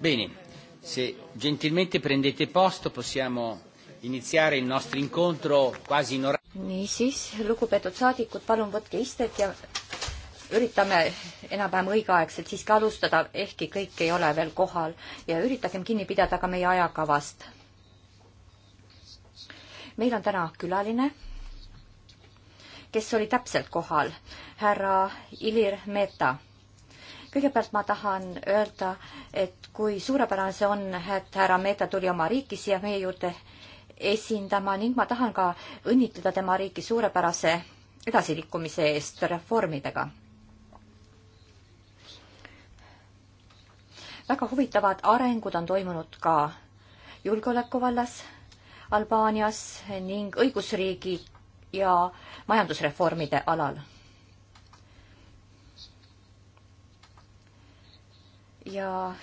Bene, se gentilmente prendete posto possiamo iniziare il nostro incontro quasi in orario. niisiis, lugupeetud saadikud, palun võtke istet ja üritame enam-vähem õigeaegselt siiski alustada, ehkki kõik ei ole veel kohal ja üritagem kinni pidada ka meie ajakavast. meil on täna külaline, kes oli täpselt kohal, härra Ilir Meta kõigepealt ma tahan öelda, et kui suurepärane see on, et härra Meeta tuli oma riiki siia meie juurde esindama ning ma tahan ka õnnitleda tema riiki suurepärase edasiliikumise eest reformidega. väga huvitavad arengud on toimunud ka julgeoleku vallas Albaanias ning õigusriigi ja majandusreformide alal ja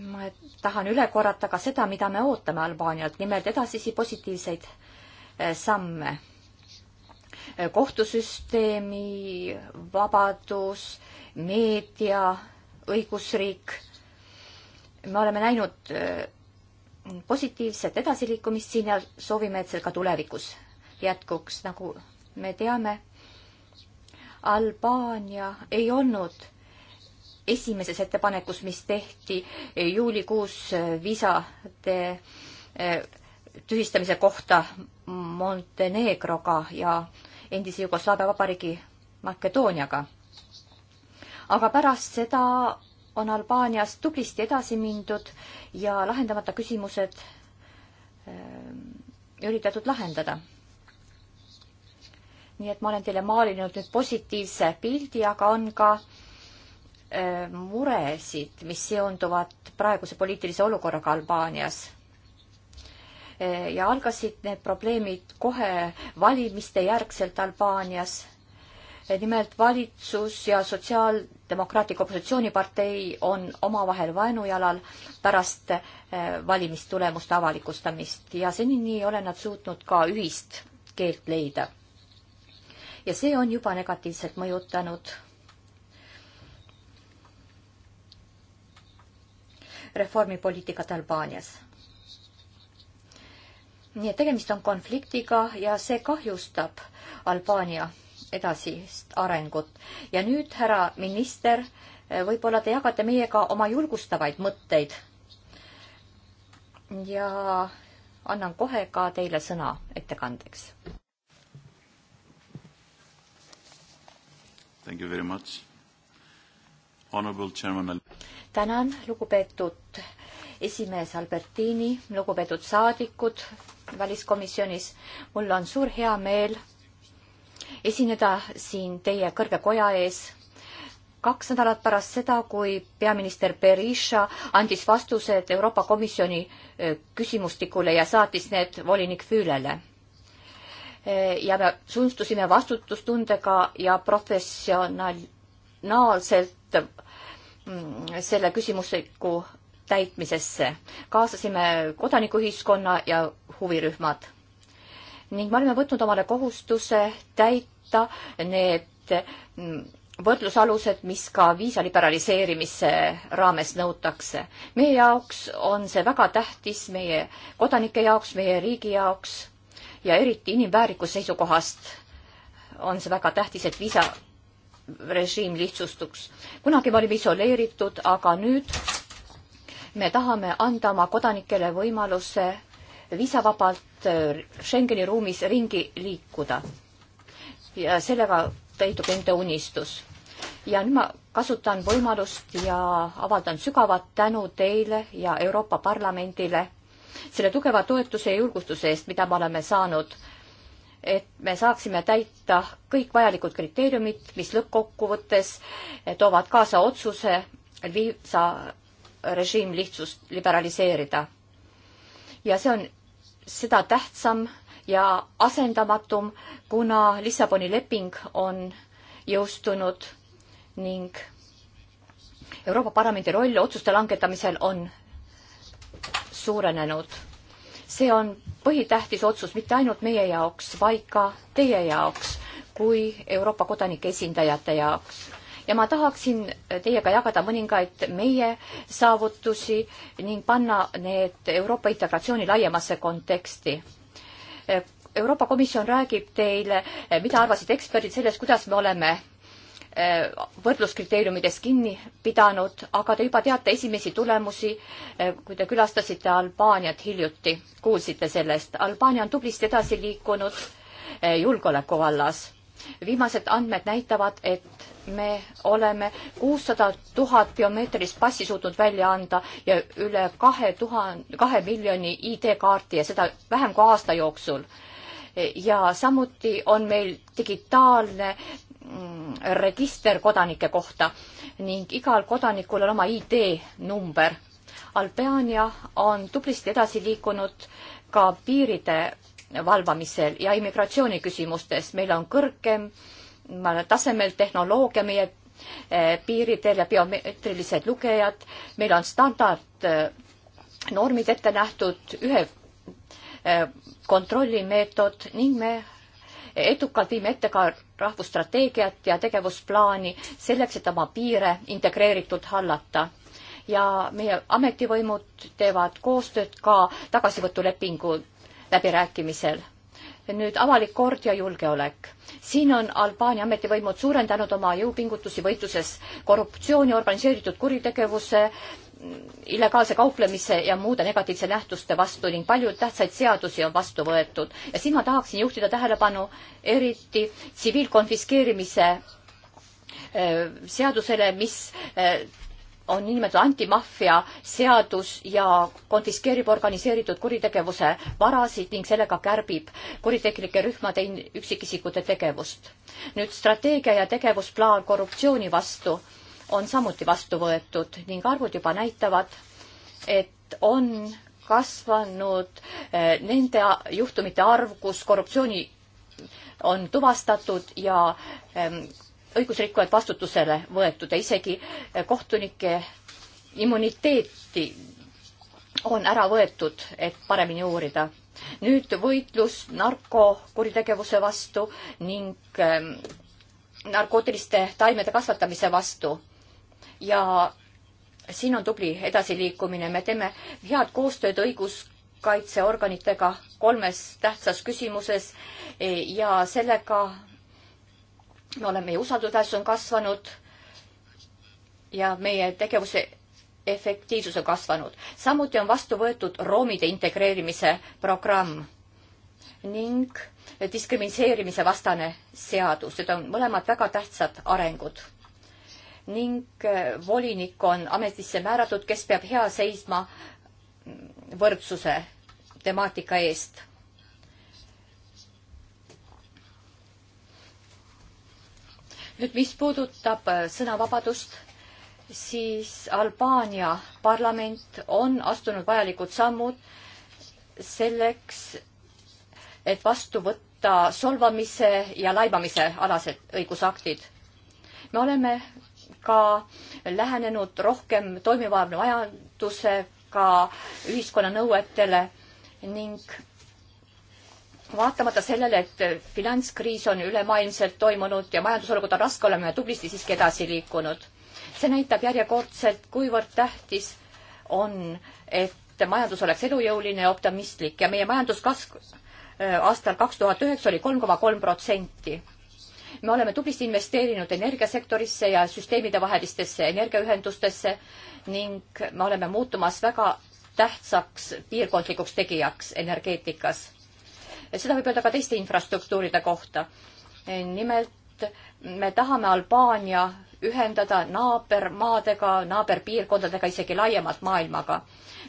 ma tahan üle korrata ka seda, mida me ootame Albaanialt, nimelt edasisi positiivseid eh, samme. Eh, kohtusüsteemi vabadus, meedia, õigusriik. me oleme näinud eh, positiivset edasiliikumist siin ja soovime, et see ka tulevikus jätkuks, nagu me teame Albaania ei olnud esimeses ettepanekus, mis tehti juulikuus viisade eh, tühistamise kohta Montenegroga ja endise Jugoslaavia vabariigi Makedooniaga. aga pärast seda on Albaanias tublisti edasi mindud ja lahendamata küsimused eh, üritatud lahendada nii et ma olen teile maalinud nüüd positiivse pildi, aga on ka äh, muresid, mis seonduvad praeguse poliitilise olukorraga Albaanias äh,. ja algasid need probleemid kohe valimiste järgselt Albaanias. Äh, nimelt valitsus ja Sotsiaaldemokraatliku Opositsioonipartei on omavahel vaenujalal pärast äh, valimistulemuste avalikustamist ja senini ei ole nad suutnud ka ühist keelt leida ja see on juba negatiivselt mõjutanud reformipoliitikat Albaanias. nii et tegemist on konfliktiga ja see kahjustab Albaania edasist arengut. ja nüüd, härra minister, võib-olla te jagate meiega oma julgustavaid mõtteid. ja annan kohe ka teile sõna ettekandeks. Thank you very much. Honorable Chairman. tänan, lugupeetud esimees Albertini, lugupeetud saadikud väliskomisjonis. mul on suur heameel esineda siin teie kõrge koja ees kaks nädalat pärast seda, kui peaminister Berisha andis vastused Euroopa Komisjoni eh, küsimustikule ja saatis need volinik Füülele ja me suhtusime vastutustundega ja professionaalselt mm, selle küsimustiku täitmisesse. kaasasime kodanikuühiskonna ja huvirühmad. ning me oleme võtnud omale kohustuse täita need mm, võrdlusalused, mis ka viisa liberaliseerimise raames nõutakse. meie jaoks on see väga tähtis, meie kodanike jaoks, meie riigi jaoks ja eriti inimväärikuse seisukohast on see väga tähtis, et viisarežiim lihtsustuks. kunagi me olime isoleeritud, aga nüüd me tahame anda oma kodanikele võimaluse viisavabalt äh, Schengeni ruumis ringi liikuda. ja sellega täitub enda unistus. ja nüüd ma kasutan võimalust ja avaldan sügavat tänu teile ja Euroopa Parlamendile selle tugeva toetuse ja julgustuse eest, mida me oleme saanud, et me saaksime täita kõik vajalikud kriteeriumid, mis lõppkokkuvõttes toovad kaasa otsuse viisarežiim lihtsust liberaliseerida. ja see on seda tähtsam ja asendamatum, kuna Lissaboni leping on jõustunud ning Euroopa Parlamendi roll otsuste langetamisel on suurenenud. see on põhitähtis otsus mitte ainult meie jaoks, vaid ka teie jaoks kui Euroopa kodanike esindajate jaoks. ja ma tahaksin teiega jagada mõningaid meie saavutusi ning panna need Euroopa integratsiooni laiemasse konteksti. Euroopa Komisjon räägib teile, mida arvasid eksperdid sellest, kuidas me oleme Äh, võrdluskriteeriumides kinni pidanud, aga te juba teate esimesi tulemusi, äh, kui te külastasite Albaaniat hiljuti, kuulsite sellest. Albaania on tublisti edasi liikunud äh, julgeoleku vallas. viimased andmed näitavad, et me oleme kuussada tuhat biomeetrilist passi suutnud välja anda ja üle kahe tuhande, kahe miljoni ID-kaarti ja seda vähem kui aasta jooksul. ja samuti on meil digitaalne register kodanike kohta ning igal kodanikul on oma ID-number. Albaania on tublisti edasi liikunud ka piiride valvamisel ja immigratsiooniküsimustes. meil on kõrgemal tasemel tehnoloogia meie eh, piiridel ja biomeetrilised lugejad, meil on standardnormid eh, ette nähtud, ühe eh, kontrollimeetod ning me edukalt viime ette ka rahvusstrateegiat ja tegevusplaani selleks, et oma piire integreeritult hallata. ja meie ametivõimud teevad koostööd ka tagasivõtulepingu läbirääkimisel nüüd avalik kord ja julgeolek. siin on Albaania ametivõimud suurendanud oma jõupingutusi võitluses korruptsiooni, organiseeritud kuritegevuse illegaalse kauplemise ja muude negatiivse nähtuste vastu ning palju tähtsaid seadusi on vastu võetud. ja siin ma tahaksin juhtida tähelepanu eriti tsiviilkonfiskeerimise äh, seadusele, mis äh, on niinimetatud antimaffia seadus ja konfiskeerib organiseeritud kuritegevuse varasid ning sellega kärbib kuritegelike rühmade üksikisikute tegevust. nüüd strateegia ja tegevusplaan korruptsiooni vastu on samuti vastu võetud ning arvud juba näitavad, et on kasvanud eh, nende juhtumite arv, kus korruptsiooni on tuvastatud ja ehm, õigusrikkujad vastutusele võetud ja isegi eh, kohtunike immuniteeti on ära võetud, et paremini uurida. nüüd võitlus narkokuritegevuse vastu ning ehm, narkootiliste taimede kasvatamise vastu ja siin on tubli edasiliikumine, me teeme head koostööd õiguskaitseorganitega kolmes tähtsas küsimuses ja sellega me oleme, usaldusväärsus on kasvanud ja meie tegevuse efektiivsus on kasvanud. samuti on vastu võetud roomide integreerimise programm ning diskrimineerimise vastane seadus, need on mõlemad väga tähtsad arengud ning äh, volinik on ametisse määratud, kes peab hea seisma mm, võrdsuse temaatika eest. nüüd, mis puudutab äh, sõnavabadust, siis Albaania parlament on astunud vajalikud sammud selleks, et vastu võtta solvamise ja laimamise alased õigusaktid. me oleme ka lähenenud rohkem toimiva majandusega ühiskonna nõuetele ning vaatamata sellele, et finantskriis on ülemaailmselt toimunud ja majandusolukord on raske, oleme tublisti siiski edasi liikunud. see näitab järjekordselt, kuivõrd tähtis on, et majandus oleks elujõuline ja optimistlik ja meie majanduskasv äh, aastal kaks tuhat üheksa oli kolm koma kolm protsenti me oleme tublisti investeerinud energiasektorisse ja süsteemide vahelistesse energiaühendustesse ning me oleme muutumas väga tähtsaks piirkondlikuks tegijaks energeetikas. seda võib öelda ka teiste infrastruktuuride kohta. nimelt me tahame Albaania ühendada naabermaadega, naaberpiirkondadega, isegi laiemalt maailmaga.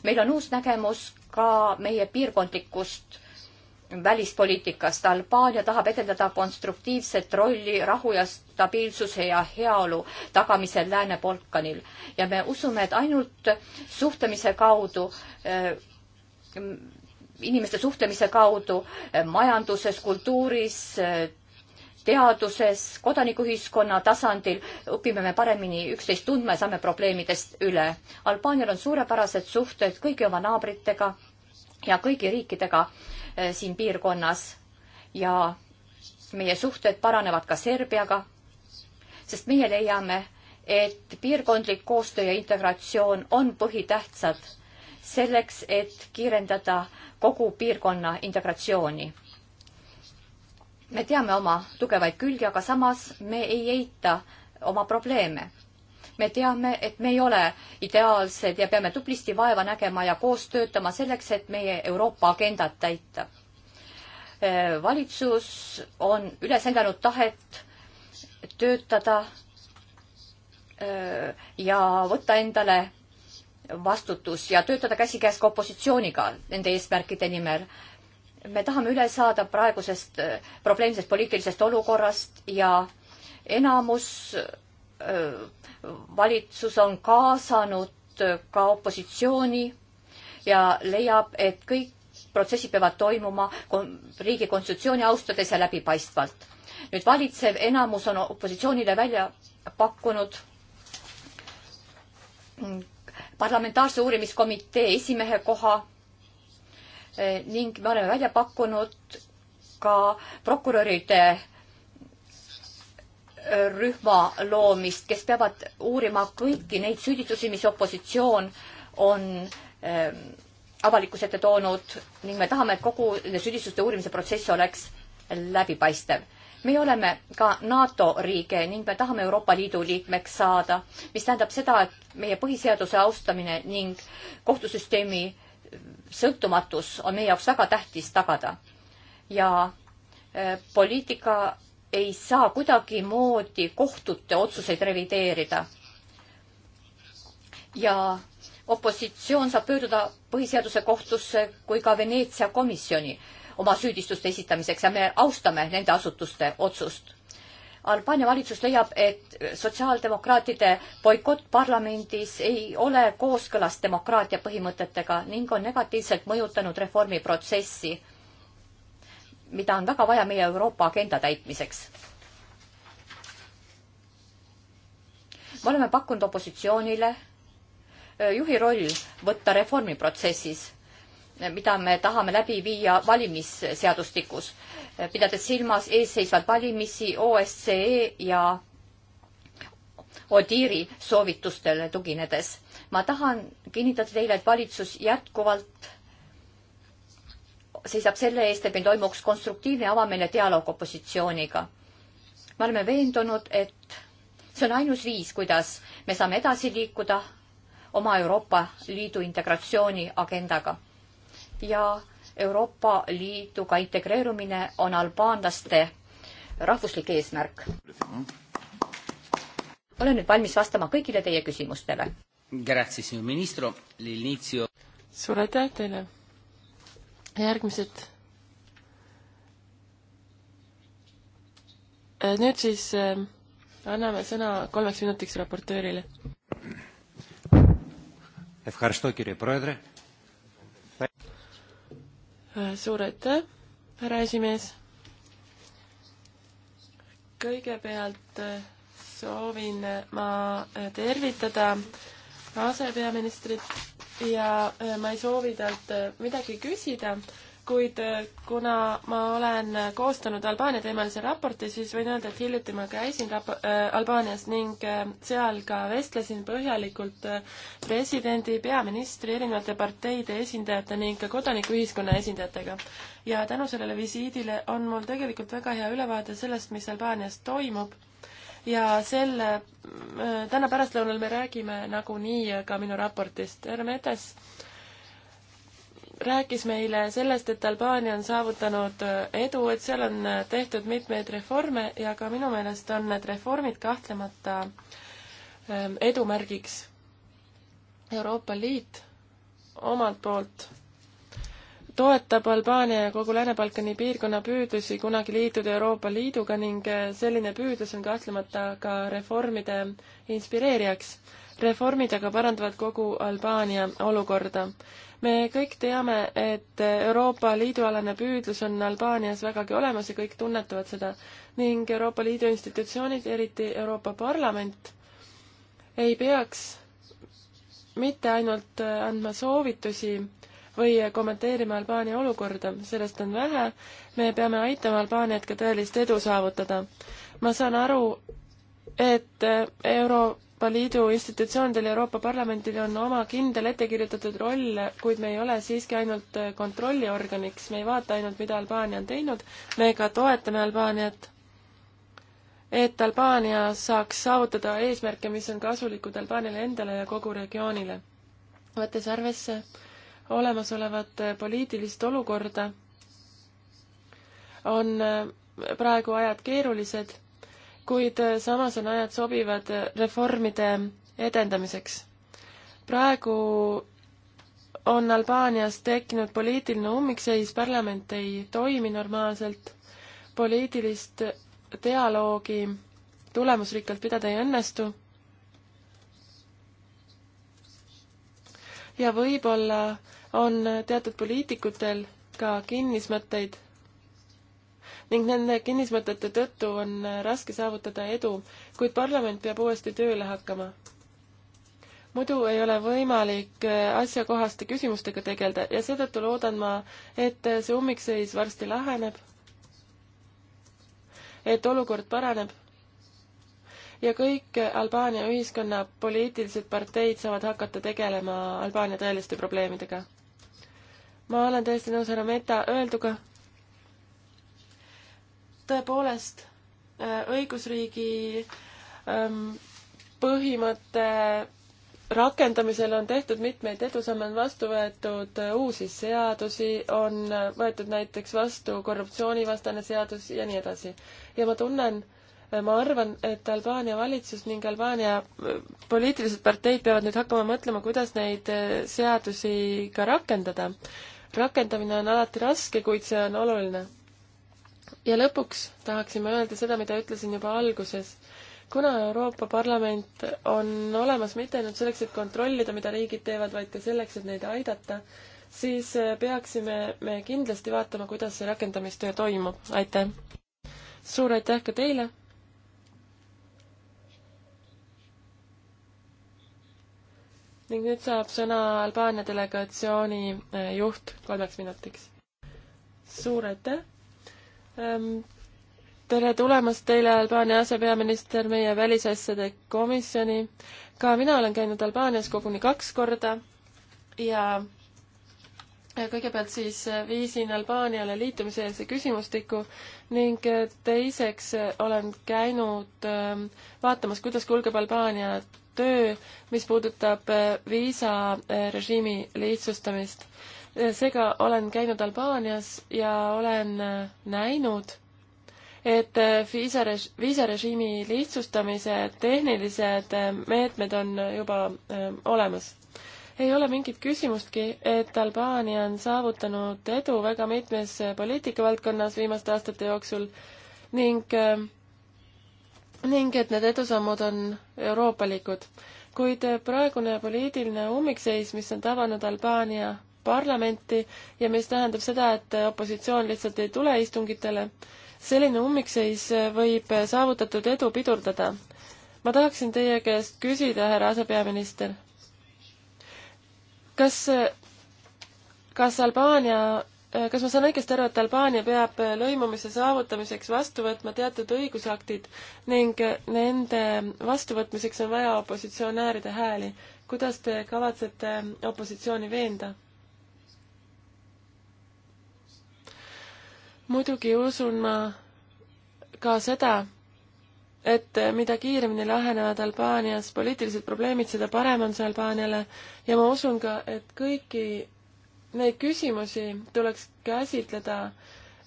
meil on uus nägemus ka meie piirkondlikust välispoliitikast. Albaania tahab edendada konstruktiivset rolli rahu ja stabiilsuse ja heaolu tagamisel Lääne-Balkanil ja me usume, et ainult suhtlemise kaudu eh, inimeste suhtlemise kaudu eh, majanduses, kultuuris, eh, teaduses, kodanikuühiskonna tasandil õpime me paremini üksteist tundma ja saame probleemidest üle. Albaanial on suurepärased suhted kõigi oma naabritega ja kõigi riikidega eh, siin piirkonnas ja meie suhted paranevad ka Serbiaga, sest meie leiame, et piirkondlik koostöö ja integratsioon on põhitähtsad selleks, et kiirendada kogu piirkonna integratsiooni. me teame oma tugevaid külgi, aga samas me ei eita oma probleeme me teame, et me ei ole ideaalsed ja peame tublisti vaeva nägema ja koos töötama selleks, et meie Euroopa agendat täita. Äh, valitsus on üles näidanud tahet töötada äh, ja võtta endale vastutus ja töötada käsikäes ka opositsiooniga nende eesmärkide nimel me tahame üle saada praegusest äh, probleemsest poliitilisest olukorrast ja enamus öö, valitsus on kaasanud ka opositsiooni ja leiab, et kõik protsessid peavad toimuma riigi konstitutsiooni austades ja läbipaistvalt. nüüd valitsev enamus on opositsioonile välja pakkunud parlamentaarse uurimiskomitee esimehe koha eh, ning me oleme välja pakkunud ka prokuröride rühma loomist, kes peavad uurima kõiki neid süüditusi, mis opositsioon on ähm, avalikkuse ette toonud ning me tahame, et kogu süüdistuste uurimise protsess oleks läbipaistev. meie oleme ka NATO riige ning me tahame Euroopa Liidu liikmeks saada, mis tähendab seda, et meie põhiseaduse austamine ning kohtusüsteemi sõltumatus on meie jaoks väga tähtis tagada. ja äh, poliitika ei saa kuidagimoodi kohtute otsuseid revideerida. ja opositsioon saab pöörduda Põhiseaduse kohtusse kui ka Veneetsia komisjoni oma süüdistuste esitamiseks ja me austame nende asutuste otsust. Albaania valitsus leiab, et sotsiaaldemokraatide boikott parlamendis ei ole kooskõlas demokraatia põhimõtetega ning on negatiivselt mõjutanud reformiprotsessi mida on väga vaja meie Euroopa agenda täitmiseks. me oleme pakkunud opositsioonile juhi roll võtta reformiprotsessis, mida me tahame läbi viia valimisseadustikus, pidades silmas eesseisvaid valimisi OSCE ja Odiiri soovitustele tuginedes. ma tahan kinnitada teile, et valitsus jätkuvalt seisab selle eest, et meil toimuks konstruktiivne avameelne dialoog opositsiooniga. me oleme veendunud, et see on ainus viis, kuidas me saame edasi liikuda oma Euroopa Liidu integratsiooni agendaga. ja Euroopa Liiduga integreerumine on albaanlaste rahvuslik eesmärk. olen nüüd valmis vastama kõigile teie küsimustele. suur aitäh teile järgmised. Äh, nüüd siis äh, anname sõna kolmeks minutiks raportöörile. Äh, suur aitäh, härra esimees. kõigepealt soovin ma tervitada asepeaministrit ja äh, ma ei soovi talt äh, midagi küsida, kuid äh, kuna ma olen koostanud Albaania teemalise raporti, siis võin öelda, et hiljuti ma käisin rap-, Albaanias ning seal ka vestlesin põhjalikult presidendi, peaministri, erinevate parteide esindajate ning ka kodanikuühiskonna esindajatega. ja tänu sellele visiidile on mul tegelikult väga hea ülevaade sellest, mis Albaanias toimub ja selle, äh, täna pärastlõunal me räägime nagunii ka minu raportist. härra Metes rääkis meile sellest, et Albaania on saavutanud äh, edu, et seal on äh, tehtud mitmeid reforme ja ka minu meelest on need reformid kahtlemata ähm, edumärgiks. Euroopa Liit omalt poolt toetab Albaania ja kogu Lääne-Balkani piirkonna püüdlusi kunagi liituda Euroopa Liiduga ning eh, selline püüdlus on kahtlemata ka reformide inspireerijaks. reformid aga parandavad kogu Albaania olukorda. me kõik teame, et Euroopa Liidu alane püüdlus on Albaanias vägagi olemas ja kõik tunnetavad seda ning Euroopa Liidu institutsioonid, eriti Euroopa Parlament, ei peaks mitte ainult eh, andma soovitusi, või kommenteerima Albaania olukorda, sellest on vähe. me peame aitama Albaaniat ka tõelist edu saavutada. ma saan aru, et Euroopa Liidu institutsioonidel ja Euroopa Parlamendil on oma kindel ettekirjutatud roll, kuid me ei ole siiski ainult kontrolliorganiks, me ei vaata ainult, mida Albaania on teinud, me ka toetame Albaaniat, et Albaania saaks saavutada eesmärke, mis on kasulikud Albaaniale endale ja kogu regioonile. võttes arvesse äh, olemasolevat eh, poliitilist olukorda on eh, praegu ajad keerulised, kuid eh, samas on ajad sobivad reformide edendamiseks. praegu on Albaanias tekkinud poliitiline ummikseis, parlament ei toimi normaalselt, poliitilist dialoogi tulemusrikkalt pidada ei õnnestu ja võib-olla on teatud poliitikutel ka kinnismõtteid ning nende kinnismõtete tõttu on raske saavutada edu, kuid parlament peab uuesti tööle hakkama. muidu ei ole võimalik asjakohaste küsimustega tegeleda ja seetõttu loodan ma, et see ummikseis varsti laheneb, et olukord paraneb ja kõik Albaania ühiskonna poliitilised parteid saavad hakata tegelema Albaania tõeliste probleemidega. ma olen täiesti nõus härra Meta öelduga. tõepoolest, äh, õigusriigi ähm, põhimõte rakendamisel on tehtud mitmeid edusamme, on vastu võetud äh, uusi seadusi, on äh, võetud näiteks vastu korruptsioonivastane seadus ja nii edasi. ja ma tunnen, ma arvan, et Albaania valitsus ning Albaania äh, poliitilised parteid peavad nüüd hakkama mõtlema, kuidas neid äh, seadusi ka rakendada. rakendamine on alati raske, kuid see on oluline. ja lõpuks tahaksin ma öelda seda, mida ütlesin juba alguses kuna Euroopa Parlament on olemas mitte ainult selleks, et kontrollida, mida riigid teevad, vaid ka selleks, et neid aidata, siis äh, peaksime me kindlasti vaatama, kuidas see rakendamistöö toimub, aitäh! suur aitäh ka teile! ning nüüd saab sõna Albaania delegatsiooni eh, juht kolmeks minutiks. suur aitäh! Ehm, tere tulemast teile, Albaania asepeaminister, meie välisasjade komisjoni. ka mina olen käinud Albaanias koguni kaks korda ja kõigepealt siis viisin Albaaniale liitumiseelse küsimustiku ning eh, teiseks eh, olen käinud ehm, vaatamas, kuidas kulgeb Albaania töö, mis puudutab äh, viisarežiimi äh, lihtsustamist. Äh, seega olen käinud Albaanias ja olen näinud, et viisarež-, viisarežiimi lihtsustamise tehnilised meetmed on juba olemas. ei ole mingit küsimustki, et Albaania on saavutanud edu väga mitmes poliitikavaldkonnas viimaste aastate jooksul ning äh, ning et need edusammud on euroopalikud. kuid praegune poliitiline ummikseis, mis on tabanud Albaania parlamenti ja mis tähendab seda, et opositsioon lihtsalt ei tule istungitele, selline ummikseis võib saavutatud edu pidurdada. ma tahaksin teie käest küsida, härra asepeaminister, kas, kas Albaania Äh, kas ma saan õigesti aru, et Albaania peab äh, lõimumise saavutamiseks vastu võtma teatud õigusaktid ning äh, nende vastuvõtmiseks on vaja opositsionääride hääli? kuidas te kavatsete opositsiooni veenda? muidugi usun ma ka seda, et mida kiiremini lahenevad Albaanias poliitilised probleemid, seda parem on see Albaaniale ja ma usun ka, et kõiki neid küsimusi tuleks käsitleda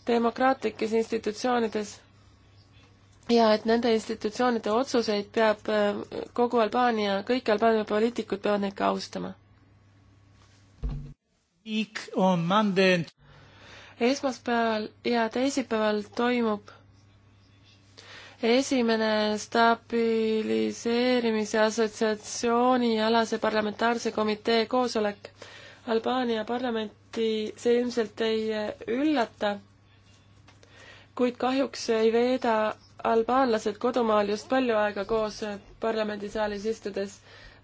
demokraatlikes institutsioonides ja et nende institutsioonide otsuseid peab äh, kogu Albaania, kõik Albaania poliitikud peavad neid ka austama. esmaspäeval ja teisipäeval toimub esimene stabiliseerimise assotsiatsiooni alase parlamentaarse komitee koosolek Albaania parlamenti see ilmselt ei eh, üllata, kuid kahjuks ei veeda albaanlased kodumaal just palju aega koos eh, parlamendisaalis istudes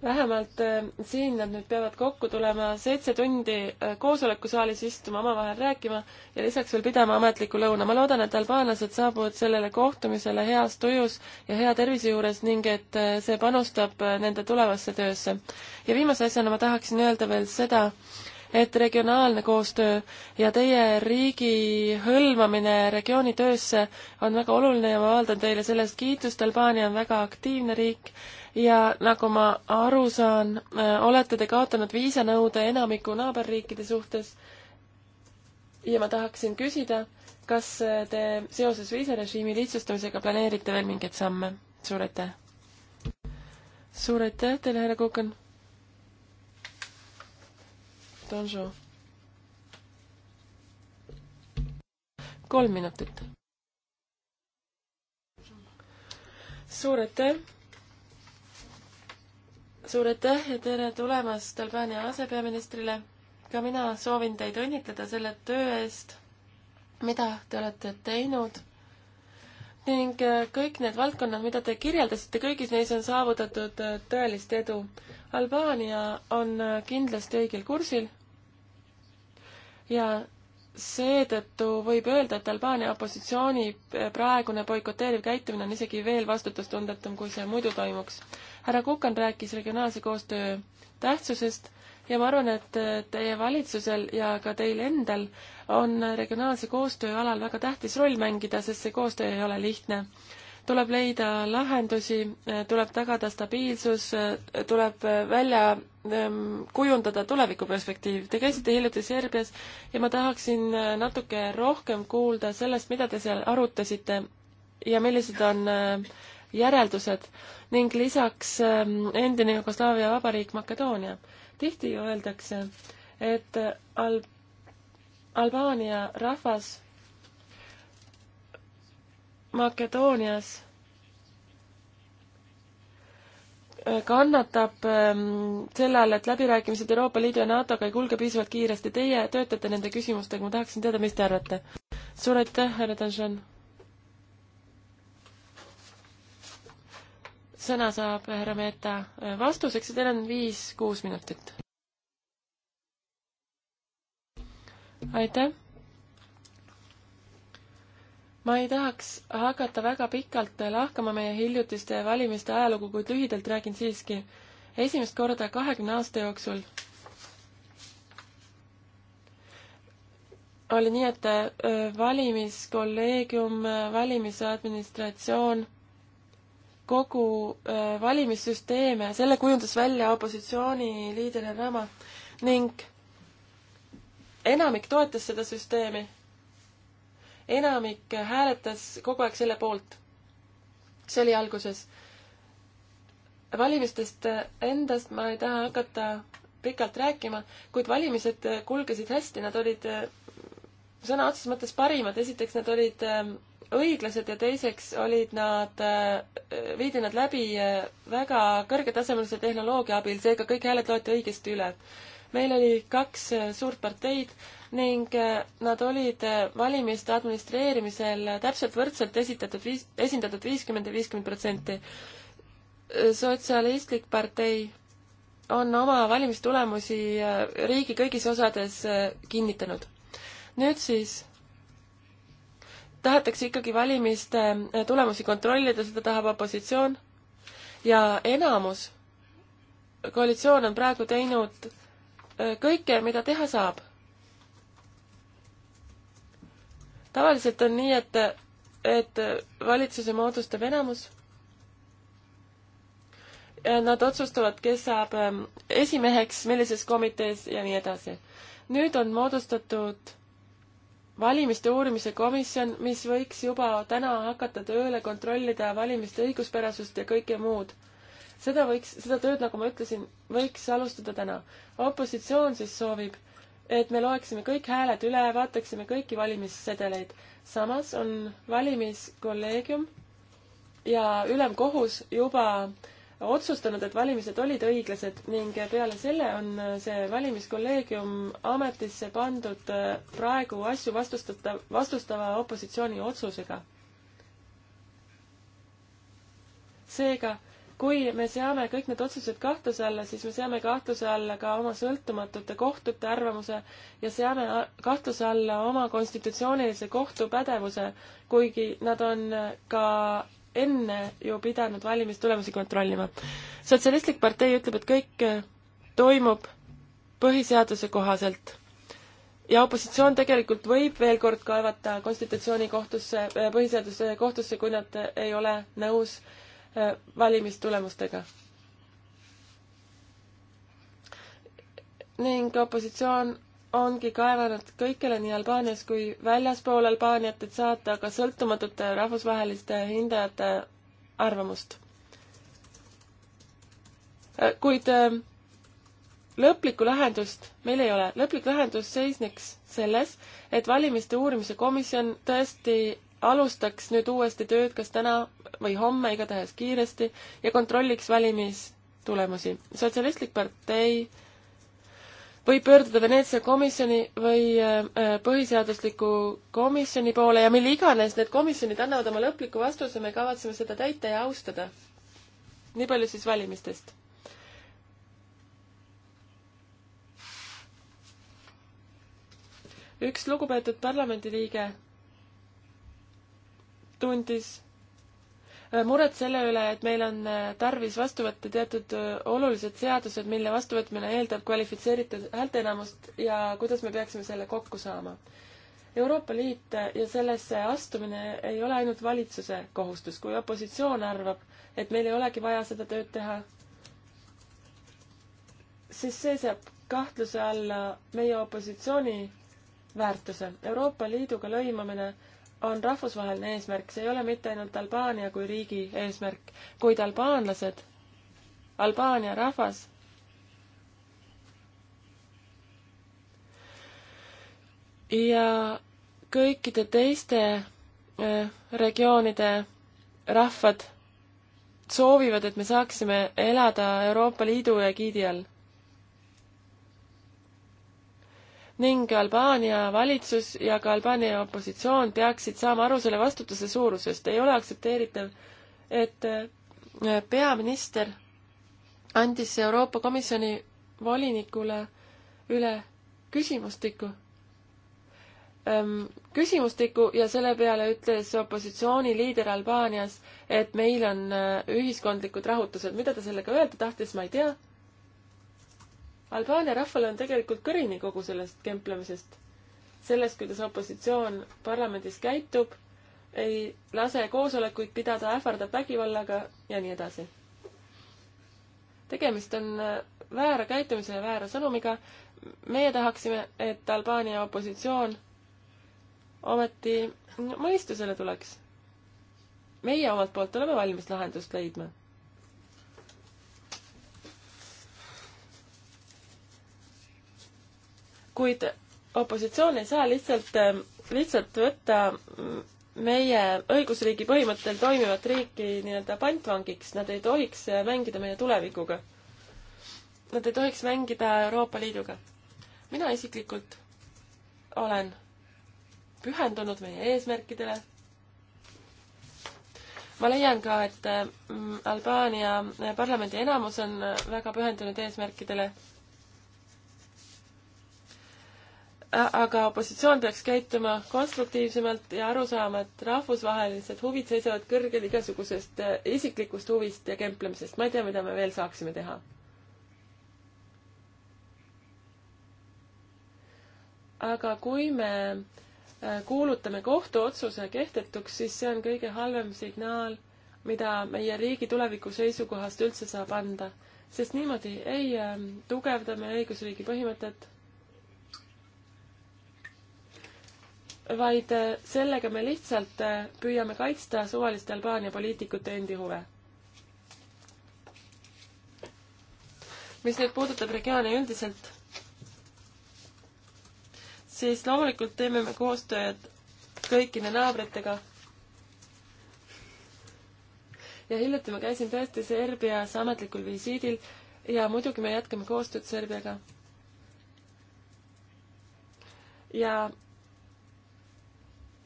vähemalt äh, siin nad nüüd peavad kokku tulema seitse tundi äh, koosolekusaalis istuma, omavahel rääkima ja lisaks veel pidama ametliku lõuna. ma loodan, et albaanlased saabuvad sellele kohtumisele heas tujus ja hea tervise juures ning et äh, see panustab nende tulevasse töösse. ja viimase asjana ma tahaksin öelda veel seda, et regionaalne koostöö ja teie riigi hõlmamine regiooni töösse on väga oluline ja ma avaldan teile sellest kiitust, Albaania on väga aktiivne riik ja nagu ma aru saan, äh, olete te kaotanud viisanõude enamiku naaberriikide suhtes. ja ma tahaksin küsida, kas äh, te seoses viisarežiimi lihtsustamisega planeerite veel mingeid samme? suur aitäh! suur aitäh teile, härra Kukan! Bonjour! kolm minutit. suur aitäh! suur aitäh ja tere tulemast Albaania asepeaministrile. ka mina soovin teid õnnitleda selle töö eest, mida te olete teinud. ning äh, kõik need valdkonnad, mida te kirjeldasite, kõigis neis on saavutatud äh, tõelist edu. Albaania on äh, kindlasti õigel kursil ja seetõttu võib öelda, et Albaania opositsiooni eh, praegune boikoteeriv käitumine on isegi veel vastutustundetum, kui see muidu toimuks. härra Kukan rääkis regionaalse koostöö tähtsusest ja ma arvan, et eh, teie valitsusel ja ka teil endal on regionaalse koostöö alal väga tähtis roll mängida, sest see koostöö ei ole lihtne tuleb leida lahendusi, tuleb tagada stabiilsus, tuleb välja ehm, kujundada tulevikuperspektiiv. Te käisite hiljuti Serbias ja ma tahaksin natuke rohkem kuulda sellest, mida te seal arutasite ja millised on ehm, järeldused ning lisaks ehm, endine Jugoslaavia vabariik Makedoonia. tihti öeldakse, et Al-, Albaania rahvas Makedoonias äh, kannatab ähm, selle all, et läbirääkimised Euroopa Liidu ja NATO-ga ei kulge piisavalt kiiresti. Teie töötate nende küsimustega, ma tahaksin teada, mis te arvate. suur aitäh, härra Danšan. sõna saab härra Meeta äh, vastuseks ja teil on viis-kuus minutit. aitäh ma ei tahaks hakata väga pikalt lahkama meie hiljutiste valimiste ajalugu, kuid lühidalt räägin siiski. esimest korda kahekümne aasta jooksul oli nii, et valimiskolleegium, valimisadministratsioon, kogu valimissüsteem, selle kujundas välja opositsiooni liider Rama ning enamik toetas seda süsteemi enamik hääletas kogu aeg selle poolt. see oli alguses. valimistest endast ma ei taha hakata pikalt rääkima, kuid valimised kulgesid hästi, nad olid äh, sõna otseses mõttes parimad, esiteks nad olid äh, õiglased ja teiseks olid nad, äh, viidi nad läbi väga kõrgetasemelise tehnoloogia abil, seega kõik hääled loeti õigesti üle meil oli kaks äh, suurt parteid ning äh, nad olid äh, valimiste administreerimisel täpselt võrdselt esitatud viis, esindatud viiskümmend ja viiskümmend protsenti. sotsialistlik partei on oma valimistulemusi riigi kõigis osades kinnitanud. nüüd siis tahetakse ikkagi valimiste tulemusi kontrollida, seda tahab opositsioon ja enamus, koalitsioon on praegu teinud kõike, mida teha saab. tavaliselt on nii, et, et valitsuse moodustab enamus. Nad otsustavad, kes saab ähm, esimeheks, millises komitees ja nii edasi. nüüd on moodustatud valimiste uurimise komisjon, mis võiks juba täna hakata tööle, kontrollida valimiste õiguspärasust ja kõike muud seda võiks, seda tööd, nagu ma ütlesin, võiks alustada täna. opositsioon siis soovib, et me loeksime kõik hääled üle, vaataksime kõiki valimissedeleid. samas on valimiskolleegium ja ülemkohus juba otsustanud, et valimised olid õiglased ning peale selle on see valimiskolleegium ametisse pandud äh, praegu asju vastustata, vastustava opositsiooni otsusega. seega kui me seame kõik need otsused kahtluse alla, siis me seame kahtluse alla ka oma sõltumatute kohtute arvamuse ja seame kahtluse alla oma konstitutsioonilise kohtu pädevuse, kuigi nad on äh, ka enne ju pidanud valimistulemusi kontrollima. sotsialistlik partei ütleb, et kõik äh, toimub põhiseaduse kohaselt. ja opositsioon tegelikult võib veel kord kaevata konstitutsioonikohtusse, äh, põhiseaduse kohtusse, kui nad ei ole nõus äh, Äh, valimistulemustega. ning opositsioon ongi kaevanud kõikjale nii Albaanias kui väljaspool Albaaniat, et saata ka sõltumatute rahvusvaheliste hindajate arvamust. Äh, kuid äh, lõplikku lahendust meil ei ole. lõplik lahendus seisneks selles, et valimiste uurimise komisjon tõesti alustaks nüüd uuesti tööd kas täna või homme, igatahes kiiresti, ja kontrolliks valimistulemusi. sotsialistlik partei võib pöörduda Veneetsia komisjoni või äh, põhiseadusliku komisjoni poole ja mille iganes need komisjonid annavad oma lõpliku vastuse, me kavatseme seda täita ja austada. nii palju siis valimistest. üks lugupeetud parlamendiliige tundis äh, muret selle üle, et meil on äh, tarvis vastu võtta teatud äh, olulised seadused, mille vastuvõtmine eeldab kvalifitseeritud häälteenamust ja kuidas me peaksime selle kokku saama. Euroopa Liit ja sellesse astumine ei ole ainult valitsuse kohustus, kui opositsioon arvab, et meil ei olegi vaja seda tööd teha, siis see seab kahtluse alla meie opositsiooni väärtuse. Euroopa Liiduga lõimamine on rahvusvaheline eesmärk, see ei ole mitte ainult Albaania kui riigi eesmärk, kuid albaanlased, Albaania rahvas ja kõikide teiste äh, regioonide rahvad soovivad, et me saaksime elada Euroopa Liidu egiidi all ning Albaania valitsus ja ka Albaania opositsioon peaksid saama aru selle vastutuse suurusest. ei ole aktsepteeritav, et eh, peaminister andis Euroopa Komisjoni volinikule üle küsimustiku. Ehm, küsimustiku ja selle peale ütles opositsiooni liider Albaanias, et meil on eh, ühiskondlikud rahutused. mida ta sellega öelda tahtis, ma ei tea Albaania rahval on tegelikult kõrini kogu sellest kemplemisest. sellest, kuidas opositsioon parlamendis käitub, ei lase koosolekuid pidada, ähvardab vägivallaga ja nii edasi. tegemist on äh, väära käitumise ja väära sõnumiga. meie tahaksime, et Albaania opositsioon ometi mõistusele tuleks. meie omalt poolt oleme valmis lahendust leidma kuid opositsioon ei saa lihtsalt, ähm, lihtsalt võtta mm, meie õigusriigi põhimõttel toimivat riiki nii-öelda pantvangiks, nad ei tohiks äh, mängida meie tulevikuga. Nad ei tohiks mängida Euroopa Liiduga. mina isiklikult olen pühendunud meie eesmärkidele. ma leian ka, et äh, mm, Albaania äh, parlamendi enamus on väga pühendunud eesmärkidele aga opositsioon peaks käituma konstruktiivsemalt ja aru saama, et rahvusvahelised huvid seisavad kõrgel igasugusest äh, isiklikust huvist ja kemplemisest. ma ei tea, mida me veel saaksime teha. aga kui me äh, kuulutame kohtuotsuse kehtetuks, siis see on kõige halvem signaal, mida meie riigi tuleviku seisukohast üldse saab anda, sest niimoodi ei äh, tugevda me õigusriigi põhimõtet vaid äh, sellega me lihtsalt äh, püüame kaitsta suvaliste Albaania poliitikute endi huve. mis nüüd puudutab regiooni üldiselt, siis loomulikult teeme me koostööd kõikide naabritega. ja hiljuti ma käisin tõesti Serbias ametlikul visiidil ja muidugi me jätkame koostööd Serbiaga. ja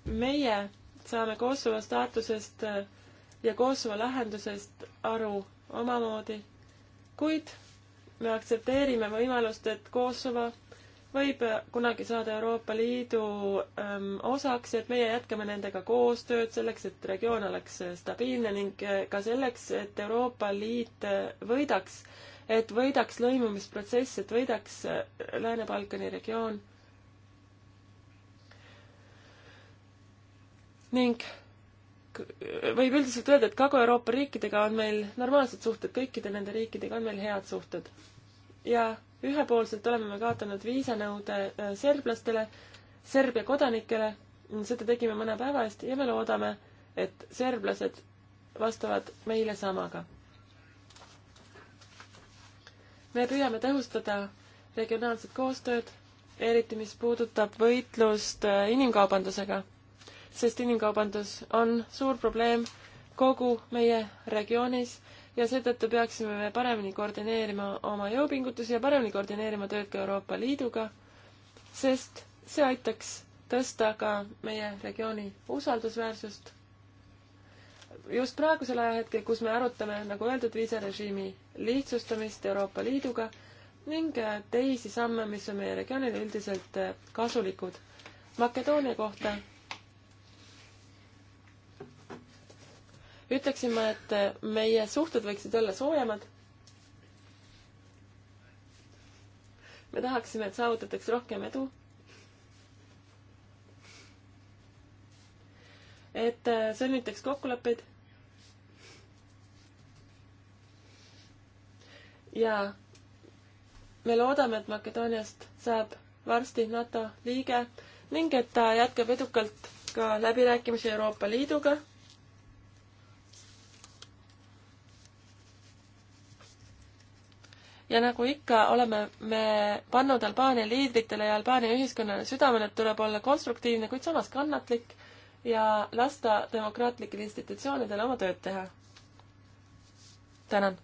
meie saame Kosovo staatusest äh, ja Kosovo lahendusest aru omamoodi, kuid me aktsepteerime võimalust, et Kosovo võib äh, kunagi saada Euroopa Liidu ähm, osaks, et meie jätkame nendega koostööd selleks, et regioon oleks äh, stabiilne ning ka selleks, et Euroopa Liit võidaks, et võidaks lõimumisprotsess, et võidaks Lääne-Balkani regioon ning võib üldiselt öelda, et Kagu-Euroopa riikidega on meil normaalsed suhted, kõikide nende riikidega on meil head suhted. ja ühepoolselt oleme me kaotanud viisanõude äh, serblastele, Serbia kodanikele, seda tegime mõne päeva eest ja me loodame, et serblased vastavad meile samaga. me püüame tõhustada regionaalset koostööd, eriti mis puudutab võitlust äh, inimkaubandusega sest inimkaubandus on suur probleem kogu meie regioonis ja seetõttu peaksime me paremini koordineerima oma jõupingutusi ja paremini koordineerima tööd ka Euroopa Liiduga, sest see aitaks tõsta ka meie regiooni usaldusväärsust. just praegusel ajahetkel, kus me arutame, nagu öeldud, viisarežiimi lihtsustamist Euroopa Liiduga ning teisi samme, mis on meie regioonile üldiselt kasulikud. Makedoonia kohta ütleksin ma, et äh, meie suhted võiksid olla soojemad. me tahaksime, et saavutataks rohkem edu. et äh, sõlmitaks kokkuleppeid. ja me loodame, et Makedooniast saab varsti NATO liige ning et ta jätkab edukalt ka läbirääkimisi Euroopa Liiduga ja nagu ikka, oleme me pannud Albaania liidritele ja Albaania ühiskonnale südamele, et tuleb olla konstruktiivne, kuid samas kannatlik ja lasta demokraatlikel institutsioonidel oma tööd teha. tänan.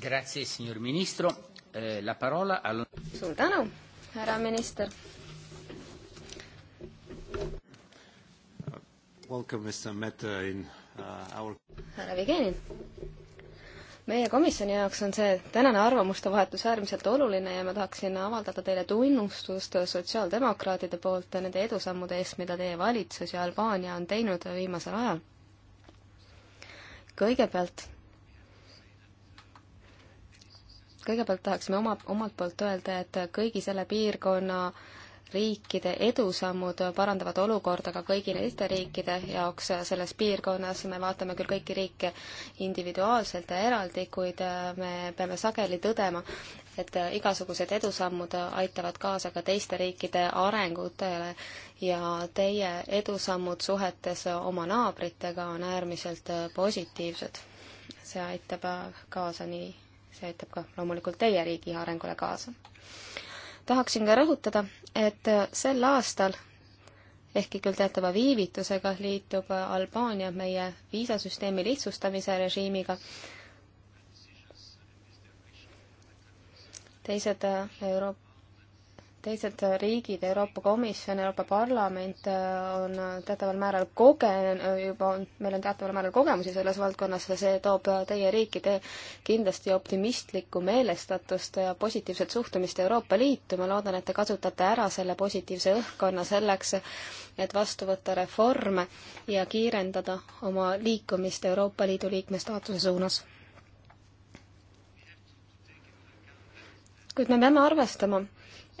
Grazie, signor ministro. Eh, la parola al... suur tänu, härra minister. Welcome, Mr Meta in uh, our. härra Vigenin meie komisjoni jaoks on see tänane arvamuste vahetus äärmiselt oluline ja ma tahaksin avaldada teile tunnustust sotsiaaldemokraatide poolt nende edusammude eest, mida teie valitsus ja Albaania on teinud viimasel ajal. kõigepealt, kõigepealt tahaksime oma, omalt poolt öelda, et kõigi selle piirkonna äh, riikide edusammud parandavad olukorda ka kõigi teiste riikide jaoks selles piirkonnas, me vaatame küll kõiki riike individuaalselt ja eraldi, kuid äh, me peame sageli tõdema, et äh, igasugused edusammud aitavad kaasa ka teiste riikide arengutele ja teie edusammud suhetes oma naabritega on äärmiselt äh, positiivsed. see aitab kaasa nii, see aitab ka loomulikult teie riigi arengule kaasa tahaksin ka rõhutada, et sel aastal, ehkki küll teatava viivitusega, liitub Albaania meie viisasüsteemi lihtsustamise režiimiga. teised Euroopa teised riigid, Euroopa Komisjon, Euroopa Parlament äh, on teataval määral kogenud, äh, juba on, meil on teataval määral kogemusi selles valdkonnas ja see toob äh, teie riikide kindlasti optimistlikku meelestatust ja positiivset suhtumist Euroopa Liitu. ma loodan, et te kasutate ära selle positiivse õhkkonna selleks, et vastu võtta reforme ja kiirendada oma liikumist Euroopa Liidu liikme staatuse suunas. kuid me peame arvestama,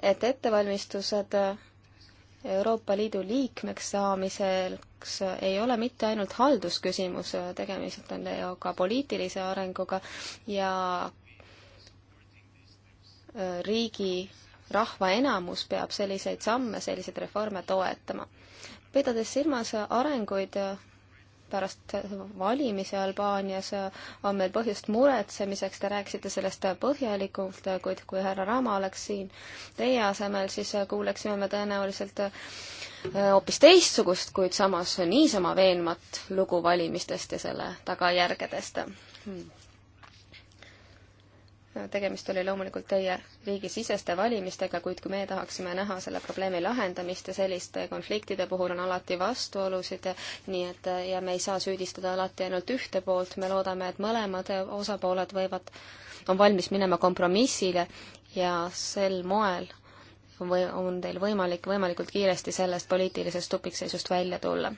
et ettevalmistused Euroopa Liidu liikmeks saamiseks ei ole mitte ainult haldusküsimus, tegemist on ju ka poliitilise arenguga ja riigi, rahva enamus peab selliseid samme, selliseid reforme toetama. pidades silmas arenguid pärast valimisi Albaanias on meil põhjust muretsemiseks, te rääkisite sellest põhjalikult, kuid kui härra Rama oleks siin teie asemel, siis kuuleksime me tõenäoliselt äh, hoopis teistsugust, kuid samas niisama veenvat lugu valimistest ja selle tagajärgedest hmm tegemist oli loomulikult teie riigisiseste valimistega, kuid kui meie tahaksime näha selle probleemi lahendamist ja selliste konfliktide puhul on alati vastuolusid, nii et ja me ei saa süüdistada alati ainult ühte poolt, me loodame, et mõlemad osapooled võivad, on valmis minema kompromissile ja sel moel või on teil võimalik võimalikult kiiresti sellest poliitilisest tupikseisust välja tulla.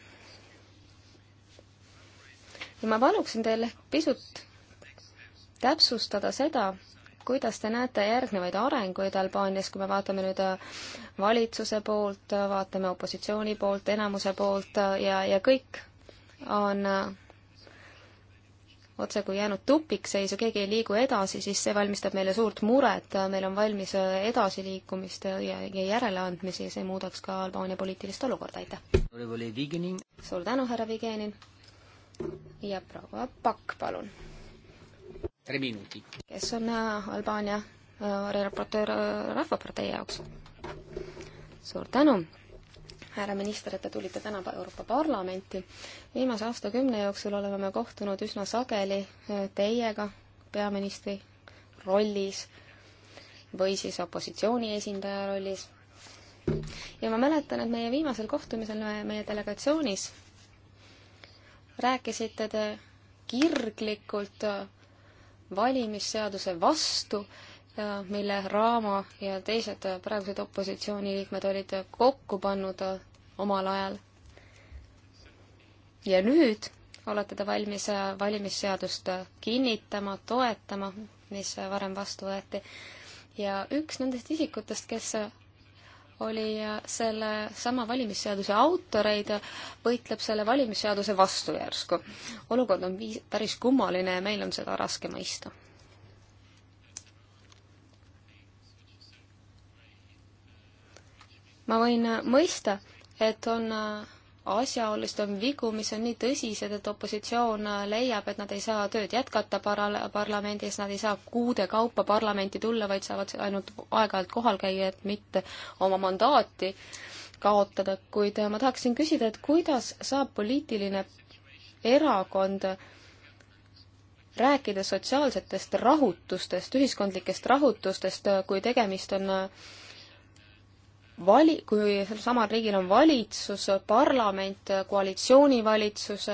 ja ma paluksin teil pisut täpsustada seda, kuidas te näete järgnevaid arenguid Albaanias, kui me vaatame nüüd äh, valitsuse poolt, äh, vaatame opositsiooni poolt, enamuse poolt äh, ja, ja kõik on otse kui jäänud tupikseisu, keegi ei liigu edasi, siis see valmistab meile suurt muret, meil on valmis edasiliikumist ja, ja järeleandmisi ja see muudaks ka Albaania poliitilist olukorda, aitäh! suur tänu, härra Vigenin! ja proua Pakk, palun! kes on äh, Albaania äh, raportöör äh, Rahvapartei jaoks? suur tänu, härra minister, et te tulite täna Euroopa Parlamenti. viimase aastakümne jooksul oleme me kohtunud üsna sageli teiega peaministri rollis või siis opositsiooni esindaja rollis. ja ma mäletan, et meie viimasel kohtumisel meie delegatsioonis rääkisite te kirglikult valimisseaduse vastu, mille Raama ja teised praegused opositsiooniliikmed olid kokku pannud äh, omal ajal. ja nüüd olete te valmis äh, valimisseadust äh, kinnitama, toetama, mis varem vastu võeti. ja üks nendest isikutest, kes oli äh, selle sama valimisseaduse autoreid, äh, võitleb selle valimisseaduse vastu järsku. olukord on viis-, päris kummaline ja meil on seda raske mõista. ma võin äh, mõista, et on asjaolust on vigu, mis on nii tõsised, et opositsioon leiab, et nad ei saa tööd jätkata parla-, parlamendis, nad ei saa kuude kaupa parlamenti tulla, vaid saavad ainult aeg-ajalt kohal käia, et mitte oma mandaati kaotada, kuid ma tahaksin küsida, et kuidas saab poliitiline erakond rääkida sotsiaalsetest rahutustest, ühiskondlikest rahutustest, kui tegemist on äh, vali-, kui sellel samal riigil on valitsus, parlament, koalitsioonivalitsus,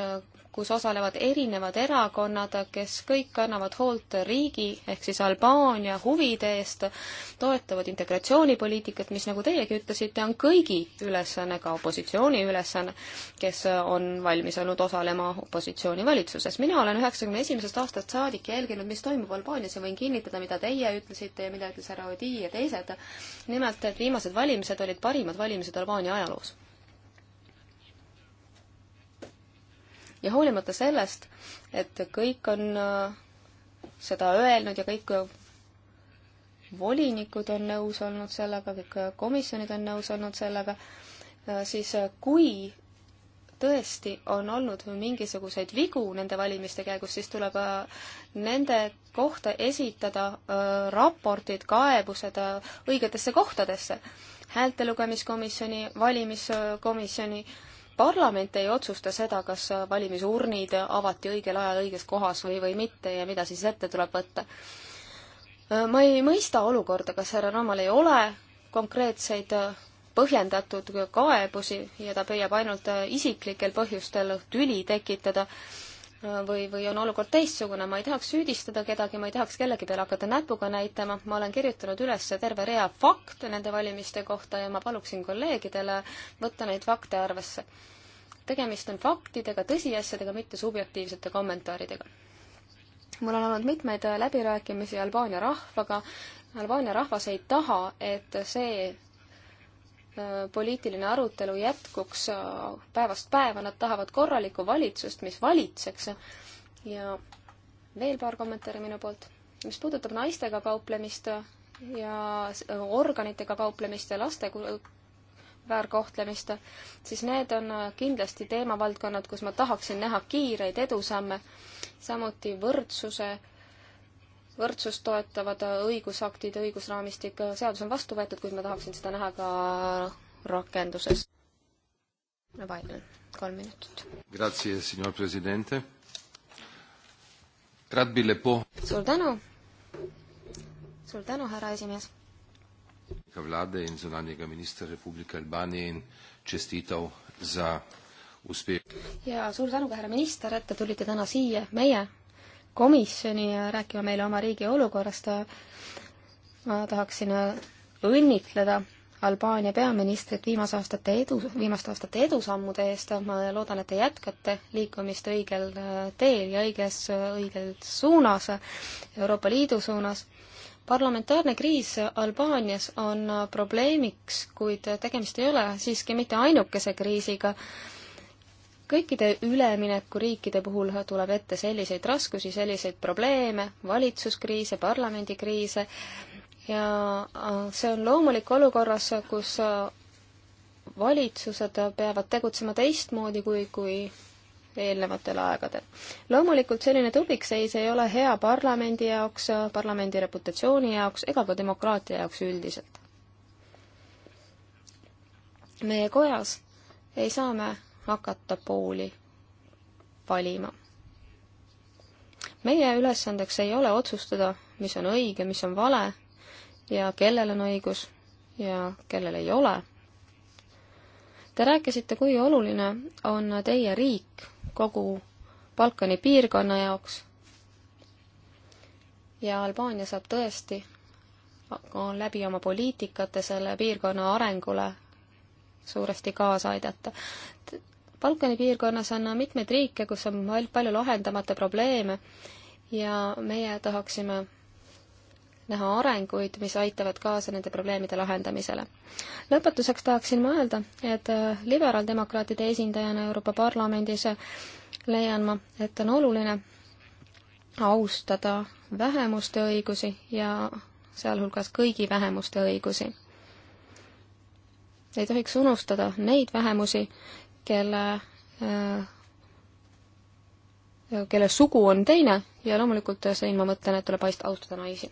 kus osalevad erinevad erakonnad, kes kõik kannavad hoolt riigi ehk siis Albaania huvide eest, toetavad integratsioonipoliitikat, mis, nagu teiegi ütlesite, on kõigi ülesanne, ka opositsiooni ülesanne, kes on valmis olnud osalema opositsioonivalitsuses. mina olen üheksakümne esimesest aastast saadik jälginud, mis toimub Albaanias ja võin kinnitada, mida teie ütlesite ja mida ütles härra Odi ja teised. nimelt, et viimased valimised olid parimad valimised Albaania ajaloos ja hoolimata sellest, et kõik on äh, seda öelnud ja kõik äh, volinikud on nõus olnud sellega, kõik äh, komisjonid on nõus olnud sellega, siis kui tõesti on olnud mingisuguseid vigu nende valimiste käigus, siis tuleb nende kohta esitada raportid, kaebused õigetesse kohtadesse. häälte lugemiskomisjoni, valimiskomisjoni äh, parlament ei otsusta seda, kas valimisurnid avati õigel ajal õiges kohas või, või mitte ja mida siis ette tuleb võtta. ma ei mõista olukorda, kas härra Ramal ei ole konkreetseid põhjendatud kaebusi ja ta püüab ainult isiklikel põhjustel tüli tekitada või, või on olukord teistsugune, ma ei tahaks süüdistada kedagi, ma ei tahaks kellegi peale hakata näpuga näitama, ma olen kirjutanud üles terve rea fakte nende valimiste kohta ja ma paluksin kolleegidele võtta neid fakte arvesse. tegemist on faktidega, tõsiasjadega, mitte subjektiivsete kommentaaridega. mul on olnud mitmeid läbirääkimisi Albaania rahvaga, Albaania rahvas ei taha, et see Äh, poliitiline arutelu jätkuks äh, päevast päeva, nad tahavad korralikku valitsust, mis valitseks. ja veel paar kommentaari minu poolt. mis puudutab naistega kauplemist ja organitega kauplemist ja laste väärkohtlemist, siis need on äh, kindlasti teemavaldkonnad, kus ma tahaksin näha kiireid edusamme, samuti võrdsuse võrdsust toetavad õigusaktid, õigusraamistik, seadus on vastu võetud, kuid ma tahaksin seda näha ka rakenduses. no vaidlen, kolm minutit. Grazie, signor presidente. suur tänu. suur tänu, härra esimees. vlade in zunanjega ministra Republika Albaania in čestitav za uspeh. ja suur tänu ka härra minister, et te tulite täna siia meie komisjoni rääkima meile oma riigi olukorrast. ma tahaksin õnnitleda Albaania peaministrit viimase aastate edu, viimaste aastate edusammude eest, ma loodan, et te jätkate liikumist õigel teel ja õiges, õigel suunas, Euroopa Liidu suunas. parlamentaarne kriis Albaanias on probleemiks, kuid tegemist ei ole siiski mitte ainukese kriisiga kõikide üleminekuriikide puhul tuleb ette selliseid raskusi, selliseid probleeme, valitsuskriise, parlamendikriise ja äh, see on loomulik olukorras, kus äh, valitsused peavad tegutsema teistmoodi kui, kui eelnevatel aegadel. loomulikult selline tupikseis ei ole hea parlamendi jaoks, parlamendi reputatsiooni jaoks ega ka demokraatia jaoks üldiselt. meie kojas ei saa me hakata pooli valima. meie ülesandeks ei ole otsustada, mis on õige, mis on vale ja kellel on õigus ja kellel ei ole. Te rääkisite, kui oluline on teie riik kogu Balkani piirkonna jaoks ja Albaania saab tõesti läbi oma poliitikate selle piirkonna arengule suuresti kaasa aidata. Balkani piirkonnas on mitmeid riike, kus on palju lahendamata probleeme ja meie tahaksime näha arenguid, mis aitavad kaasa nende probleemide lahendamisele. lõpetuseks tahaksin ma öelda, et äh, liberaaldemokraatide esindajana Euroopa Parlamendis äh, leian ma, et on oluline austada vähemuste õigusi ja sealhulgas kõigi vähemuste õigusi. ei tohiks unustada neid vähemusi, kelle äh, kelle sugu on teine ja loomulikult siin ma mõtlen, et tuleb aist-, austada naisi.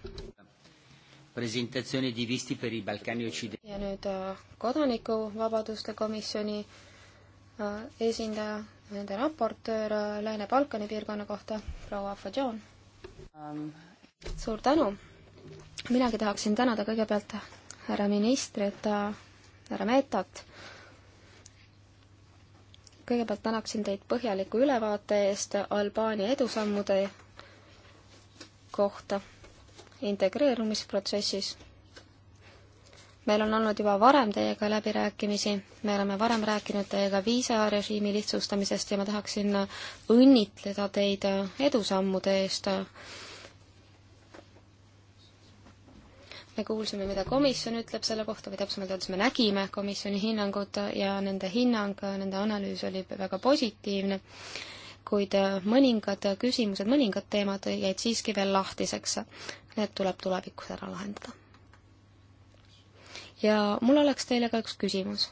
ja nüüd äh, kodanikuvabaduste komisjoni äh, esindaja, nende raportöör Lääne-Balkani piirkonna kohta, proua Fadjon um.. Ähm. suur tänu! minagi tahaksin tänada kõigepealt härra ministrit, härra Metat, kõigepealt tänaksin teid põhjaliku ülevaate eest Albaania edusammude kohta integreerumisprotsessis. meil on olnud juba varem teiega läbirääkimisi, me oleme varem rääkinud teiega viisarežiimi lihtsustamisest ja ma tahaksin õnnitleda teid edusammude eest me kuulsime, mida komisjon ütleb selle kohta või täpsemalt öeldes me nägime komisjoni hinnangut ja nende hinnang, nende analüüs oli väga positiivne, kuid äh, mõningad küsimused, mõningad teemad jäid siiski veel lahtiseks. Need tuleb tulevikus ära lahendada. ja mul oleks teile ka üks küsimus.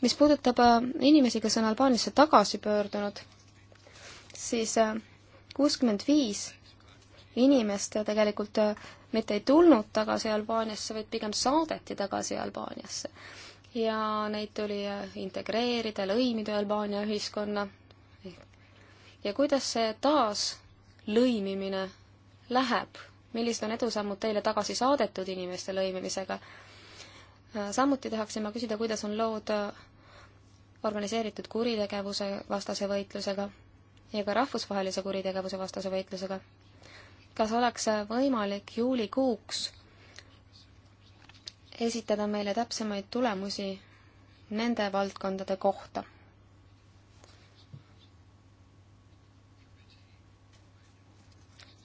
mis puudutab äh, inimesi, kes on Albaaniasse tagasi pöördunud, siis äh, kuuskümmend viis inimest tegelikult äh, mitte ei tulnud tagasi Albaaniasse, vaid pigem saadeti tagasi Albaaniasse. ja neid tuli integreerida, lõimida Albaania ühiskonna. ja kuidas see taaslõimimine läheb, millised on edusammud teile tagasi saadetud inimeste lõimimisega? Äh, samuti tahaksin ma küsida, kuidas on lood äh, organiseeritud kuritegevuse vastase võitlusega ja ka rahvusvahelise kuritegevuse vastase võitlusega. kas oleks äh, võimalik juulikuuks esitada meile täpsemaid tulemusi nende valdkondade kohta?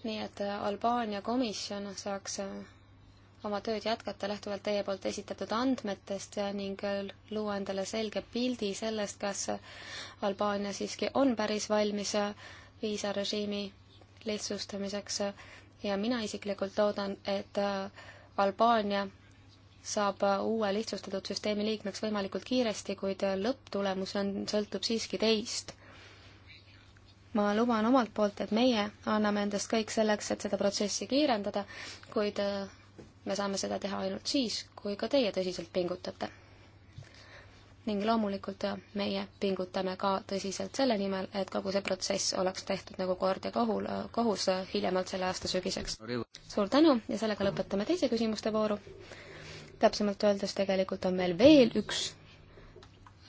nii et Albaania komisjon saaks oma tööd jätkata lähtuvalt teie poolt esitatud andmetest ning luua endale selge pildi sellest, kas Albaania siiski on päris valmis viisarežiimi lihtsustamiseks ja mina isiklikult loodan, et Albaania saab uue lihtsustatud süsteemi liikmeks võimalikult kiiresti, kuid lõpptulemus on, sõltub siiski teist. ma luban omalt poolt, et meie anname endast kõik selleks, et seda protsessi kiirendada, kuid me saame seda teha ainult siis, kui ka teie tõsiselt pingutate. ning loomulikult meie pingutame ka tõsiselt selle nimel, et kogu see protsess oleks tehtud nagu kord ja kohul, kohus hiljemalt selle aasta sügiseks. suur tänu ja sellega lõpetame teise küsimuste vooru. täpsemalt öeldes tegelikult on meil veel üks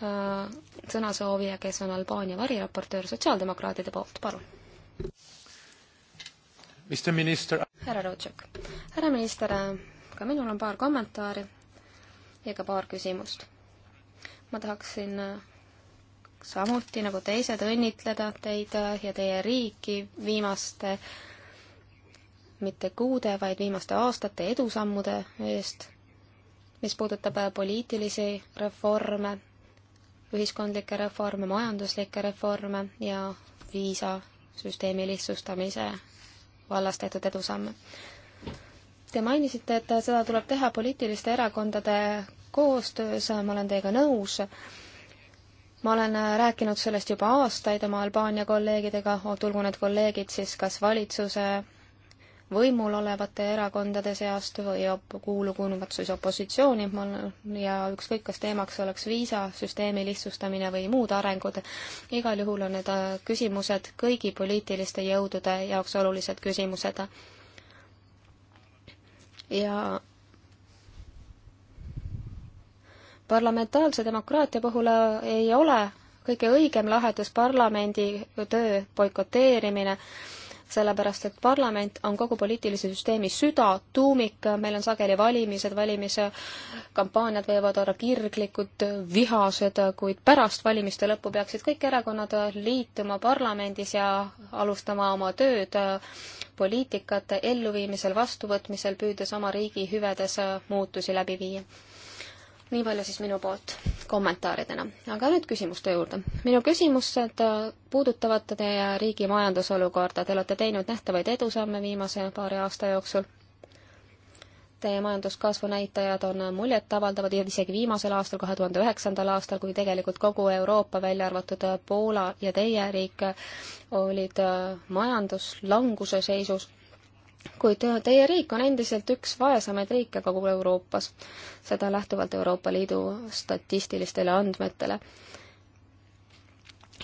äh, sõnasoovija, kes on Albaania variraportöör sotsiaaldemokraatide poolt, palun. Mr minister, härra Rutšek. härra minister, ka minul on paar kommentaari ja ka paar küsimust. ma tahaksin äh, samuti nagu teised õnnitleda teid äh, ja teie riiki viimaste mitte kuude, vaid viimaste aastate edusammude eest, mis puudutab äh, poliitilisi reforme, ühiskondlikke reforme, majanduslikke reforme ja viisasüsteemi lihtsustamise vallas tehtud edusamme. Te mainisite, et seda tuleb teha poliitiliste erakondade koostöös, ma olen teiega nõus, ma olen rääkinud sellest juba aastaid oma Albaania kolleegidega, tulgu need kolleegid siis kas valitsuse võimul olevate erakondade seast või kuulukunuvad siis opositsiooni ja ükskõik, kas teemaks oleks viisasüsteemi lihtsustamine või muud arengud, igal juhul on need äh, küsimused kõigi poliitiliste jõudude jaoks olulised küsimused. ja parlamentaarse demokraatia puhul äh, ei ole kõige õigem lahendus parlamendi töö boikoteerimine sellepärast et parlament on kogu poliitilise süsteemi süda, tuumik, meil on sageli valimised, valimiskampaaniad võivad olla kirglikud, vihased, kuid pärast valimiste lõppu peaksid kõik erakonnad liituma parlamendis ja alustama oma tööd poliitikate elluviimisel, vastuvõtmisel, püüdes oma riigi hüvedes muutusi läbi viia nii palju siis minu poolt kommentaaridena. aga nüüd küsimuste juurde. minu küsimused äh, puudutavad teie riigi majandusolukorda. Te olete teinud nähtavaid edusamme viimase paari aasta jooksul. Teie majanduskasvu näitajad on muljetavaldavad ja isegi viimasel aastal, kahe tuhande üheksandal aastal, kui tegelikult kogu Euroopa, välja arvatud äh, Poola ja teie riik, äh, olid majanduslanguse seisus kuid teie riik on endiselt üks vaesemaid riike kogu Euroopas, seda lähtuvalt Euroopa Liidu statistilistele andmetele.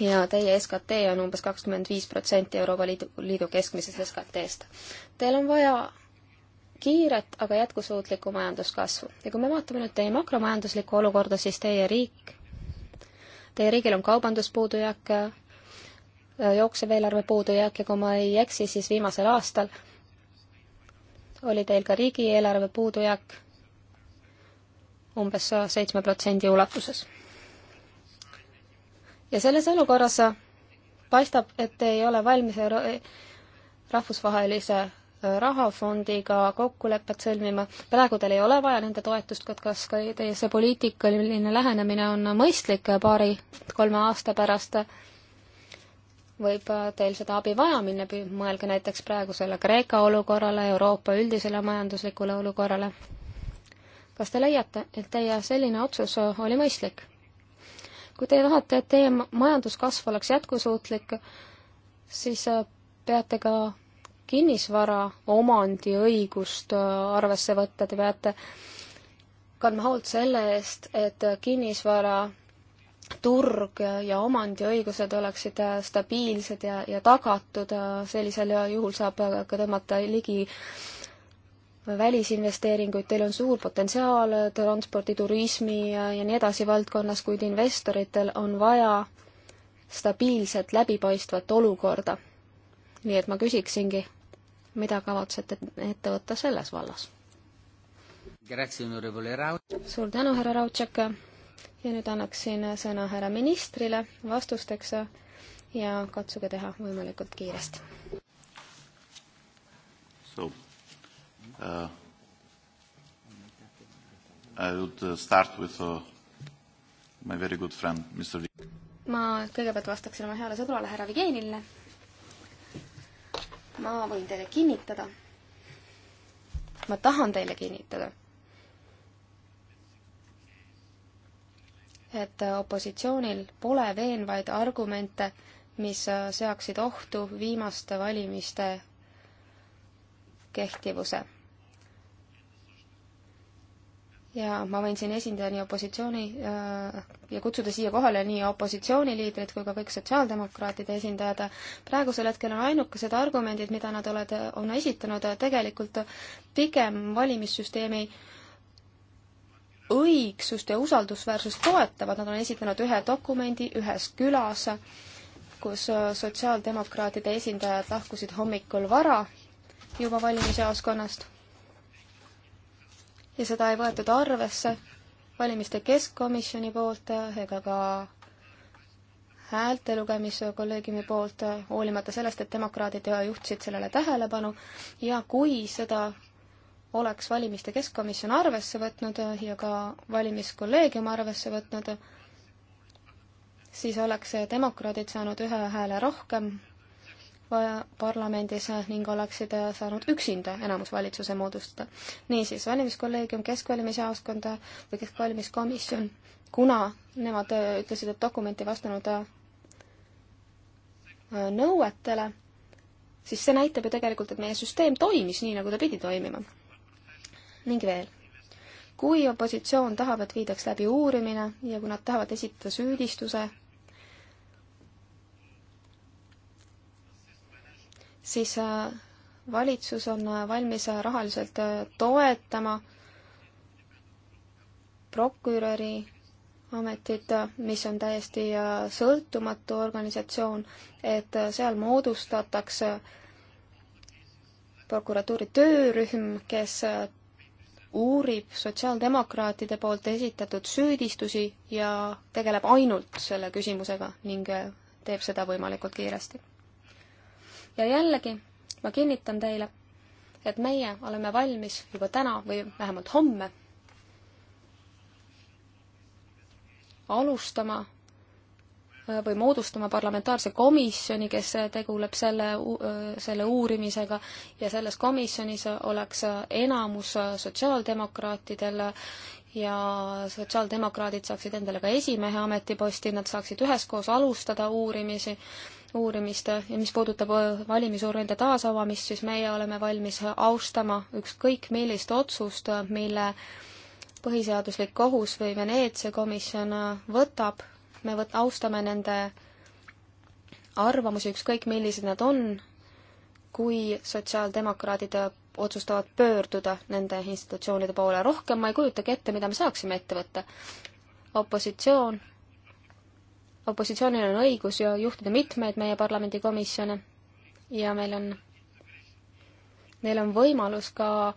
ja teie SKT on umbes kakskümmend viis protsenti Euroopa Liidu, Liidu keskmisest SKT-st. Teil on vaja kiiret, aga jätkusuutlikku majanduskasvu ja kui me vaatame nüüd teie makromajanduslikku olukorda, siis teie riik, teie riigil on kaubanduspuudujääk, jooksev eelarve puudujääk ja kui ma ei eksi, siis viimasel aastal oli teil ka riigieelarve puudujääk umbes seitsme protsendi ulatuses. ja selles olukorras paistab, et te ei ole valmis rahvusvahelise rahafondiga kokkulepet sõlmima. praegu teil ei ole vaja nende toetust, kas ka teie see poliitikaline lähenemine on mõistlik paari-kolme aasta pärast võib äh, teil seda abi vaja minna, mõelge näiteks praegusele Kreeka olukorrale, Euroopa üldisele majanduslikule olukorrale. kas te leiate, et teie selline otsus äh, oli mõistlik? kui te tahate, et teie majanduskasv oleks jätkusuutlik, siis äh, peate ka kinnisvara omandiõigust arvesse võtta, te peate kandma hoolt selle eest, et kinnisvara turg ja omandiõigused oleksid äh, stabiilsed ja, ja tagatud, äh, sellisel äh, juhul saab ka tõmmata ligi välisinvesteeringuid, teil on suur potentsiaal transpordi, turismi ja, ja nii edasi valdkonnas, kuid investoritel on vaja stabiilset, läbipaistvat olukorda. nii et ma küsiksingi, mida kavatsete ette võtta selles vallas? suur tänu, härra Raudšek! ja nüüd annaksin sõna härra ministrile vastusteks ja katsuge teha võimalikult kiiresti. So uh, I would uh, start with uh, my very good friend Mr. ma kõigepealt vastaksin oma heale sõbrale härra Vigenile. ma võin teile kinnitada, ma tahan teile kinnitada et opositsioonil pole veenvaid argumente, mis seaksid ohtu viimaste valimiste kehtivuse. ja ma võin siin esindada nii opositsiooni äh, ja kutsuda siia kohale nii opositsiooniliidrid kui ka kõik sotsiaaldemokraatide esindajad. praegusel hetkel on ainukesed argumendid, mida nad oled, on esitanud, tegelikult pigem valimissüsteemi äh, õigsust ja usaldusväärsust toetavad, nad on esitanud ühe dokumendi ühes külas, kus äh, sotsiaaldemokraatide esindajad lahkusid hommikul vara juba valimisjaoskonnast. ja seda ei võetud arvesse valimiste keskkomisjoni poolt ega ka häälte lugemise kolleegiumi poolt, hoolimata sellest, et demokraadid juhtisid sellele tähelepanu ja kui seda oleks valimiste keskkomisjon arvesse võtnud ja ka valimiskolleegium arvesse võtnud, siis oleks demokraadid saanud ühe hääle rohkem vaja parlamendis ning oleksid saanud üksinda enamusvalitsuse moodustada. niisiis, valimiskolleegium, keskvalimisjaoskond või keskvalimiskomisjon, kuna nemad ütlesid, et dokument ei vastanud nõuetele, siis see näitab ju tegelikult, et meie süsteem toimis nii, nagu ta pidi toimima ning veel. kui opositsioon tahab, et viidaks läbi uurimine ja kui nad tahavad esitada süüdistuse, siis äh, valitsus on äh, valmis äh, rahaliselt toetama prokuröri ametit, mis on täiesti sõltumatu organisatsioon, et seal moodustatakse prokuratuuri töörühm, kes uurib sotsiaaldemokraatide poolt esitatud süüdistusi ja tegeleb ainult selle küsimusega ning äh, teeb seda võimalikult kiiresti. ja jällegi, ma kinnitan teile, et meie oleme valmis juba täna või vähemalt homme alustama või moodustama parlamentaarse komisjoni, kes tegeleb selle, selle uurimisega ja selles komisjonis oleks enamus sotsiaaldemokraatidel ja sotsiaaldemokraadid saaksid endale ka esimehe ametiposti, nad saaksid üheskoos alustada uurimisi, uurimist ja mis puudutab valimisurende taasavamist, siis meie oleme valmis austama ükskõik millist otsust, mille põhiseaduslik kohus või Veneetsia komisjon võtab me võt-, austame nende arvamusi, ükskõik millised nad on, kui sotsiaaldemokraadid otsustavad pöörduda nende institutsioonide poole. rohkem ma ei kujutagi ette, mida me saaksime ette võtta. opositsioon, opositsioonil on õigus ju juhtida mitmeid meie parlamendikomisjone ja meil on, neil on võimalus ka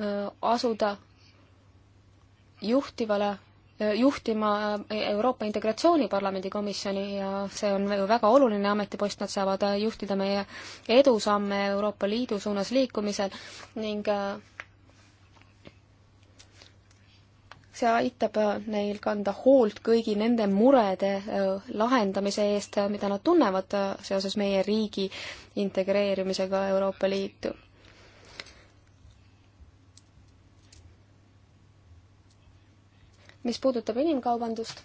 öö, asuda juhtivale juhtima äh, Euroopa Integratsiooni Parlamendikomisjoni ja see on ju väga oluline ametipost, nad saavad äh, juhtida meie edusamme Euroopa Liidu suunas liikumisel ning äh, see aitab neil kanda hoolt kõigi nende murede lahendamise eest, mida nad tunnevad seoses meie riigi integreerimisega Euroopa Liitu mis puudutab inimkaubandust,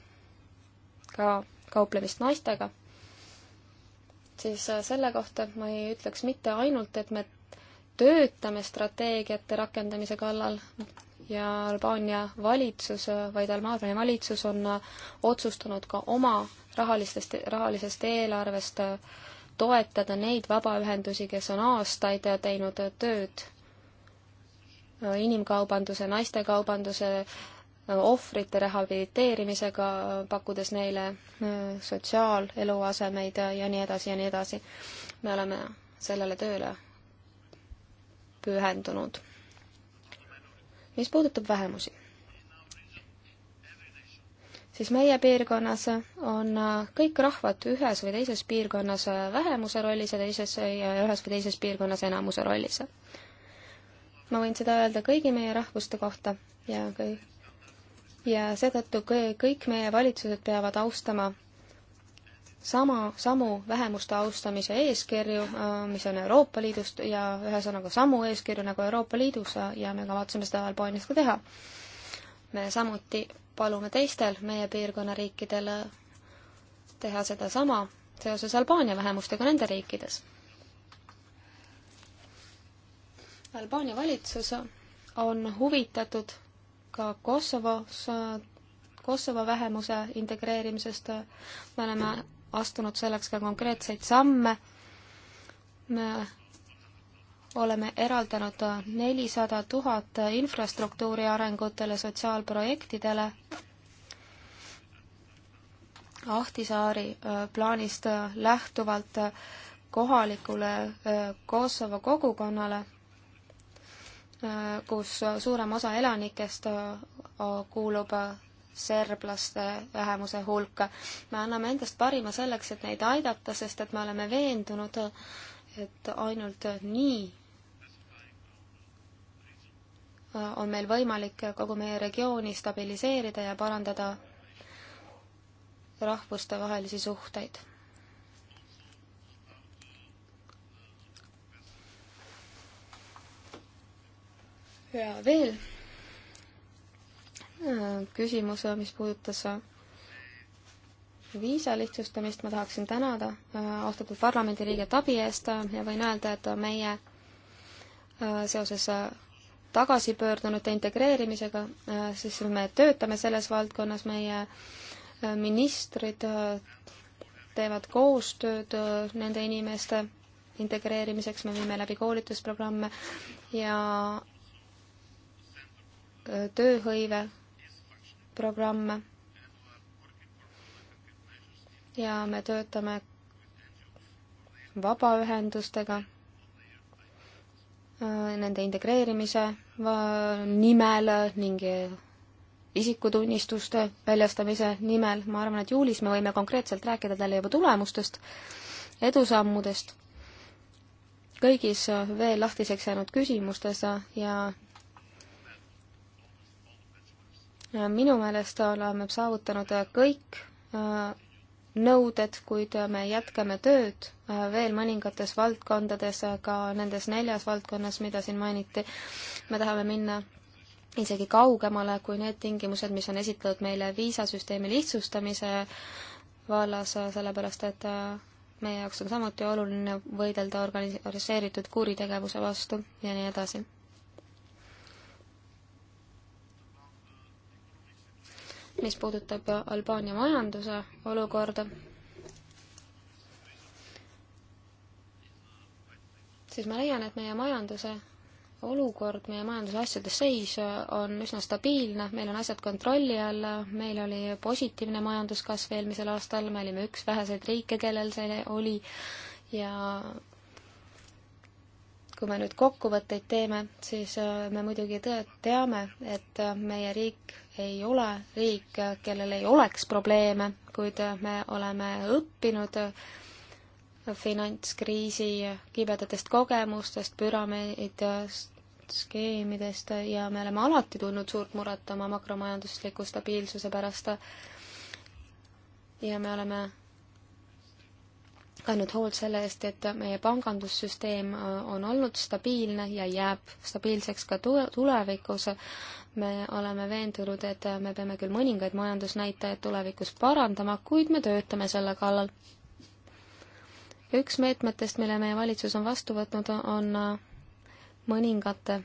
ka kauplemist naistega, siis äh, selle kohta ma ei ütleks mitte ainult, et me töötame strateegiate rakendamise kallal ja Albaania valitsus, äh, vaid Albaania valitsus on äh, otsustanud ka oma rahalistest, rahalisest eelarvest toetada neid vabaühendusi, kes on aastaid teinud tööd inimkaubanduse, naistekaubanduse ohvrite rehabiliteerimisega, pakkudes neile äh, sotsiaaleluasemeid ja nii edasi ja nii edasi. me oleme sellele tööle pühendunud. mis puudutab vähemusi, siis meie piirkonnas on äh, kõik rahvad ühes või teises piirkonnas äh, vähemuse rollis ja teises ja ühes või teises piirkonnas enamuse rollis. ma võin seda öelda kõigi meie rahvuste kohta ja kõik ja seetõttu kõik meie valitsused peavad austama sama, samu vähemuste austamise eeskirju, äh, mis on Euroopa Liidust ja ühesõnaga samu eeskirju nagu Euroopa Liidus äh, ja me kavatseme seda Albaanias ka teha. me samuti palume teistel meie piirkonna riikidel äh, teha sedasama seoses Albaania vähemustega nende riikides. Albaania valitsus on huvitatud ka Kosovos, Kosovo vähemuse integreerimisest. me oleme astunud selleks ka konkreetseid samme. me oleme eraldanud nelisada tuhat infrastruktuuri arengutele, sotsiaalprojektidele. Ahtisaari äh, plaanist äh, lähtuvalt äh, kohalikule Kosovo kogukonnale kus suurem osa elanikest äh, kuulub äh, serblaste vähemuse hulka. me anname endast parima selleks, et neid aidata, sest et me oleme veendunud, et ainult nii äh, on meil võimalik kogu meie regiooni stabiliseerida ja parandada rahvustevahelisi suhteid ja veel äh, küsimus, äh, mis puudutas äh, viisa lihtsustamist, ma tahaksin tänada austatud parlamendiliiget abi eest ja võin öelda, et meie seoses tagasipöördunute integreerimisega, siis me töötame selles valdkonnas, meie ministrid teevad koostööd nende inimeste integreerimiseks, me viime läbi koolitusprogramme ja Äh, tööhõive programme ja me töötame vabaühendustega äh, nende integreerimise nimel ning äh, isikutunnistuste väljastamise nimel. ma arvan, et juulis me võime konkreetselt rääkida teile juba tulemustest, edusammudest, kõigis veel lahtiseks jäänud küsimustes ja Äh, minu meelest oleme saavutanud äh, kõik äh, nõuded, kuid me jätkame tööd veel mõningates valdkondades, ka nendes neljas valdkonnas, mida siin mainiti. me tahame minna isegi kaugemale kui need tingimused, mis on esitatud meile viisasüsteemi lihtsustamise vallas, sellepärast et meie jaoks on samuti oluline võidelda organiseeritud kuritegevuse vastu ja nii edasi mis puudutab Albaania majanduse olukorda, siis ma leian, et meie majanduse olukord, meie majanduse asjade seis on üsna stabiilne, meil on asjad kontrolli all, meil oli positiivne majanduskasv eelmisel aastal, me olime üks väheseid riike, kellel see oli ja kui me nüüd kokkuvõtteid teeme, siis äh, me muidugi teame, et äh, meie riik ei ole riik, äh, kellel ei oleks probleeme, kuid me oleme õppinud finantskriisi kibedatest kogemustest, püramiididest, skeemidest ja me oleme alati tundnud suurt muret oma makromajandusliku stabiilsuse pärast. ja me oleme kandnud hoolt selle eest, et meie pangandussüsteem äh, on olnud stabiilne ja jääb stabiilseks ka tulevikus. me oleme veendunud, et me peame küll mõningaid majandusnäitajaid tulevikus parandama, kuid me töötame selle kallal. üks meetmetest, mille meie valitsus on vastu võtnud, on äh, mõningate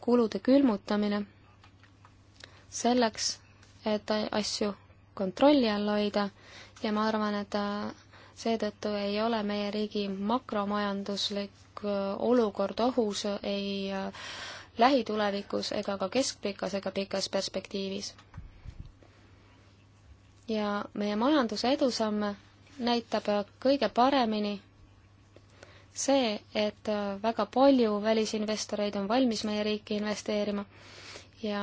kulude külmutamine selleks, et asju kontrolli all hoida ja ma arvan, et äh, seetõttu ei ole meie riigi makromajanduslik äh, olukord ohus ei äh, lähitulevikus ega ka keskpikas ega pikas perspektiivis. ja meie majanduse edusamme näitab kõige paremini see, et väga palju välisinvestoreid on valmis meie riiki investeerima ja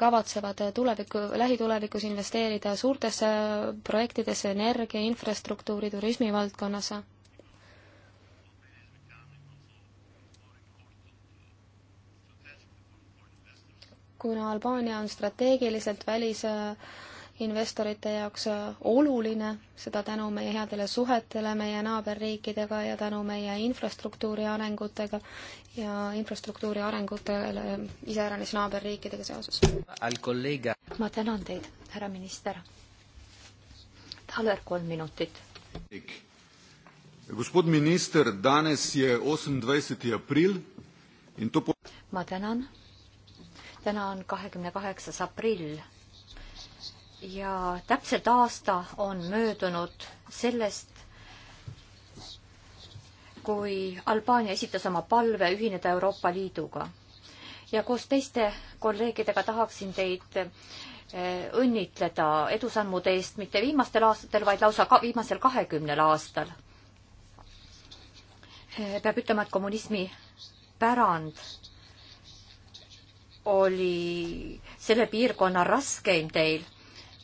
kavatsevad tuleviku, lähitulevikus investeerida suurtesse projektidesse energia, infrastruktuuri, turismi valdkonnas. kuna Albaania on strateegiliselt välis investorite jaoks äh, oluline, seda tänu meie headele suhetele meie naaberriikidega ja tänu meie infrastruktuuri arengutega ja infrastruktuuri arengutele iseäranis naaberriikidega seoses. ma tänan teid, härra minister. Taler, kolm minutit. Gospod minister, danes je osemindvajseti april in to ma tänan. täna on kahekümne kaheksas aprill ja täpselt aasta on möödunud sellest, kui Albaania esitas oma palve ühineda Euroopa Liiduga. ja koos teiste kolleegidega tahaksin teid eh, õnnitleda edusammude eest mitte viimastel aastatel, vaid lausa ka viimasel kahekümnel aastal. Eh, peab ütlema, et kommunismi pärand oli selle piirkonna raskeim teil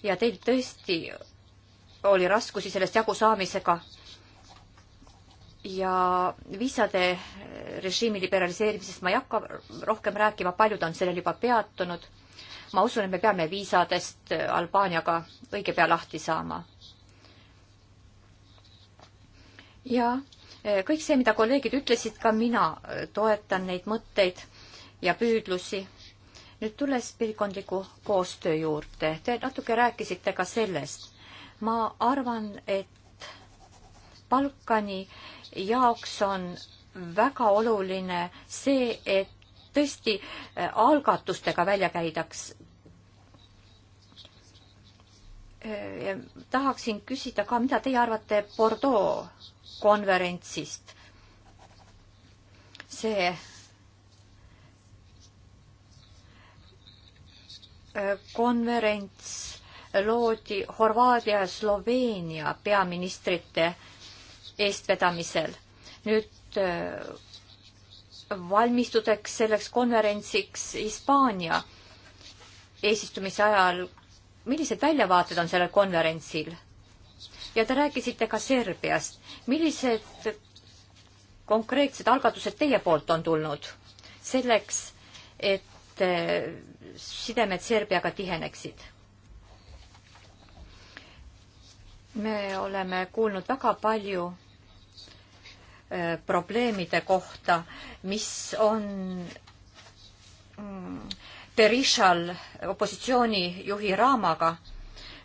ja teil tõesti oli raskusi sellest jagu saamisega. ja viisade režiimi liberaliseerimisest ma ei hakka rohkem rääkima, paljud on sellel juba peatunud. ma usun, et me peame viisadest Albaaniaga õige pea lahti saama. ja kõik see, mida kolleegid ütlesid, ka mina toetan neid mõtteid ja püüdlusi nüüd tulles piirkondliku koostöö juurde, te natuke rääkisite ka sellest. ma arvan, et Balkani jaoks on väga oluline see, et tõesti äh, algatustega välja käidaks. Äh, tahaksin küsida ka, mida teie arvate Bordeaux konverentsist? see konverents loodi Horvaatia ja Sloveenia peaministrite eestvedamisel. nüüd äh, valmistudeks selleks konverentsiks Hispaania eesistumise ajal, millised väljavaated on sellel konverentsil? ja te rääkisite ka Serbiast. millised konkreetsed algatused teie poolt on tulnud selleks, et Eh, sidemed Serbiaga tiheneksid. me oleme kuulnud väga palju eh, probleemide kohta, mis on Berishal mm, opositsioonijuhi Raamaga,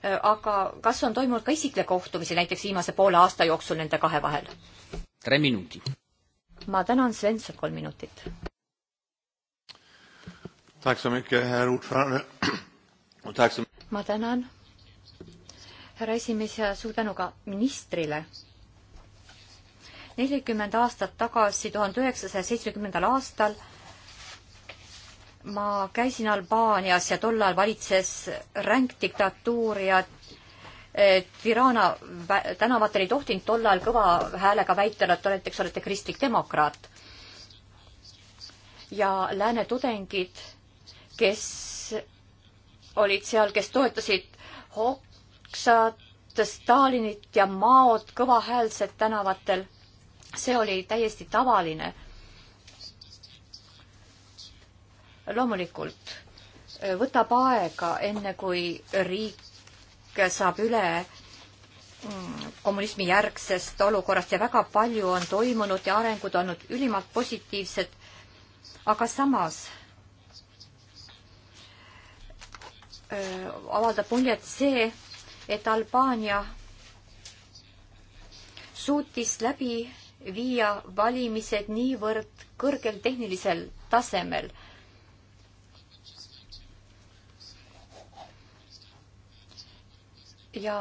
eh, aga kas on toimunud ka isiklikke kohtumisi näiteks viimase poole aasta jooksul nende kahe vahel? ma tänan, Svensson, kolm minutit ma tänan, härra esimees ja suur tänu ka ministrile. nelikümmend aastat tagasi, tuhande üheksasaja seitsmekümnendal aastal ma käisin Albaanias ja tollal valitses ränk diktatuur ja eh, Tirana tänavatel ei tohtinud tollal kõva häälega väita, et näiteks olete kristlik demokraat. ja lääne tudengid kes olid seal, kes toetasid Hoksat, Stalinit ja Maod kõvahäälselt tänavatel. see oli täiesti tavaline. loomulikult eh, võtab aega, enne kui riik saab üle mm, kommunismi järgsest olukorrast ja väga palju on toimunud ja arengud olnud ülimalt positiivsed. aga samas avaldab muljet see, et Albaania suutis läbi viia valimised niivõrd kõrgel tehnilisel tasemel. ja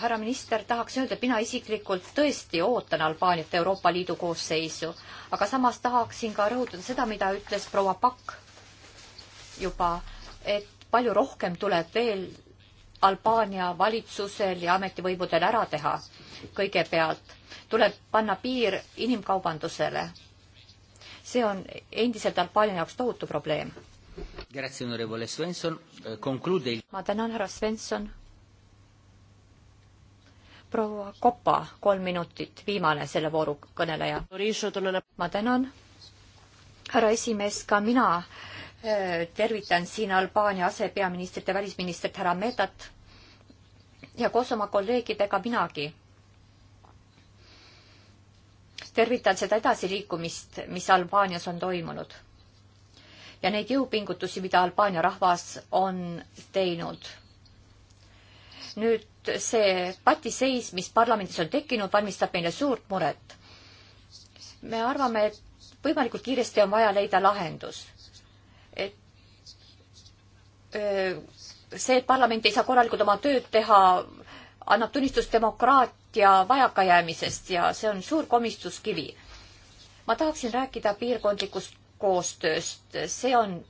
härra minister, tahaks öelda, et mina isiklikult tõesti ootan Albaaniat Euroopa Liidu koosseisu, aga samas tahaksin ka rõhutada seda, mida ütles proua Pakk juba, et palju rohkem tuleb veel Albaania valitsusel ja ametivõimudel ära teha. kõigepealt tuleb panna piir inimkaubandusele. see on endiselt Albaania jaoks tohutu probleem. Eh, ma tänan, härra Svensson. proua Kopa, kolm minutit, viimane selle vooru kõneleja. ma tänan, härra esimees, ka mina äh, Äh, tervitan siin Albaania asepeaministrit ja välisministrit härra Medat ja koos oma kolleegidega minagi tervitan seda edasiliikumist, mis Albaanias on toimunud ja neid jõupingutusi, mida Albaania rahvas on teinud. nüüd see patiseis, mis parlamendis on tekkinud, valmistab meile suurt muret. me arvame, et võimalikult kiiresti on vaja leida lahendus see, et parlament ei saa korralikult oma tööd teha, annab tunnistust demokraatia vajakajäämisest ja see on suur komistuskivi. ma tahaksin rääkida piirkondlikust koostööst, see on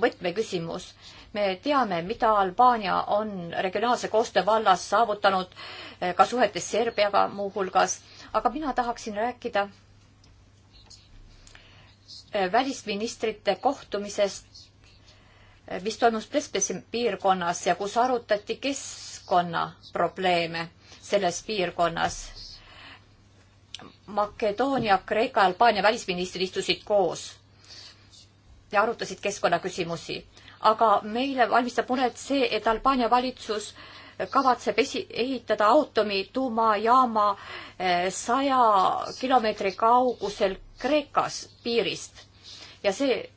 võtmeküsimus. me teame, mida Albaania on regionaalse koostöö vallas saavutanud, ka suhetes Serbiaga muuhulgas, aga mina tahaksin rääkida välisministrite kohtumisest mis toimus Prespesi piirkonnas ja kus arutati keskkonnaprobleeme selles piirkonnas. Makedoonia, Kreeka, Albaania välisministrid istusid koos ja arutasid keskkonnaküsimusi. aga meile valmistab muret see, et Albaania valitsus kavatseb esi-, ehitada Automi tuumajaama eh, saja kilomeetri kaugusel Kreekas piirist ja see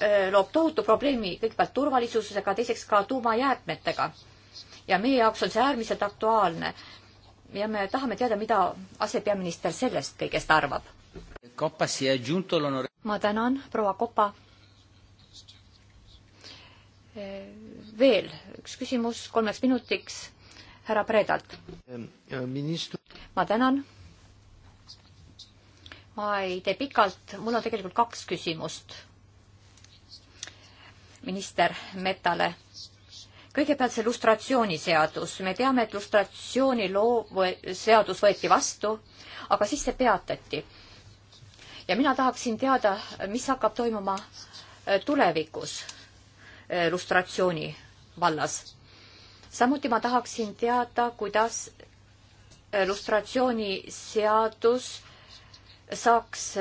Äh, loob tohutu probleemi kõigepealt turvalisusega, teiseks ka tuumajäätmetega. ja meie jaoks on see äärmiselt aktuaalne. ja me tahame teada, mida asepeaminister sellest kõigest arvab. ma tänan, proua Kopa. Äh, veel üks küsimus kolmeks minutiks härra Predalt. Ähm, äh, ma tänan. ma ei tee pikalt, mul on tegelikult kaks küsimust minister Metale. kõigepealt see lustratsiooniseadus, me teame, et lustratsiooni loo-, seadus võeti vastu, aga siis see peatati. ja mina tahaksin teada, mis hakkab toimuma äh, tulevikus äh, lustratsiooni vallas. samuti ma tahaksin teada, kuidas äh, lustratsiooniseadus saaks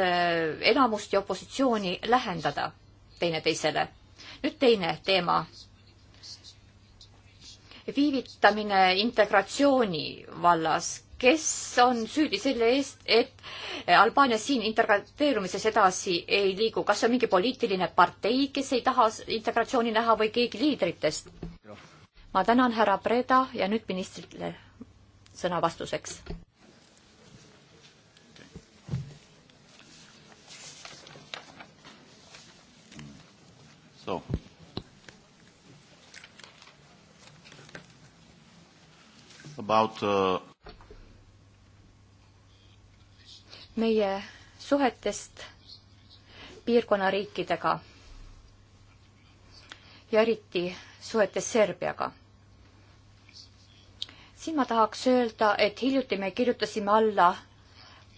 enamust ja opositsiooni lähendada teineteisele nüüd teine teema. viivitamine integratsiooni vallas. kes on süüdi selle eest, et Albaania siin integreerumises edasi ei liigu, kas see on mingi poliitiline partei, kes ei taha integratsiooni näha või keegi liidritest? ma tänan härra Preda ja nüüd ministrile sõna vastuseks So. About uh... meie suhetest piirkonna riikidega ja eriti suhetes Serbiaga. siin ma tahaks öelda, et hiljuti me kirjutasime alla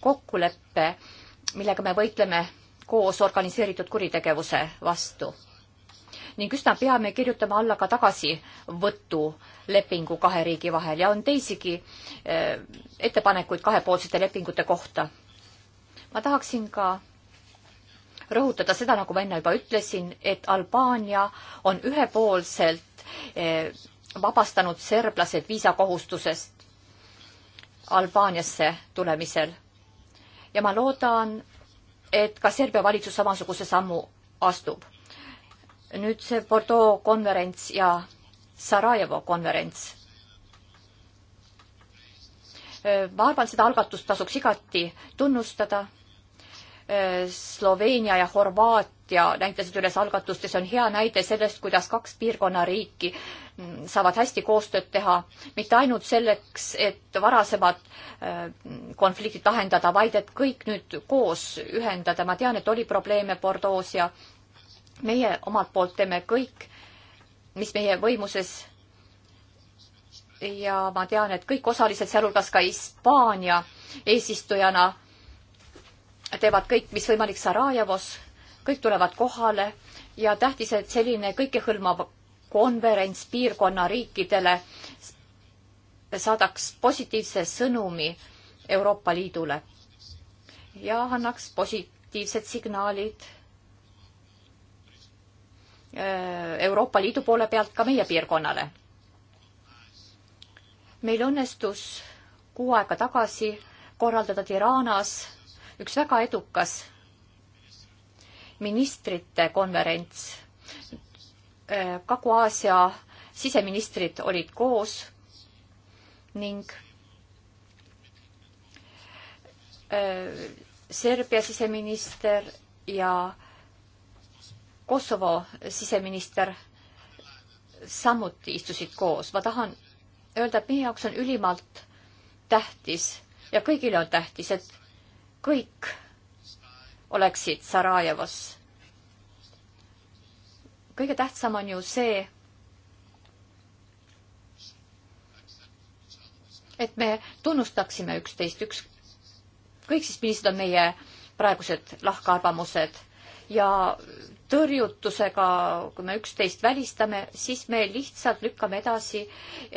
kokkuleppe, millega me võitleme koos organiseeritud kuritegevuse vastu ning üsna pea me kirjutame alla ka tagasivõtulepingu kahe riigi vahel ja on teisigi eh, ettepanekuid kahepoolsete lepingute kohta. ma tahaksin ka rõhutada seda, nagu ma enne juba ütlesin, et Albaania on ühepoolselt eh, vabastanud serblased viisakohustusest Albaaniasse tulemisel. ja ma loodan, et ka Serbia valitsus samasuguse sammu astub nüüd see Bordeaux konverents ja Sarajevo konverents. ma arvan, seda algatust tasuks igati tunnustada. Sloveenia ja Horvaatia näitasid üles algatust ja see on hea näide sellest, kuidas kaks piirkonna riiki saavad hästi koostööd teha, mitte ainult selleks, et varasemad äh, konfliktid lahendada, vaid et kõik nüüd koos ühendada. ma tean, et oli probleeme Bordeaux ja meie omalt poolt teeme kõik, mis meie võimuses ja ma tean, et kõik osalised, sealhulgas ka Hispaania eesistujana, teevad kõik, mis võimalik Sarajevos, kõik tulevad kohale ja tähtis, et selline kõikehõlmav konverents piirkonna riikidele saadaks positiivse sõnumi Euroopa Liidule ja annaks positiivsed signaalid Äh, Euroopa Liidu poole pealt ka meie piirkonnale. meil õnnestus kuu aega tagasi korraldada Tiranas üks väga edukas ministrite konverents. Äh, Kagu-Aasia siseministrid olid koos ning äh, Serbia siseminister ja äh, Kosovo siseminister samuti istusid koos. ma tahan öelda, et meie jaoks on ülimalt tähtis ja kõigile on tähtis, et kõik oleksid Sarajevos. kõige tähtsam on ju see, et me tunnustaksime üksteist, ükskõik siis, millised on meie praegused lahkarvamused ja tõrjutusega, kui me üksteist välistame, siis me lihtsalt lükkame edasi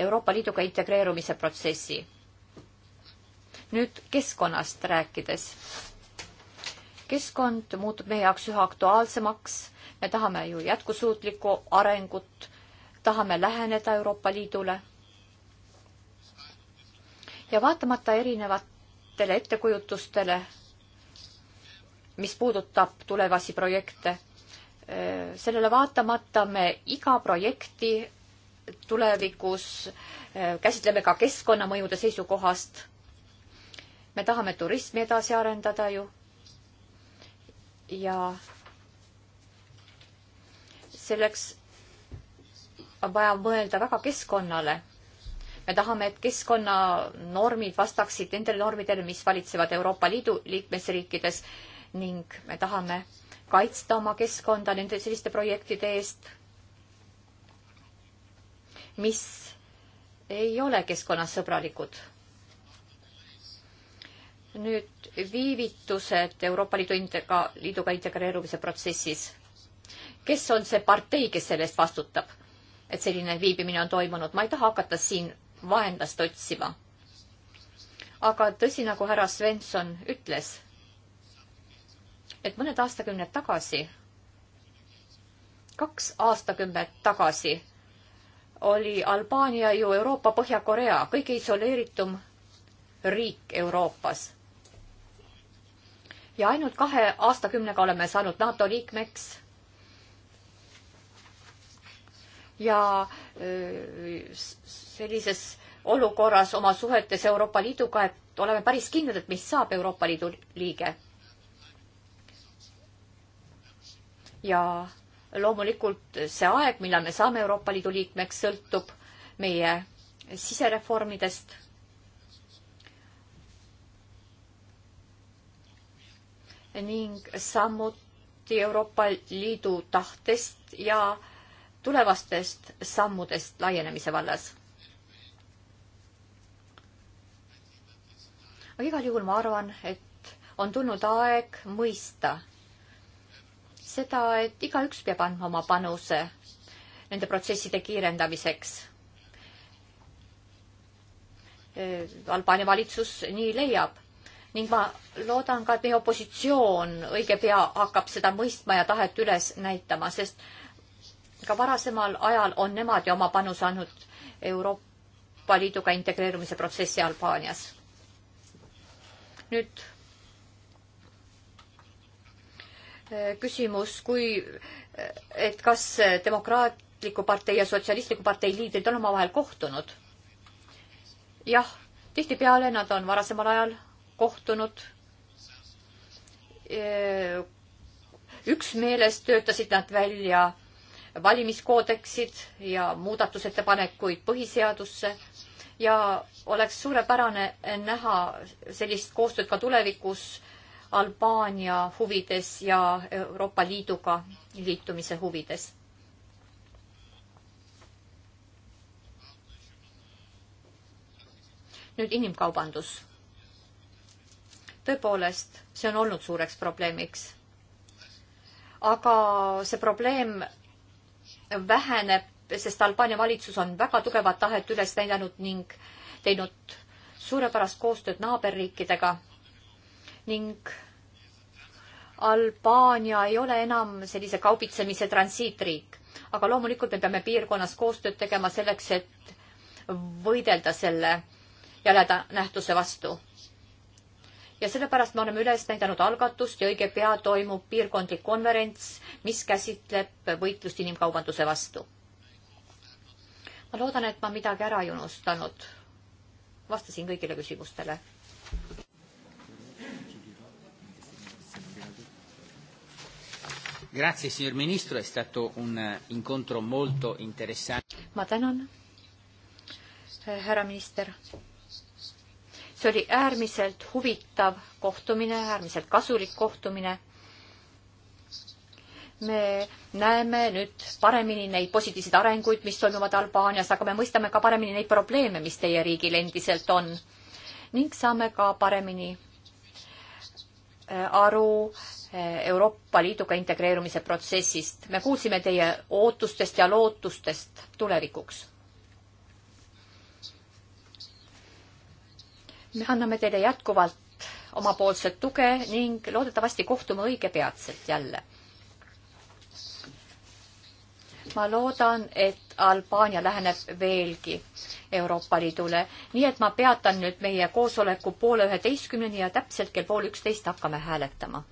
Euroopa Liiduga integreerumise protsessi. nüüd keskkonnast rääkides. keskkond muutub meie jaoks üha aktuaalsemaks, me tahame ju jätkusuutlikku arengut, tahame läheneda Euroopa Liidule. ja vaatamata erinevatele ettekujutustele mis puudutab tulevasi projekte. sellele vaatamata me iga projekti tulevikus eh, käsitleme ka keskkonnamõjude seisukohast. me tahame turismi edasi arendada ju. ja selleks on vaja mõelda väga keskkonnale. me tahame, et keskkonnanormid vastaksid nendele normidele, mis valitsevad Euroopa Liidu liikmesriikides ning me tahame kaitsta oma keskkonda nende selliste projektide eest, mis ei ole keskkonnasõbralikud. nüüd viivitused Euroopa Liidu intega, liiduga integreerumise protsessis. kes on see partei, kes selle eest vastutab, et selline viibimine on toimunud? ma ei taha hakata siin vaenlast otsima. aga tõsi, nagu härra Svensson ütles, et mõned aastakümned tagasi, kaks aastakümmet tagasi oli Albaania ju Euroopa Põhja-Korea kõige isoleeritum riik Euroopas ja ainult kahe aastakümnega oleme saanud NATO liikmeks. ja sellises olukorras oma suhetes Euroopa Liiduga, et oleme päris kindlad, et meist saab Euroopa Liidu liige. ja loomulikult see aeg, millal me saame Euroopa Liidu liikmeks, sõltub meie sisereformidest. ning samuti Euroopa Liidu tahtest ja tulevastest sammudest laienemise vallas. aga igal juhul ma arvan, et on tulnud aeg mõista seda, et igaüks peab andma oma panuse nende protsesside kiirendamiseks. Äh, Albaania valitsus nii leiab ning ma loodan ka, et meie opositsioon õige pea hakkab seda mõistma ja tahet üles näitama, sest ka varasemal ajal on nemad ju oma panuse andnud Euroopa Liiduga integreerumise protsessi Albaanias. nüüd küsimus, kui, et kas Demokraatliku partei ja Sotsialistliku partei liidrid on omavahel kohtunud? jah, tihtipeale nad on varasemal ajal kohtunud. üksmeeles töötasid nad välja valimiskoodeksid ja muudatusettepanekuid põhiseadusse ja oleks suurepärane näha sellist koostööd ka tulevikus Albaania huvides ja Euroopa Liiduga liitumise huvides. nüüd inimkaubandus. tõepoolest, see on olnud suureks probleemiks. aga see probleem väheneb, sest Albaania valitsus on väga tugevat tahet üles näidanud ning teinud suurepärast koostööd naaberriikidega ning Albaania ei ole enam sellise kaubitsemise transiitriik. aga loomulikult me peame piirkonnas koostööd tegema selleks, et võidelda selle jäleda nähtuse vastu. ja sellepärast me oleme üles näidanud algatust ja õige pea toimub piirkondlik konverents, mis käsitleb võitlust inimkaubanduse vastu. ma loodan, et ma midagi ära ei unustanud. vastasin kõigile küsimustele Grazie, signor ministro, è stato un eh, incontro molto interessante. ma tänan, eh, härra minister. see oli äärmiselt huvitav kohtumine, äärmiselt kasulik kohtumine. me näeme nüüd paremini neid positiivseid arenguid, mis toimuvad Albaanias, aga me mõistame ka paremini neid probleeme, mis teie riigil endiselt on ning saame ka paremini eh, aru Euroopa Liiduga integreerumise protsessist. me kuulsime teie ootustest ja lootustest tulevikuks. me anname teile jätkuvalt omapoolset tuge ning loodetavasti kohtume õige peatselt jälle. ma loodan, et Albaania läheneb veelgi Euroopa Liidule, nii et ma peatan nüüd meie koosoleku poole üheteistkümneni ja täpselt kell pool üksteist hakkame hääletama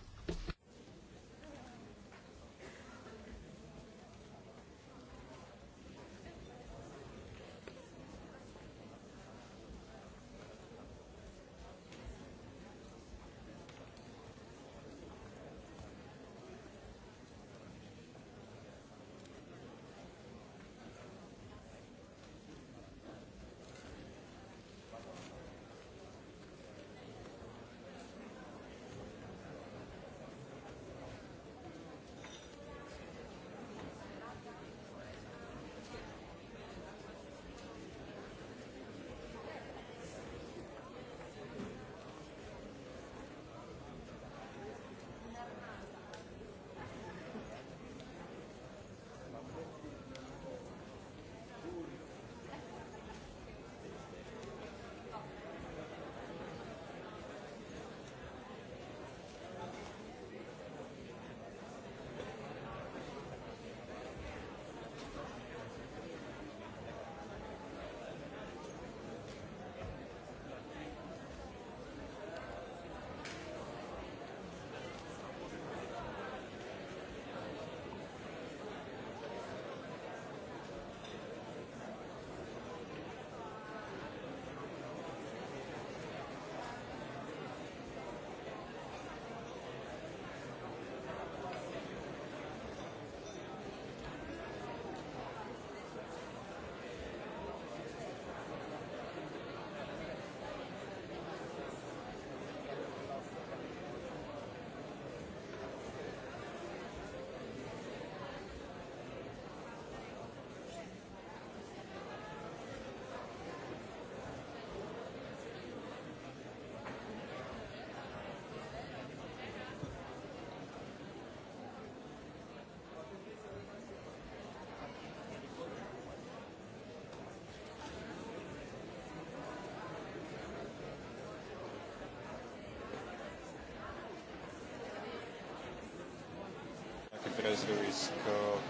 Трезли из к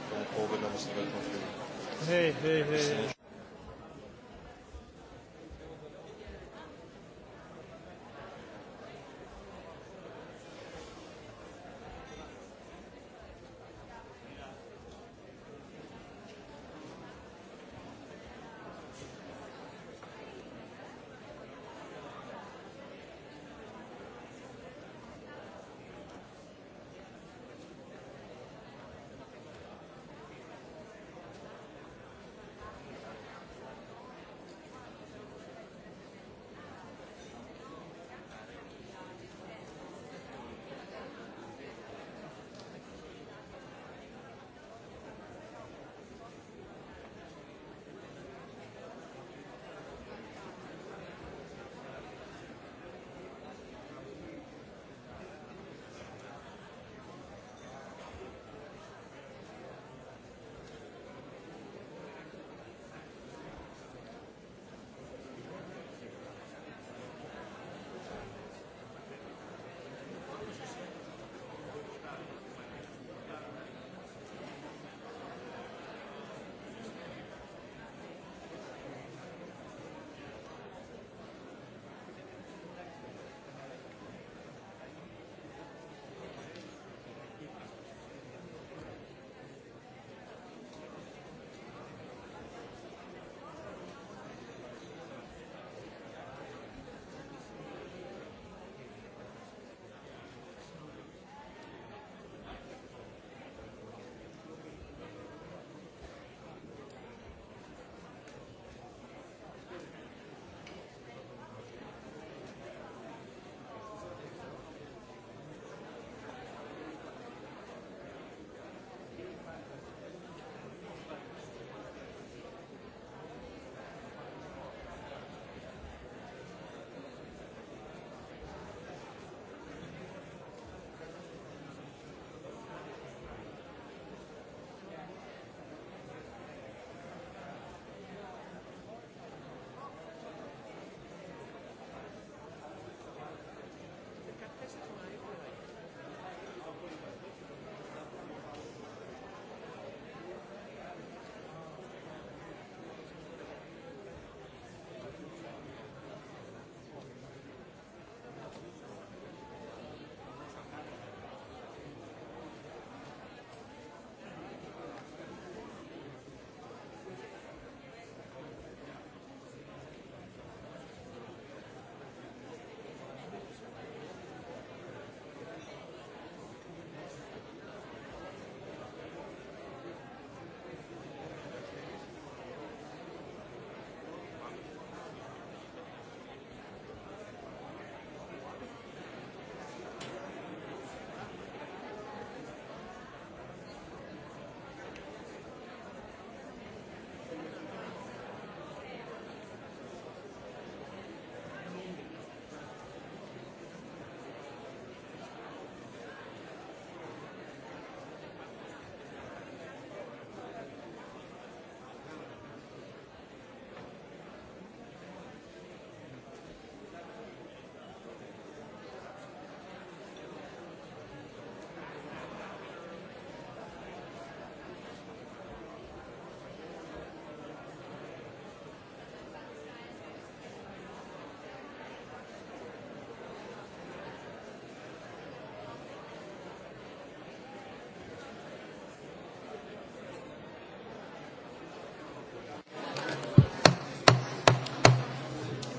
тому поводам, с Хей, хей, хей.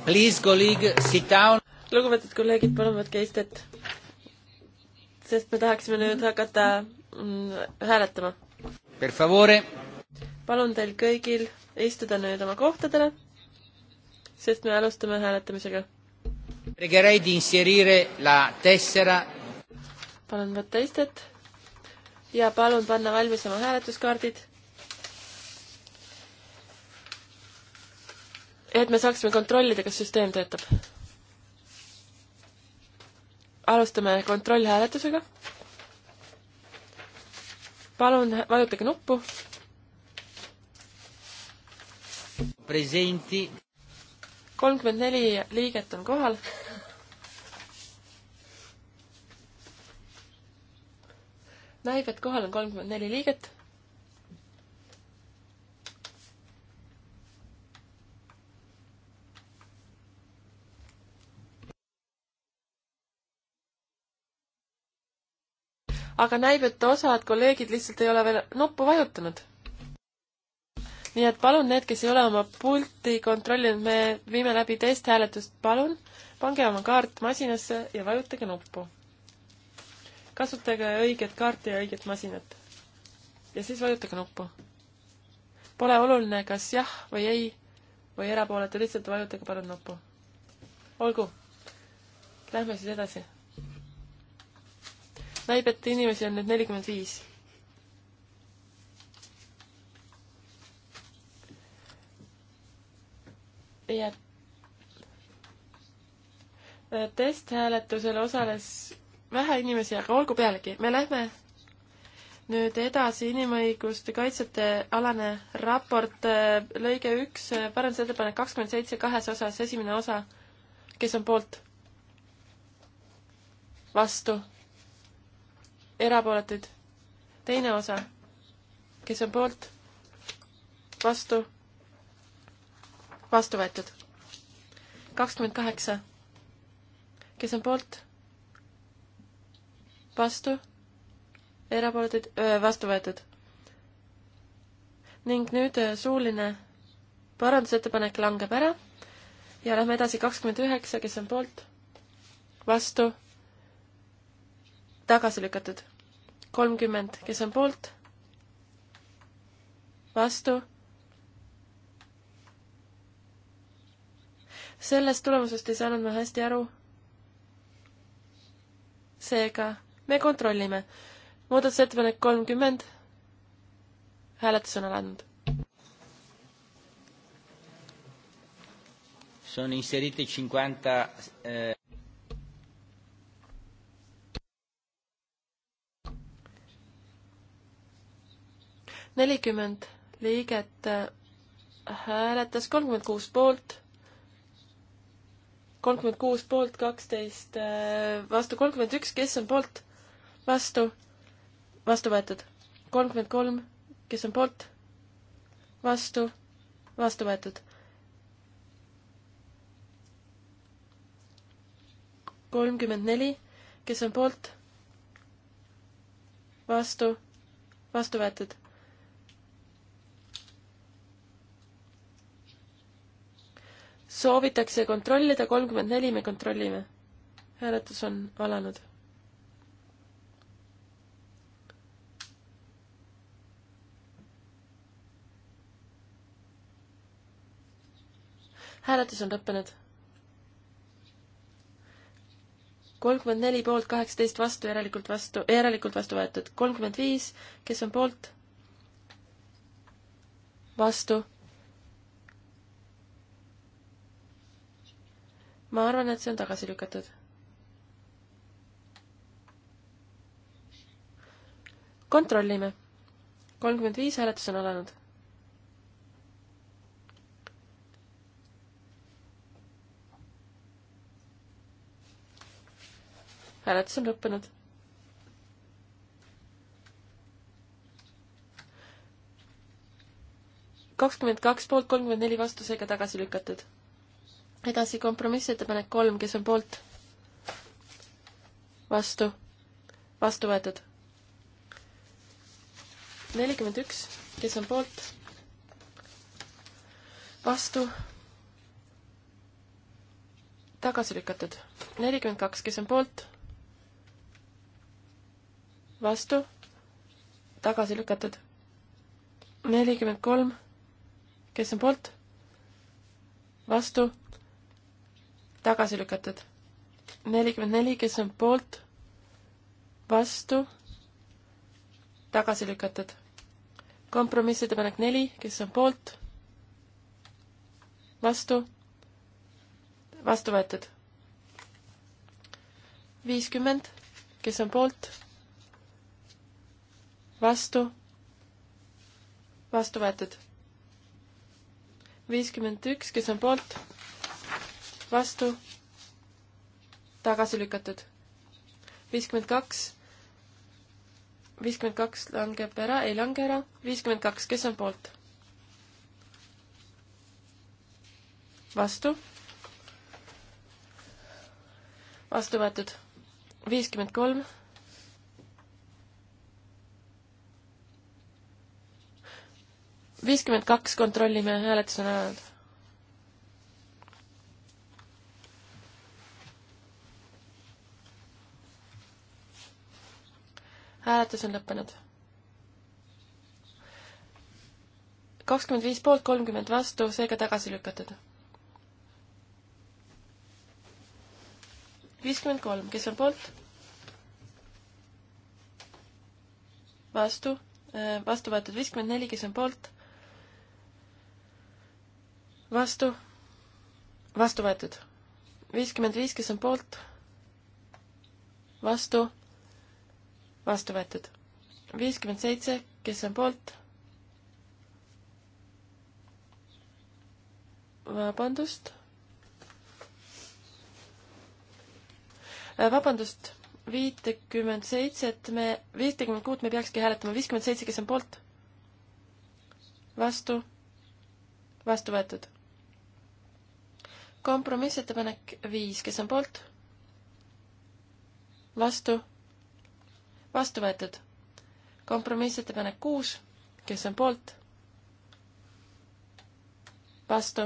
lugupeetud kolleegid, palun võtke istet. sest me tahaksime nüüd hakata mm, hääletama. palun teil kõigil istuda nüüd oma kohtadele, sest me alustame hääletamisega. palun võtta istet ja palun panna valmis oma hääletuskaardid et me saaksime kontrollida, kas süsteem töötab. alustame kontrollhääletusega. palun vajutage nuppu. Presenti. kolmkümmend neli liiget on kohal. näib, et kohal on kolmkümmend neli liiget aga näib, et osad kolleegid lihtsalt ei ole veel nuppu vajutanud. nii et palun need, kes ei ole oma pulti kontrollinud, me viime läbi testhääletust, palun pange oma kaart masinasse ja vajutage nuppu. kasutage õiget kaarti ja õiget masinat. ja siis vajutage nuppu. Pole oluline, kas jah või ei või erapooletu, lihtsalt vajutage palun nuppu. olgu, lähme siis edasi näib, et inimesi on nüüd nelikümmend viis. ja äh, testhääletusel osales vähe inimesi, aga olgu pealegi, me lähme nüüd edasi inimõiguste kaitsjate alane raport, äh, lõige üks, äh, parandusettepanek kakskümmend seitse kahes osas, esimene osa. kes on poolt? vastu erapooletuid. teine osa, kes on poolt, vastu, vastu võetud. kakskümmend kaheksa, kes on poolt, vastu, erapooletuid, vastu võetud. ning nüüd suuline parandusettepanek langeb ära ja lähme edasi kakskümmend üheksa, kes on poolt, vastu, tagasi lükatud kolmkümmend, kes on poolt? vastu? sellest tulemusest ei saanud ma hästi aru. seega me kontrollime. muudatusettepanek kolmkümmend. hääletus on alanud. Sono inserite cinquanta eh... nelikümmend liiget äh, hääletas kolmkümmend kuus poolt, kolmkümmend kuus poolt, kaksteist äh, vastu, kolmkümmend üks, kes on poolt, vastu, vastu võetud. kolmkümmend kolm, kes on poolt, vastu, vastu võetud. kolmkümmend neli, kes on poolt, vastu, vastu võetud soovitakse kontrollida, kolmkümmend neli me kontrollime. hääletus on alanud. hääletus on lõppenud. kolmkümmend neli poolt, kaheksateist vastu, järelikult vastu, järelikult vastu võetud. kolmkümmend viis, kes on poolt? vastu ma arvan, et see on tagasi lükatud. kontrollime. kolmkümmend viis hääletus on alanud. hääletus on lõppenud. kakskümmend kaks poolt, kolmkümmend neli vastu, seega tagasi lükatud edasi kompromissettepanek kolm, kes on poolt? vastu? vastu võetud. nelikümmend üks, kes on poolt? vastu? tagasi lükatud. nelikümmend kaks, kes on poolt? vastu? tagasi lükatud. nelikümmend kolm, kes on poolt? vastu? tagasi lükatud. nelikümmend neli, kes on poolt, vastu, tagasi lükatud. kompromissettepanek neli, kes on poolt, vastu, vastu võetud. viiskümmend, kes on poolt, vastu, vastu võetud. viiskümmend üks, kes on poolt vastu, tagasi lükatud. viiskümmend kaks, viiskümmend kaks langeb ära, ei lange ära, viiskümmend kaks, kes on poolt? vastu, vastu võetud, viiskümmend kolm viiskümmend kaks kontrollime, hääletus on alanud. hääletus on lõppenud. kakskümmend viis poolt, kolmkümmend vastu, seega tagasi lükatud. viiskümmend kolm, kes on poolt? vastu, äh, vastu võetud viiskümmend neli, kes on poolt? vastu, vastu võetud. viiskümmend viis, kes on poolt? vastu vastu võetud. viiskümmend seitse, kes on poolt? vabandust. Äh, vabandust, viitekümmend seitset me, viitekümmet kuut me peakski hääletama, viiskümmend seitse, kes on poolt? vastu, vastu võetud. kompromissettepanek viis, kes on poolt? vastu vastu võetud. kompromissettepanek kuus, kes on poolt? vastu,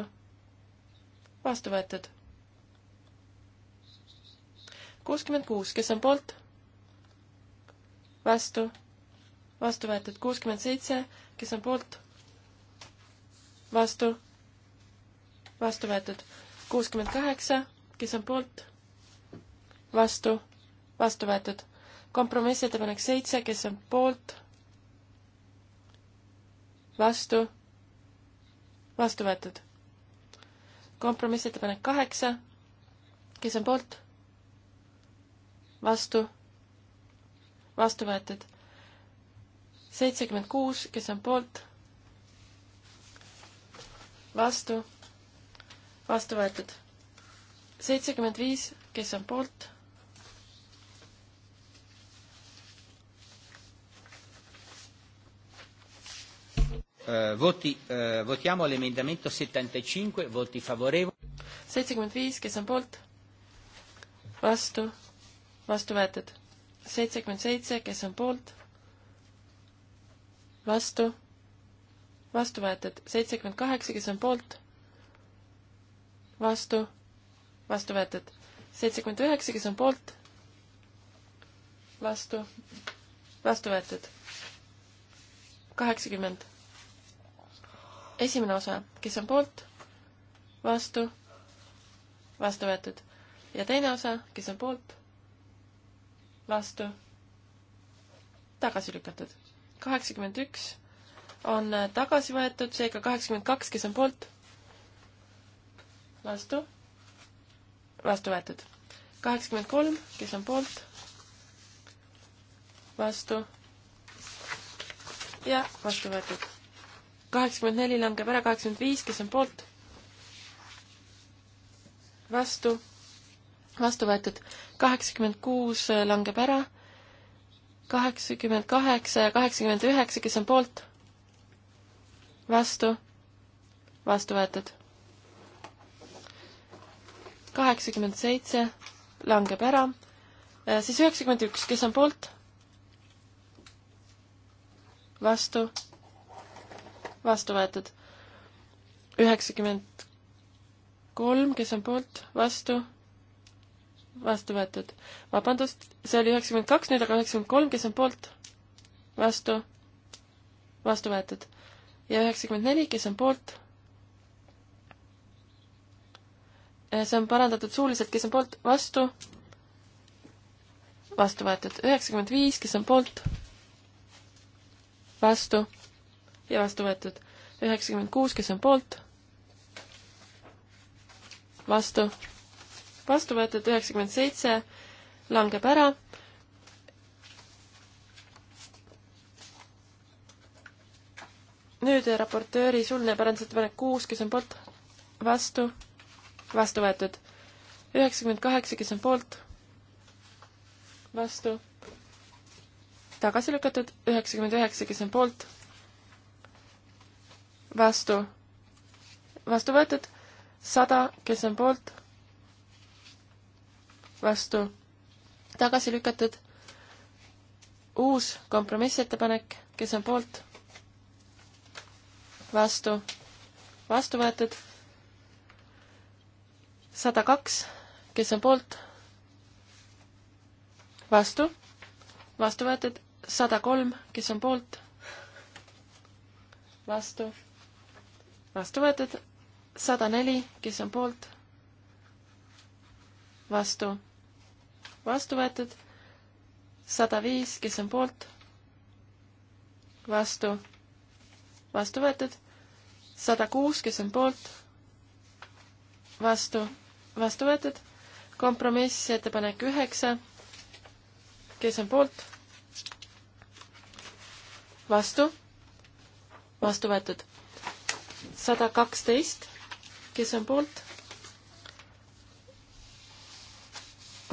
vastu võetud. kuuskümmend kuus, kes on poolt? vastu, vastu võetud. kuuskümmend seitse, kes on poolt? vastu, vastu võetud. kuuskümmend kaheksa, kes on poolt? vastu, vastu võetud kompromissettepanek seitse, kes on poolt, vastu, vastu võetud. kompromissettepanek kaheksa, kes on poolt, vastu, vastu võetud. seitsekümmend kuus, kes on poolt, vastu, vastu võetud. seitsekümmend viis, kes on poolt Uh, voti uh,, votiamo l'emendamento settantacinque, voti favorevoli. seitsekümmend viis, kes on poolt? vastu? vastu võetud. seitsekümmend seitse, kes on poolt? vastu? vastu võetud. seitsekümmend kaheksa, kes on poolt? vastu? vastu võetud. seitsekümmend üheksa, kes on poolt? vastu? vastu võetud. kaheksakümmend esimene osa, kes on poolt, vastu, vastu võetud. ja teine osa, kes on poolt, vastu, tagasi lükatud. kaheksakümmend üks on tagasi võetud, seega kaheksakümmend kaks, kes on poolt, vastu, vastu võetud. kaheksakümmend kolm, kes on poolt, vastu ja vastu võetud kaheksakümmend neli langeb ära, kaheksakümmend viis, kes on poolt? vastu, vastu võetud. kaheksakümmend kuus langeb ära, kaheksakümmend kaheksa ja kaheksakümmend üheksa, kes on poolt? vastu, vastu võetud. kaheksakümmend seitse langeb ära, äh, siis üheksakümmend üks, kes on poolt? vastu vastu võetud. üheksakümmend kolm, kes on poolt, vastu, vastu võetud. vabandust, see oli üheksakümmend kaks, nüüd aga üheksakümmend kolm, kes on poolt, vastu, vastu võetud. ja üheksakümmend neli, kes on poolt, eh, see on parandatud suuliselt, kes on poolt, vastu, vastu võetud. üheksakümmend viis, kes on poolt, vastu ja vastu võetud. üheksakümmend kuus, kes on poolt, vastu, vastu võetud, üheksakümmend seitse langeb ära. nüüd raportööri sulne parandusettepanek kuus, kes on poolt, vastu, vastu võetud. üheksakümmend kaheksa, kes on poolt, vastu, tagasi lükatud, üheksakümmend üheksa, kes on poolt vastu, vastu võetud, sada, kes on poolt, vastu, tagasi lükatud, uus kompromissettepanek, kes on poolt, vastu, vastu võetud, sada kaks, kes on poolt, vastu, vastu võetud, sada kolm, kes on poolt, vastu vastu võetud, sada neli, kes on poolt, vastu, vastu võetud, sada viis, kes on poolt, vastu, vastu võetud, sada kuus, kes on poolt, vastu, vastu võetud, kompromissettepanek üheksa, kes on poolt, vastu, vastu võetud sada kaksteist, kes on poolt?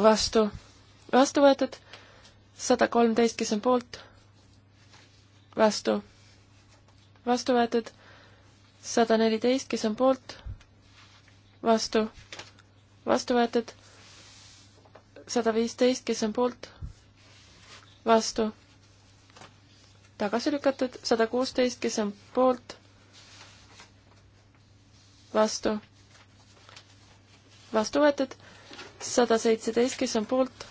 vastu, vastu võetud, sada kolmteist, kes on poolt? vastu, vastu võetud, sada neliteist, kes on poolt? vastu, vastu võetud, sada viisteist, kes on poolt? vastu tagasi lükatud, sada kuusteist, kes on poolt, vastu, vastu võetud, sada seitseteist, kes on poolt,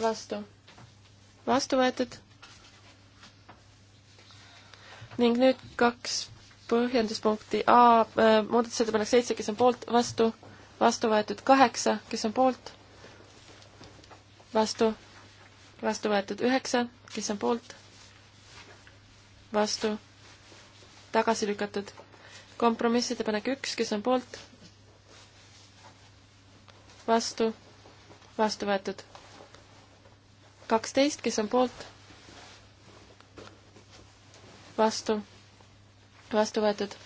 vastu, vastu võetud. ning nüüd kaks põhjenduspunkti A äh,, muudatusettepanek seitse, kes on poolt, vastu, vastu võetud kaheksa, kes on poolt, vastu, vastu võetud üheksa, kes on poolt, vastu, tagasi lükatud kompromissettepanek üks, kes on poolt? vastu, vastu võetud. kaksteist, kes on poolt? vastu, vastu võetud.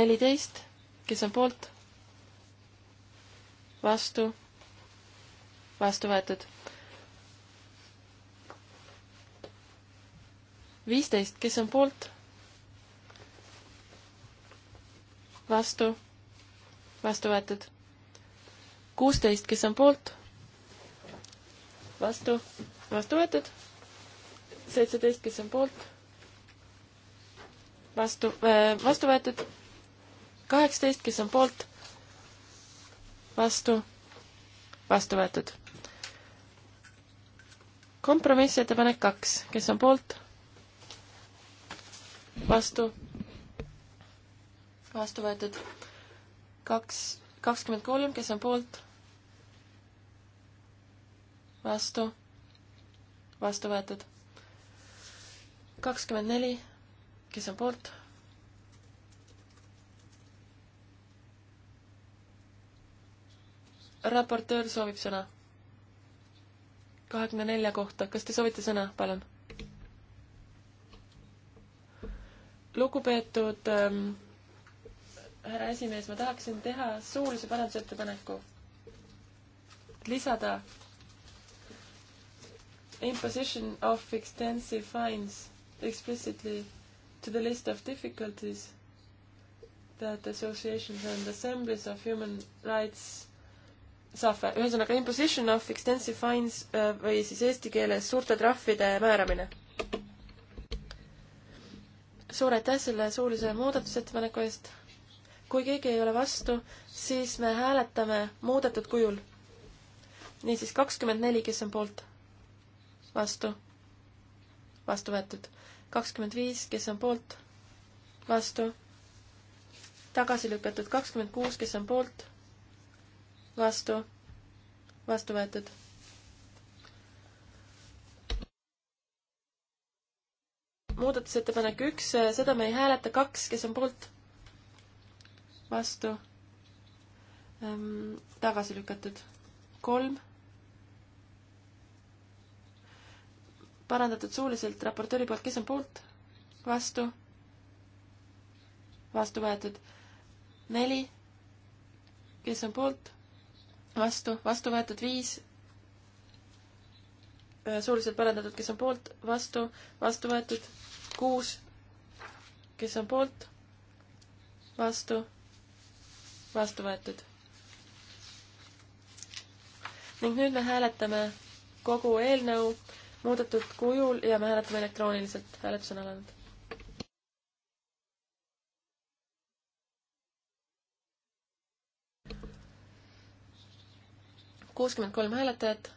neliteist, kes on poolt? vastu, vastu võetud. viisteist, kes on poolt? vastu, vastu võetud. kuusteist, kes on poolt, vastu, vastu võetud. seitseteist, kes on poolt, vastu äh,, vastu võetud. kaheksateist, kes on poolt, vastu, vastu võetud. kompromissettepanek kaks, kes on poolt, vastu vastu võetud. kaks, kakskümmend kolm, kes on poolt? vastu, vastu võetud. kakskümmend neli, kes on poolt? raportöör soovib sõna. kahekümne nelja kohta, kas te soovite sõna, palun? lugupeetud ähm, härra esimees, ma tahaksin teha suulise parandusettepaneku. lisada imposition of extensive fines explicitly to the list of difficulties that associations and assemblies of human rights suffer. ühesõnaga imposition of extensive fines äh, või siis eesti keeles suurte trahvide määramine. suur aitäh selle suulise muudatusettepaneku eest kui keegi ei ole vastu, siis me hääletame muudetud kujul. niisiis kakskümmend neli, kes on poolt? vastu? vastu võetud. kakskümmend viis, kes on poolt? vastu? tagasi lükatud. kakskümmend kuus, kes on poolt? vastu? vastu võetud. muudatusettepanek üks, seda me ei hääleta. kaks, kes on poolt? vastu, ähm, tagasi lükatud. kolm, parandatud suuliselt raportööri poolt, kes on poolt, vastu, vastu võetud. neli, kes on poolt, vastu, vastu võetud viis, äh, suuliselt parandatud, kes on poolt, vastu, vastu võetud kuus, kes on poolt, vastu vastu võetud. ning nüüd me hääletame kogu eelnõu muudetud kujul ja me hääletame elektrooniliselt. hääletus on alanud. kuuskümmend kolm hääletajat,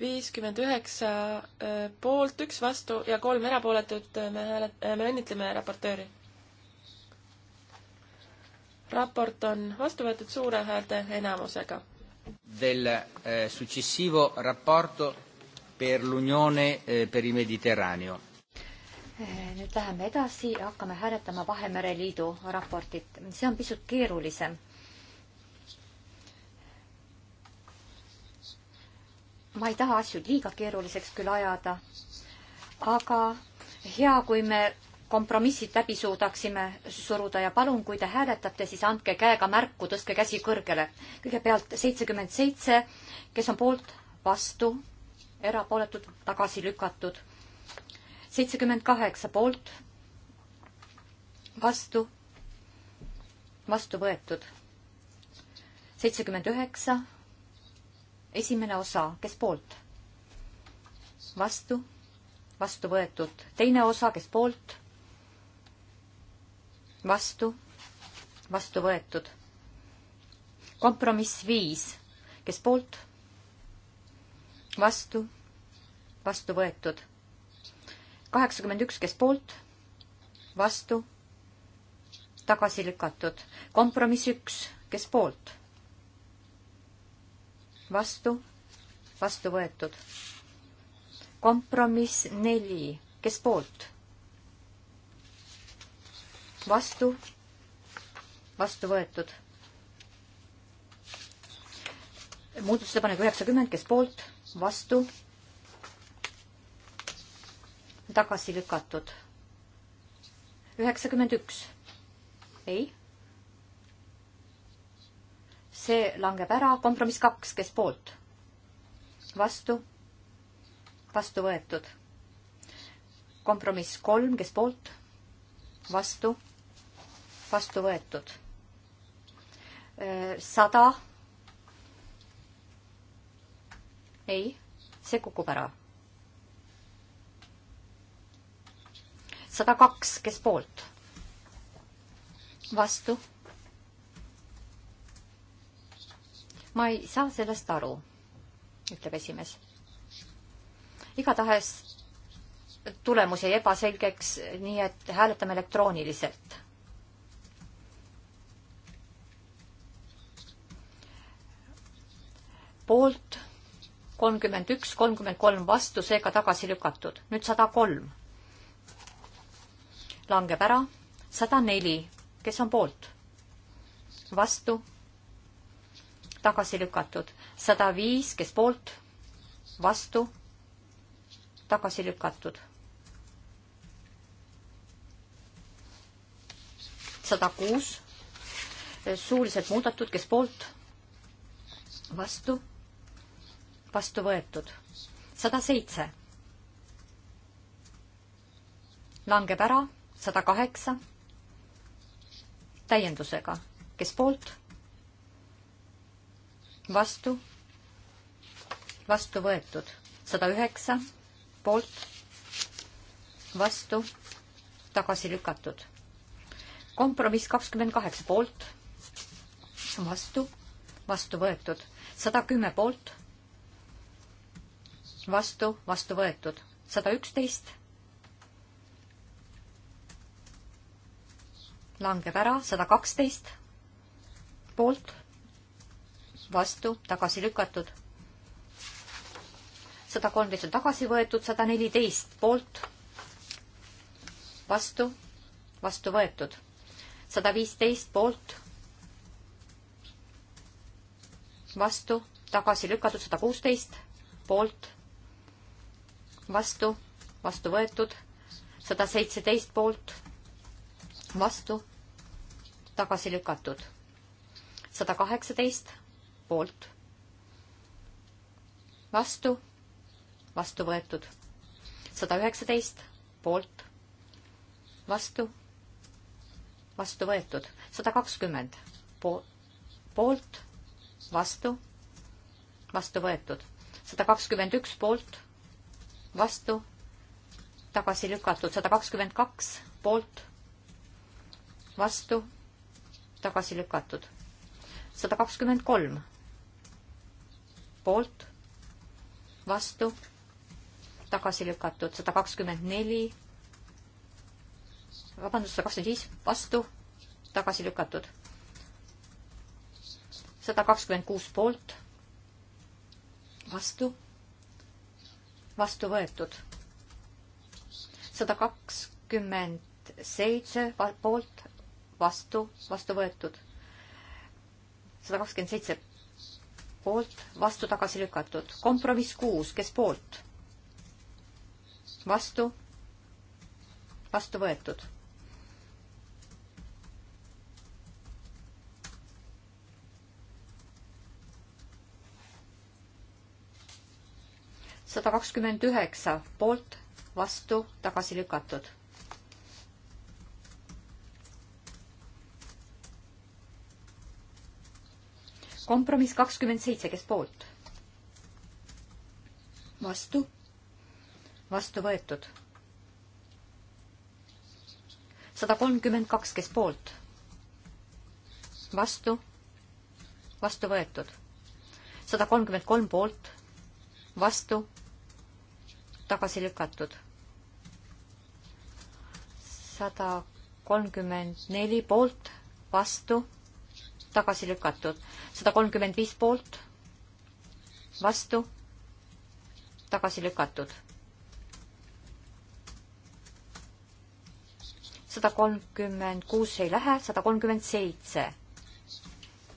viiskümmend üheksa äh, poolt, üks vastu ja kolm erapooletut. me häälet-, äh, me õnnitleme raportööri raport on vastu võetud suure häälte enamusega. Del eh, successivo rapporto per l'Unione eh, per il Mediterraneo. Eh, nüüd läheme edasi, hakkame hääletama Vahemere Liidu raportit, see on pisut keerulisem. ma ei taha asju liiga keeruliseks küll ajada, aga hea, kui me kompromissid läbi suudaksime suruda ja palun, kui te hääletate, siis andke käega märku, tõstke käsi kõrgele. kõigepealt seitsekümmend seitse, kes on poolt, vastu, erapooletud, tagasi lükatud. seitsekümmend kaheksa poolt, vastu, vastu võetud. seitsekümmend üheksa, esimene osa, kes poolt? vastu, vastu võetud. teine osa, kes poolt? vastu, vastu võetud. kompromiss viis, kes poolt, vastu, vastu võetud. kaheksakümmend üks, kes poolt, vastu, tagasi lükatud. kompromiss üks, kes poolt, vastu, vastu võetud. kompromiss neli, kes poolt vastu, vastu võetud. muudatusettepanek üheksakümmend, kes poolt, vastu, tagasi lükatud. üheksakümmend üks, ei. see langeb ära, kompromiss kaks, kes poolt, vastu, vastu võetud kompromiss kolm, kes poolt, vastu, vastu võetud. sada. ei, see kukub ära. sada kaks, kes poolt? vastu? ma ei saa sellest aru, ütleb esimees. igatahes tulemus jäi ebaselgeks, nii et hääletame elektrooniliselt poolt, kolmkümmend üks, kolmkümmend kolm vastu, seega tagasi lükatud. nüüd sada kolm langeb ära, sada neli, kes on poolt, vastu, tagasi lükatud, sada viis, kes poolt, vastu, tagasi lükatud. sada kuus, suuliselt muudatud, kes poolt, vastu vastu võetud. sada seitse langeb ära, sada kaheksa täiendusega, kes poolt, vastu, vastu võetud, sada üheksa poolt, vastu, tagasi lükatud. kompromiss kakskümmend kaheksa poolt, vastu, vastu võetud, sada kümme poolt vastu, vastu võetud. sada üksteist langeb ära, sada kaksteist poolt, vastu, tagasi lükatud. sada kolmteist on tagasi võetud, sada neliteist poolt, vastu, vastu võetud. sada viisteist poolt, vastu, tagasi lükatud, sada kuusteist poolt vastu, vastu võetud, sada seitseteist poolt, vastu, tagasi lükatud, sada kaheksateist poolt, vastu, vastu võetud, sada üheksateist poolt, vastu, vastu võetud, sada kakskümmend poolt, vastu, vastu võetud, sada kakskümmend üks poolt vastu, tagasi lükatud, sada kakskümmend kaks poolt, vastu, tagasi lükatud, sada kakskümmend kolm poolt, vastu, tagasi lükatud, sada kakskümmend neli, vabandust, sada kakskümmend viis, vastu, tagasi lükatud, sada kakskümmend kuus poolt, vastu vastu võetud. sada kakskümmend seitse poolt, vastu, vastu võetud. sada kakskümmend seitse poolt, vastu tagasi lükatud. kompromiss kuus, kes poolt? vastu, vastu võetud sada kakskümmend üheksa poolt, vastu, tagasi lükatud. kompromiss kakskümmend seitse, kes poolt? vastu, vastu võetud. sada kolmkümmend kaks, kes poolt? vastu, vastu võetud. sada kolmkümmend kolm poolt, vastu tagasi lükatud. sada kolmkümmend neli poolt, vastu, tagasi lükatud. sada kolmkümmend viis poolt, vastu, tagasi lükatud. sada kolmkümmend kuus ei lähe, sada kolmkümmend seitse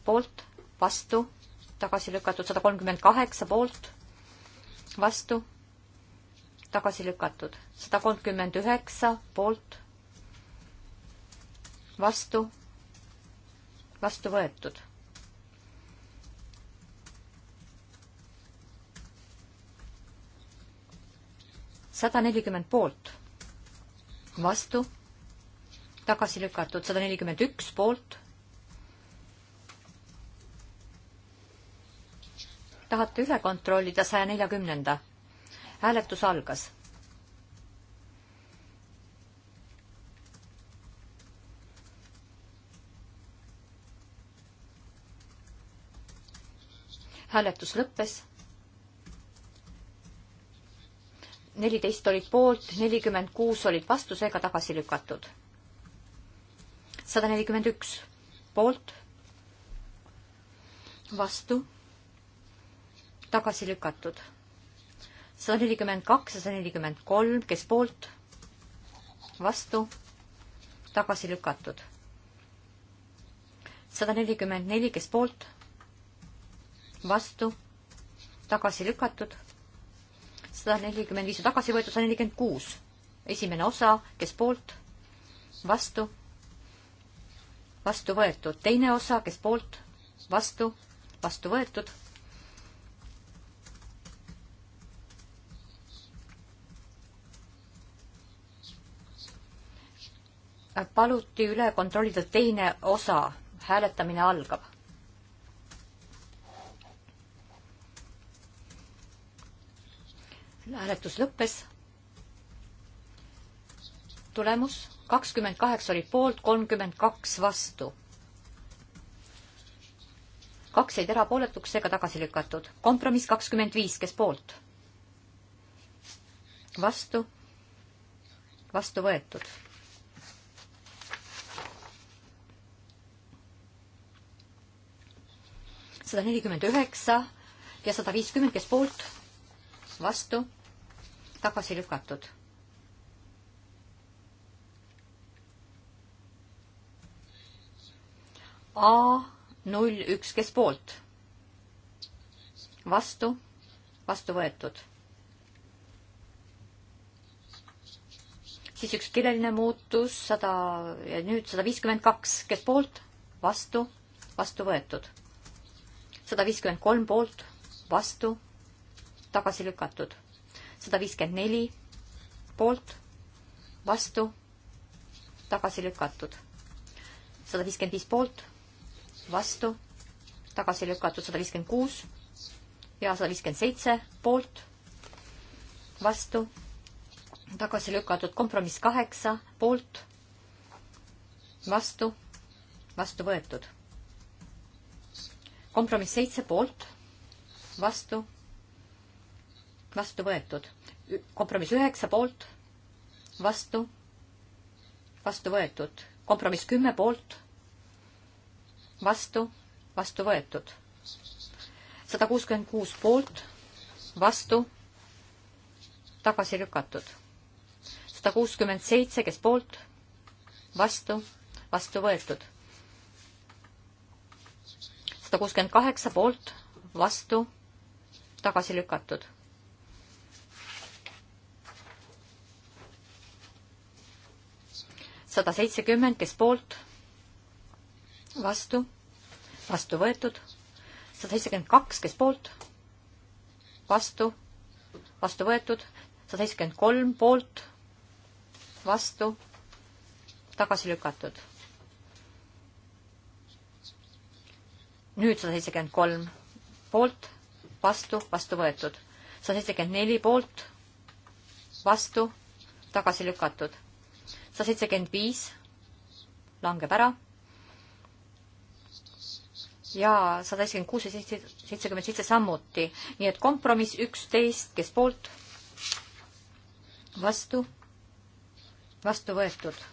poolt, vastu, tagasi lükatud, sada kolmkümmend kaheksa poolt, vastu tagasi lükatud. sada kolmkümmend üheksa poolt, vastu, vastu võetud. sada nelikümmend poolt, vastu, tagasi lükatud, sada nelikümmend üks poolt. tahate üle kontrollida saja neljakümnenda? hääletus algas. hääletus lõppes. neliteist olid poolt, nelikümmend kuus olid vastu, seega tagasi lükatud. sada nelikümmend üks poolt, vastu, tagasi lükatud sada nelikümmend kaks ja sada nelikümmend kolm, kes poolt, vastu, tagasi lükatud. sada nelikümmend neli, kes poolt, vastu, tagasi lükatud. sada nelikümmend viis on tagasi võetud, sada nelikümmend kuus. esimene osa, kes poolt, vastu, vastu võetud. teine osa, kes poolt, vastu, vastu võetud paluti üle kontrollida teine osa, hääletamine algab. hääletus lõppes. tulemus kakskümmend kaheksa oli poolt, kolmkümmend kaks vastu. kaks jäid erapooletuks ega tagasi lükatud. kompromiss kakskümmend viis, kes poolt? vastu? vastu võetud sada nelikümmend üheksa ja sada viiskümmend, kes poolt, vastu, tagasi lükatud. A null üks, kes poolt, vastu, vastu võetud. siis üks keeleline muutus sada ja nüüd sada viiskümmend kaks, kes poolt, vastu, vastu võetud sada viiskümmend kolm poolt, vastu, tagasi lükatud. sada viiskümmend neli poolt, vastu, tagasi lükatud. sada viiskümmend viis poolt, vastu, tagasi lükatud, sada viiskümmend kuus ja sada viiskümmend seitse poolt, vastu, tagasi lükatud, kompromiss kaheksa poolt, vastu, vastu võetud kompromiss seitse poolt, vastu, vastu võetud. kompromiss üheksa poolt, vastu, vastu võetud. kompromiss kümme poolt, vastu, vastu võetud. sada kuuskümmend kuus poolt, vastu, tagasi lükatud. sada kuuskümmend seitse, kes poolt, vastu, vastu võetud sada kuuskümmend kaheksa poolt, vastu, tagasi lükatud. sada seitsekümmend, kes poolt, vastu, vastu võetud, sada seitsekümmend kaks, kes poolt, vastu, vastu võetud, sada seitsekümmend kolm poolt, vastu, tagasi lükatud nüüd sada seitsekümmend kolm poolt, vastu, vastu võetud. sada seitsekümmend neli poolt, vastu, tagasi lükatud. sada seitsekümmend viis langeb ära. ja sada seitsekümmend kuus ja seitsekümmend seitse samuti, nii et kompromiss üksteist, kes poolt, vastu, vastu võetud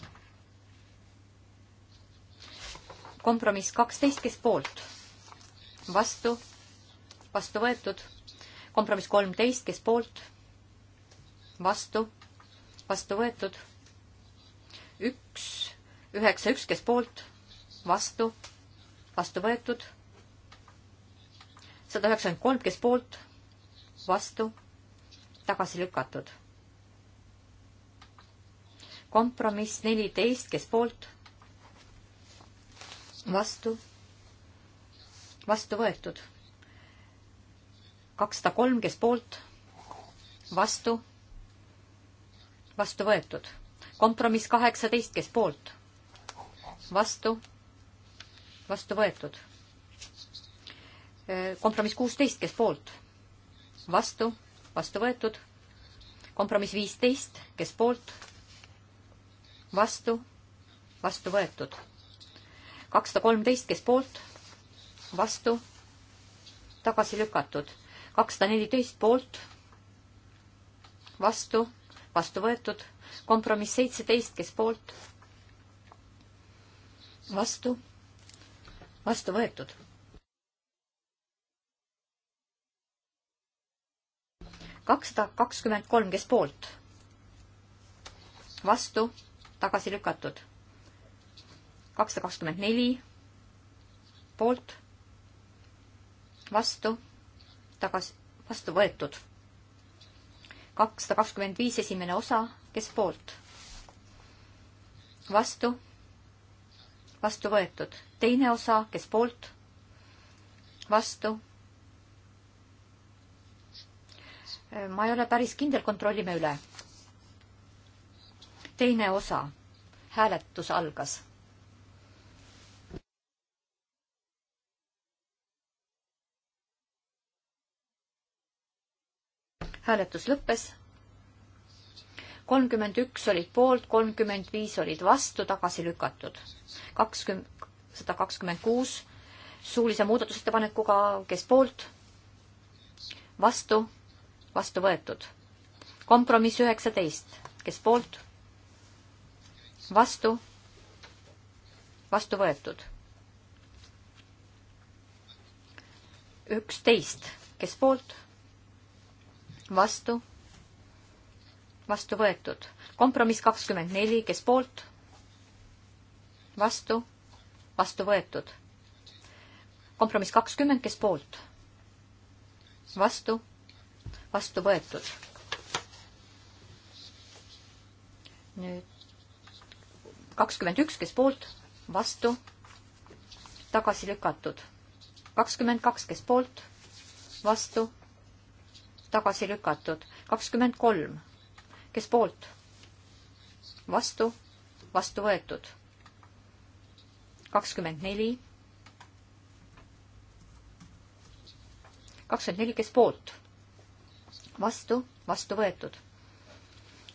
kompromiss kaksteist, kes poolt vastu, vastu võetud. kompromiss kolmteist, kes poolt, vastu, vastu võetud. üks, üheksa, üks, kes poolt, vastu, vastu võetud. sada üheksakümmend kolm, kes poolt, vastu, tagasi lükatud. kompromiss neliteist, kes poolt, vastu vastu võetud. kakssada kolm, kes poolt, vastu, vastu võetud. kompromiss kaheksateist, kes poolt, vastu, vastu võetud. kompromiss kuusteist, kes poolt, vastu, vastu võetud. kompromiss viisteist, kes poolt, vastu, vastu võetud. kakssada kolmteist, kes poolt vastu, tagasi lükatud. kakssada neliteist poolt, vastu, vastu võetud. kompromiss seitseteist, kes poolt, vastu, vastu võetud. kakssada kakskümmend kolm, kes poolt, vastu, tagasi lükatud. kakssada kakskümmend neli poolt vastu, tagasi, vastu võetud. kakssada kakskümmend viis, esimene osa, kes poolt? vastu, vastu võetud. teine osa, kes poolt? vastu. ma ei ole päris kindel, kontrollime üle. teine osa, hääletus algas hääletus lõppes. kolmkümmend üks olid poolt, kolmkümmend viis olid vastu, tagasi lükatud. kakskümmend, sada kakskümmend kuus suulise muudatusettepanekuga, kes poolt, vastu, vastu võetud. kompromiss üheksateist, kes poolt, vastu, vastu võetud. üksteist, kes poolt vastu, vastu võetud. kompromiss kakskümmend neli, kes poolt, vastu, vastu võetud. kompromiss kakskümmend, kes poolt, vastu, vastu võetud. nüüd kakskümmend üks, kes poolt, vastu, tagasi lükatud. kakskümmend kaks, kes poolt, vastu tagasi lükatud. kakskümmend kolm, kes poolt? vastu, vastu võetud. kakskümmend neli. kakskümmend neli, kes poolt? vastu, vastu võetud.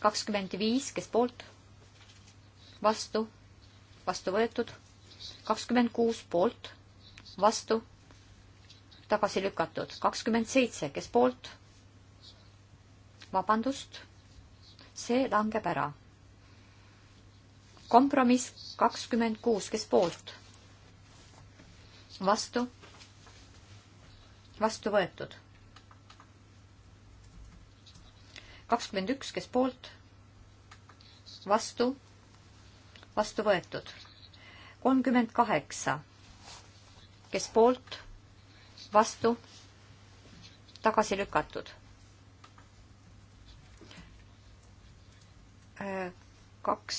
kakskümmend viis, kes poolt? vastu, vastu võetud. kakskümmend kuus poolt, vastu, tagasi lükatud. kakskümmend seitse, kes poolt? vabandust, see langeb ära. kompromiss kakskümmend kuus, kes poolt? vastu? vastu võetud. kakskümmend üks, kes poolt? vastu? vastu võetud. kolmkümmend kaheksa, kes poolt? vastu? tagasi lükatud kaks,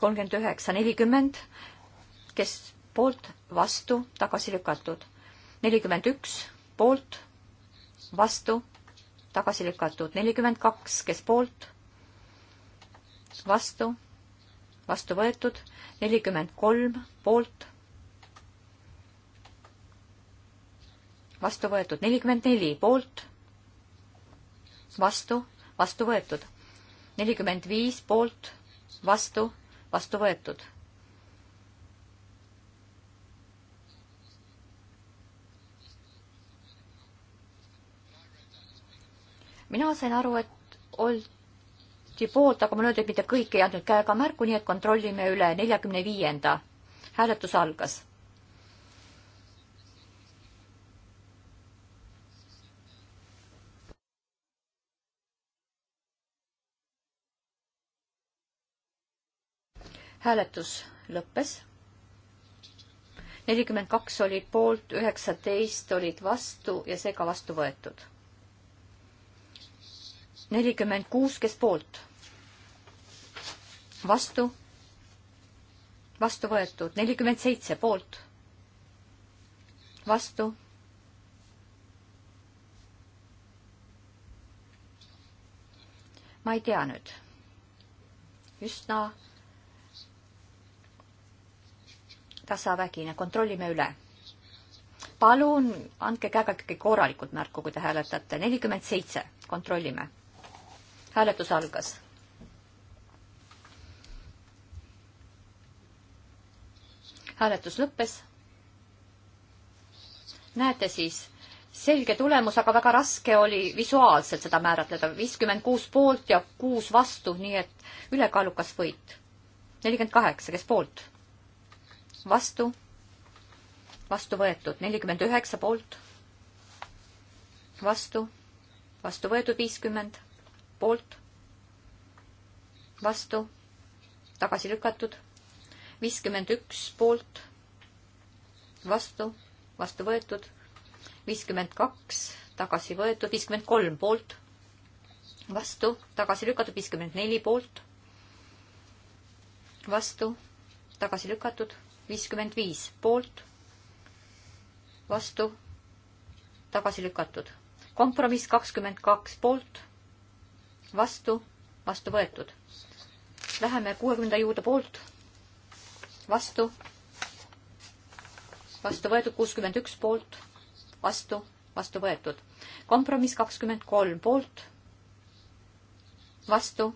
kolmkümmend üheksa, nelikümmend, kes poolt, vastu, tagasi lükatud. nelikümmend üks poolt, vastu, tagasi lükatud. nelikümmend kaks, kes poolt, vastu, vastu võetud. nelikümmend kolm poolt, vastu võetud. nelikümmend neli poolt, vastu vastu võetud. nelikümmend viis poolt, vastu, vastu võetud. mina sain aru, et oldi poolt, aga mulle öeldi, et mitte kõik ei andnud käega märku, nii et kontrollime üle. neljakümne viienda hääletus algas hääletus lõppes. nelikümmend kaks olid poolt, üheksateist olid vastu ja seega vastu võetud. nelikümmend kuus, kes poolt? vastu? vastu võetud, nelikümmend seitse poolt. vastu ma ei tea nüüd. üsna tasavägine, kontrollime üle. palun andke käega ikkagi korralikult märku, kui te hääletate. nelikümmend seitse, kontrollime. hääletus algas. hääletus lõppes. näete siis, selge tulemus, aga väga raske oli visuaalselt seda määratleda. viiskümmend kuus poolt ja kuus vastu, nii et ülekaalukas võit. nelikümmend kaheksa, kes poolt? vastu, vastu võetud nelikümmend üheksa poolt, vastu, vastu võetud viiskümmend poolt, vastu, tagasi lükatud, viiskümmend üks poolt, vastu, vastu võetud, viiskümmend kaks tagasi võetud, viiskümmend kolm poolt, vastu, tagasi lükatud, viiskümmend neli poolt, vastu, tagasi lükatud viiskümmend viis poolt, vastu, tagasi lükatud. kompromiss kakskümmend kaks poolt, vastu, vastu võetud. Läheme kuuekümnenda juurde poolt, vastu, vastu võetud kuuskümmend üks poolt, vastu, vastu võetud. kompromiss kakskümmend kolm poolt, vastu,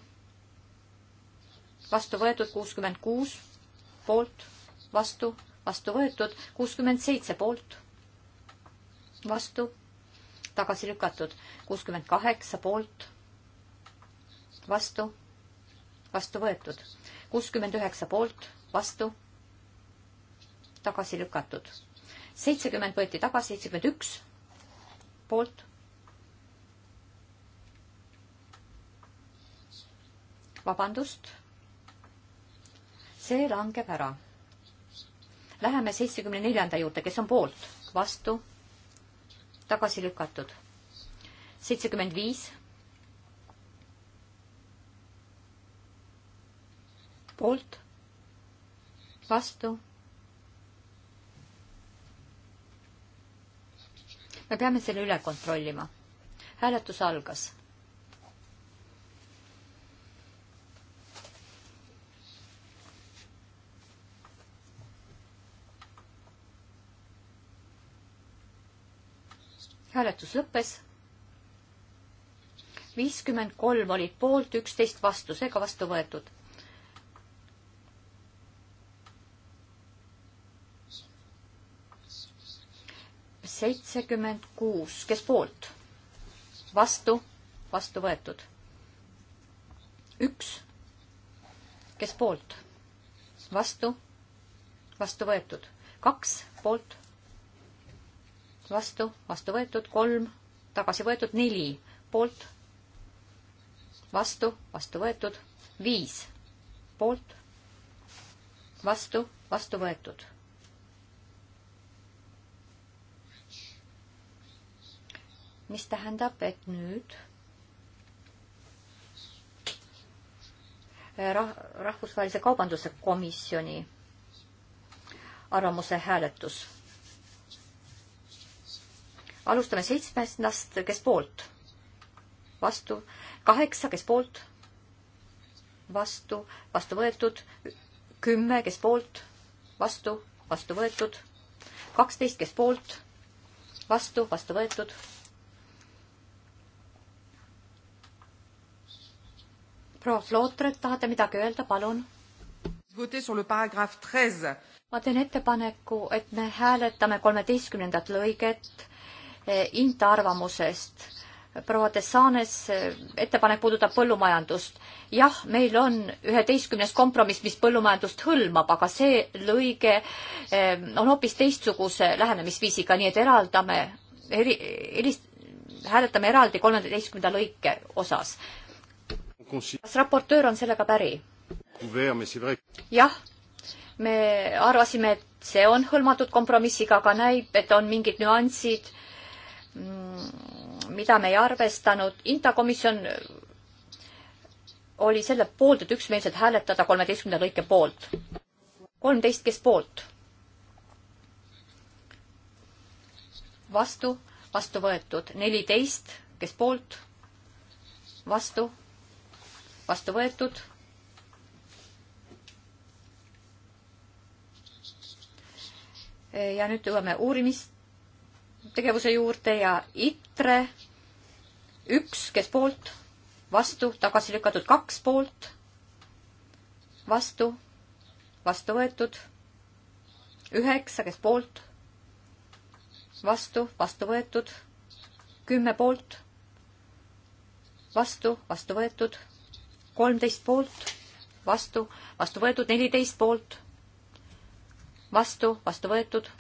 vastu võetud kuuskümmend kuus poolt vastu, vastu võetud, kuuskümmend seitse poolt, vastu, tagasi lükatud, kuuskümmend kaheksa poolt, vastu, vastu võetud, kuuskümmend üheksa poolt, vastu, tagasi lükatud, seitsekümmend võeti tagasi, seitsekümmend üks poolt, vabandust, see langeb ära Läheme seitsmekümne neljanda juurde, kes on poolt, vastu, tagasi lükatud. seitsekümmend viis. poolt, vastu. me peame selle üle kontrollima. hääletus algas hääletus lõppes. viiskümmend kolm olid poolt, üksteist vastu, seega vastu võetud. seitsekümmend kuus, kes poolt? vastu, vastu võetud. üks, kes poolt? vastu, vastu võetud. kaks poolt vastu, vastu võetud, kolm, tagasi võetud, neli poolt, vastu, vastu võetud, viis poolt, vastu, vastu võetud. mis tähendab, et nüüd rah-, Rahvusvahelise Kaubanduse Komisjoni arvamuse hääletus alustame seitsmendast, kes poolt? vastu, kaheksa, kes poolt? vastu, vastu võetud, kümme, kes poolt? vastu, vastu võetud, kaksteist, kes poolt? vastu, vastu võetud. proua Flootre, tahate midagi öelda, palun? ma teen ettepaneku, et me hääletame kolmeteistkümnendat lõiget INTA arvamusest. proua Tessanes, ettepanek puudutab põllumajandust. jah, meil on üheteistkümnes kompromiss, mis põllumajandust hõlmab, aga see lõige eh, on hoopis teistsuguse lähenemisviisiga, nii et eraldame, eri, erist-, hääletame eraldi kolmeteistkümnenda lõike osas. kas raportöör on sellega päri? jah, me arvasime, et see on hõlmatud kompromissiga, aga näib, et on mingid nüansid Mm, mida me ei arvestanud. Intakomisjon oli selle poolt, et üksmeelselt hääletada kolmeteistkümnenda lõike poolt. kolmteist, kes poolt? vastu, vastu võetud. neliteist, kes poolt? vastu, vastu võetud. ja nüüd jõuame uurimist tegevuse juurde ja ITRE üks, kes poolt, vastu, tagasi lükatud kaks poolt, vastu, vastu võetud, üheksa, kes poolt, vastu, vastu võetud, kümme poolt, vastu, vastu võetud, kolmteist poolt, vastu, vastu võetud, neliteist poolt, vastu, vastu võetud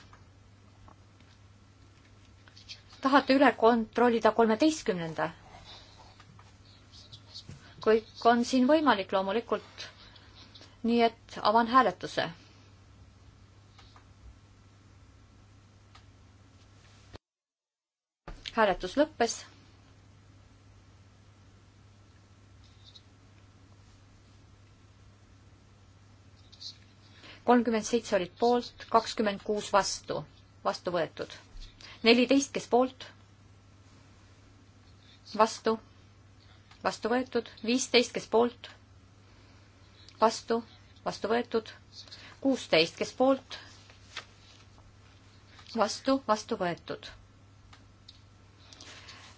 tahate üle kontrollida kolmeteistkümnenda? kõik on siin võimalik loomulikult. nii et avan hääletuse. hääletus lõppes. kolmkümmend seitse olid poolt, kakskümmend kuus vastu, vastu võetud neliteist, kes poolt? vastu, vastu võetud, viisteist, kes poolt? vastu, vastu võetud, kuusteist, kes poolt? vastu, vastu võetud.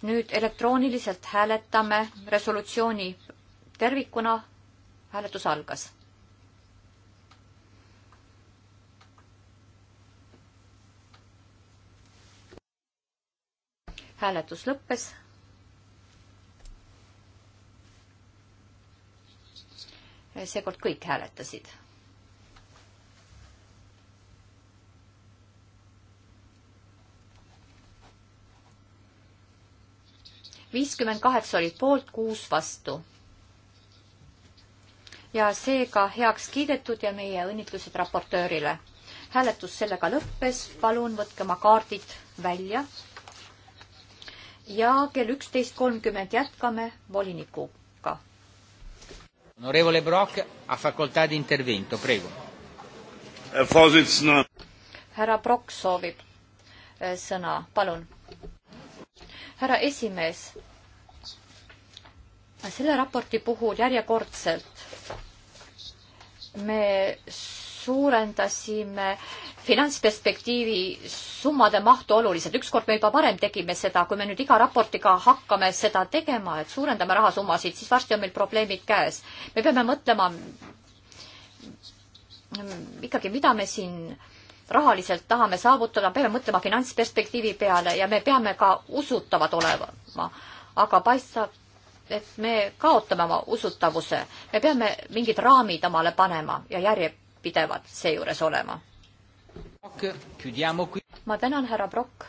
nüüd elektrooniliselt hääletame resolutsiooni tervikuna. hääletus algas hääletus lõppes. seekord kõik hääletasid. viiskümmend kaheksa olid poolt, kuus vastu. ja seega heaks kiidetud ja meie õnnitlused raportöörile. hääletus sellega lõppes, palun võtke oma kaardid välja ja kell üksteist kolmkümmend jätkame volinikuga. Honorevole Brock, a facultad intervento, prego. härra Brock soovib eh, sõna, palun. härra esimees, selle raporti puhul järjekordselt me suurendasime finantsperspektiivi summade mahtu oluliselt. ükskord me juba varem tegime seda, kui me nüüd iga raportiga hakkame seda tegema, et suurendame rahasummasid, siis varsti on meil probleemid käes. me peame mõtlema mm, ikkagi, mida me siin rahaliselt tahame saavutada, peame mõtlema finantsperspektiivi peale ja me peame ka usutavad olema. aga paistab, et me kaotame oma usutavuse, me peame mingid raamid omale panema ja järje pidevad seejuures olema. ma tänan, härra Brock.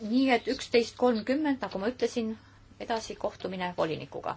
nii et üksteist kolmkümmend, nagu ma ütlesin, edasi kohtumine volinikuga.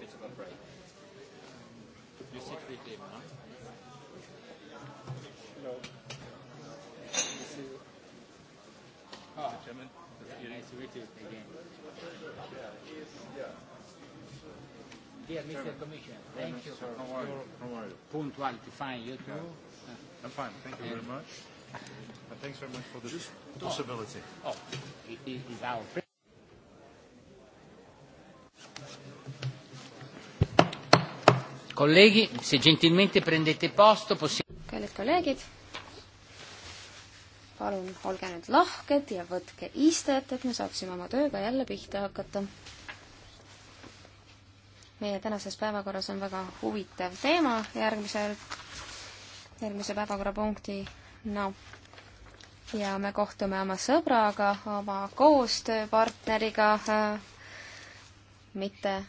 You sit with him, huh? No. This is... Ah, oh, Chairman. Yeah, nice to meet you again. Yeah. Dear Mr. Chairman. Commissioner, thank Chairman, you for how are you? How are you? punctuality. Fine, you too? Yeah. I'm fine, thank you very much. and thanks very much for this Just, possibility. Oh, oh it is our Colleghi, se gentilmente prendete posto, possiamo... kallid kolleegid, palun olge nüüd lahked ja võtke istet, et me saaksime oma tööga jälle pihta hakata. meie tänases päevakorras on väga huvitav teema järgmisel, järgmise päevakorrapunktina no. ja me kohtume oma sõbraga, oma koostööpartneriga, äh, mitte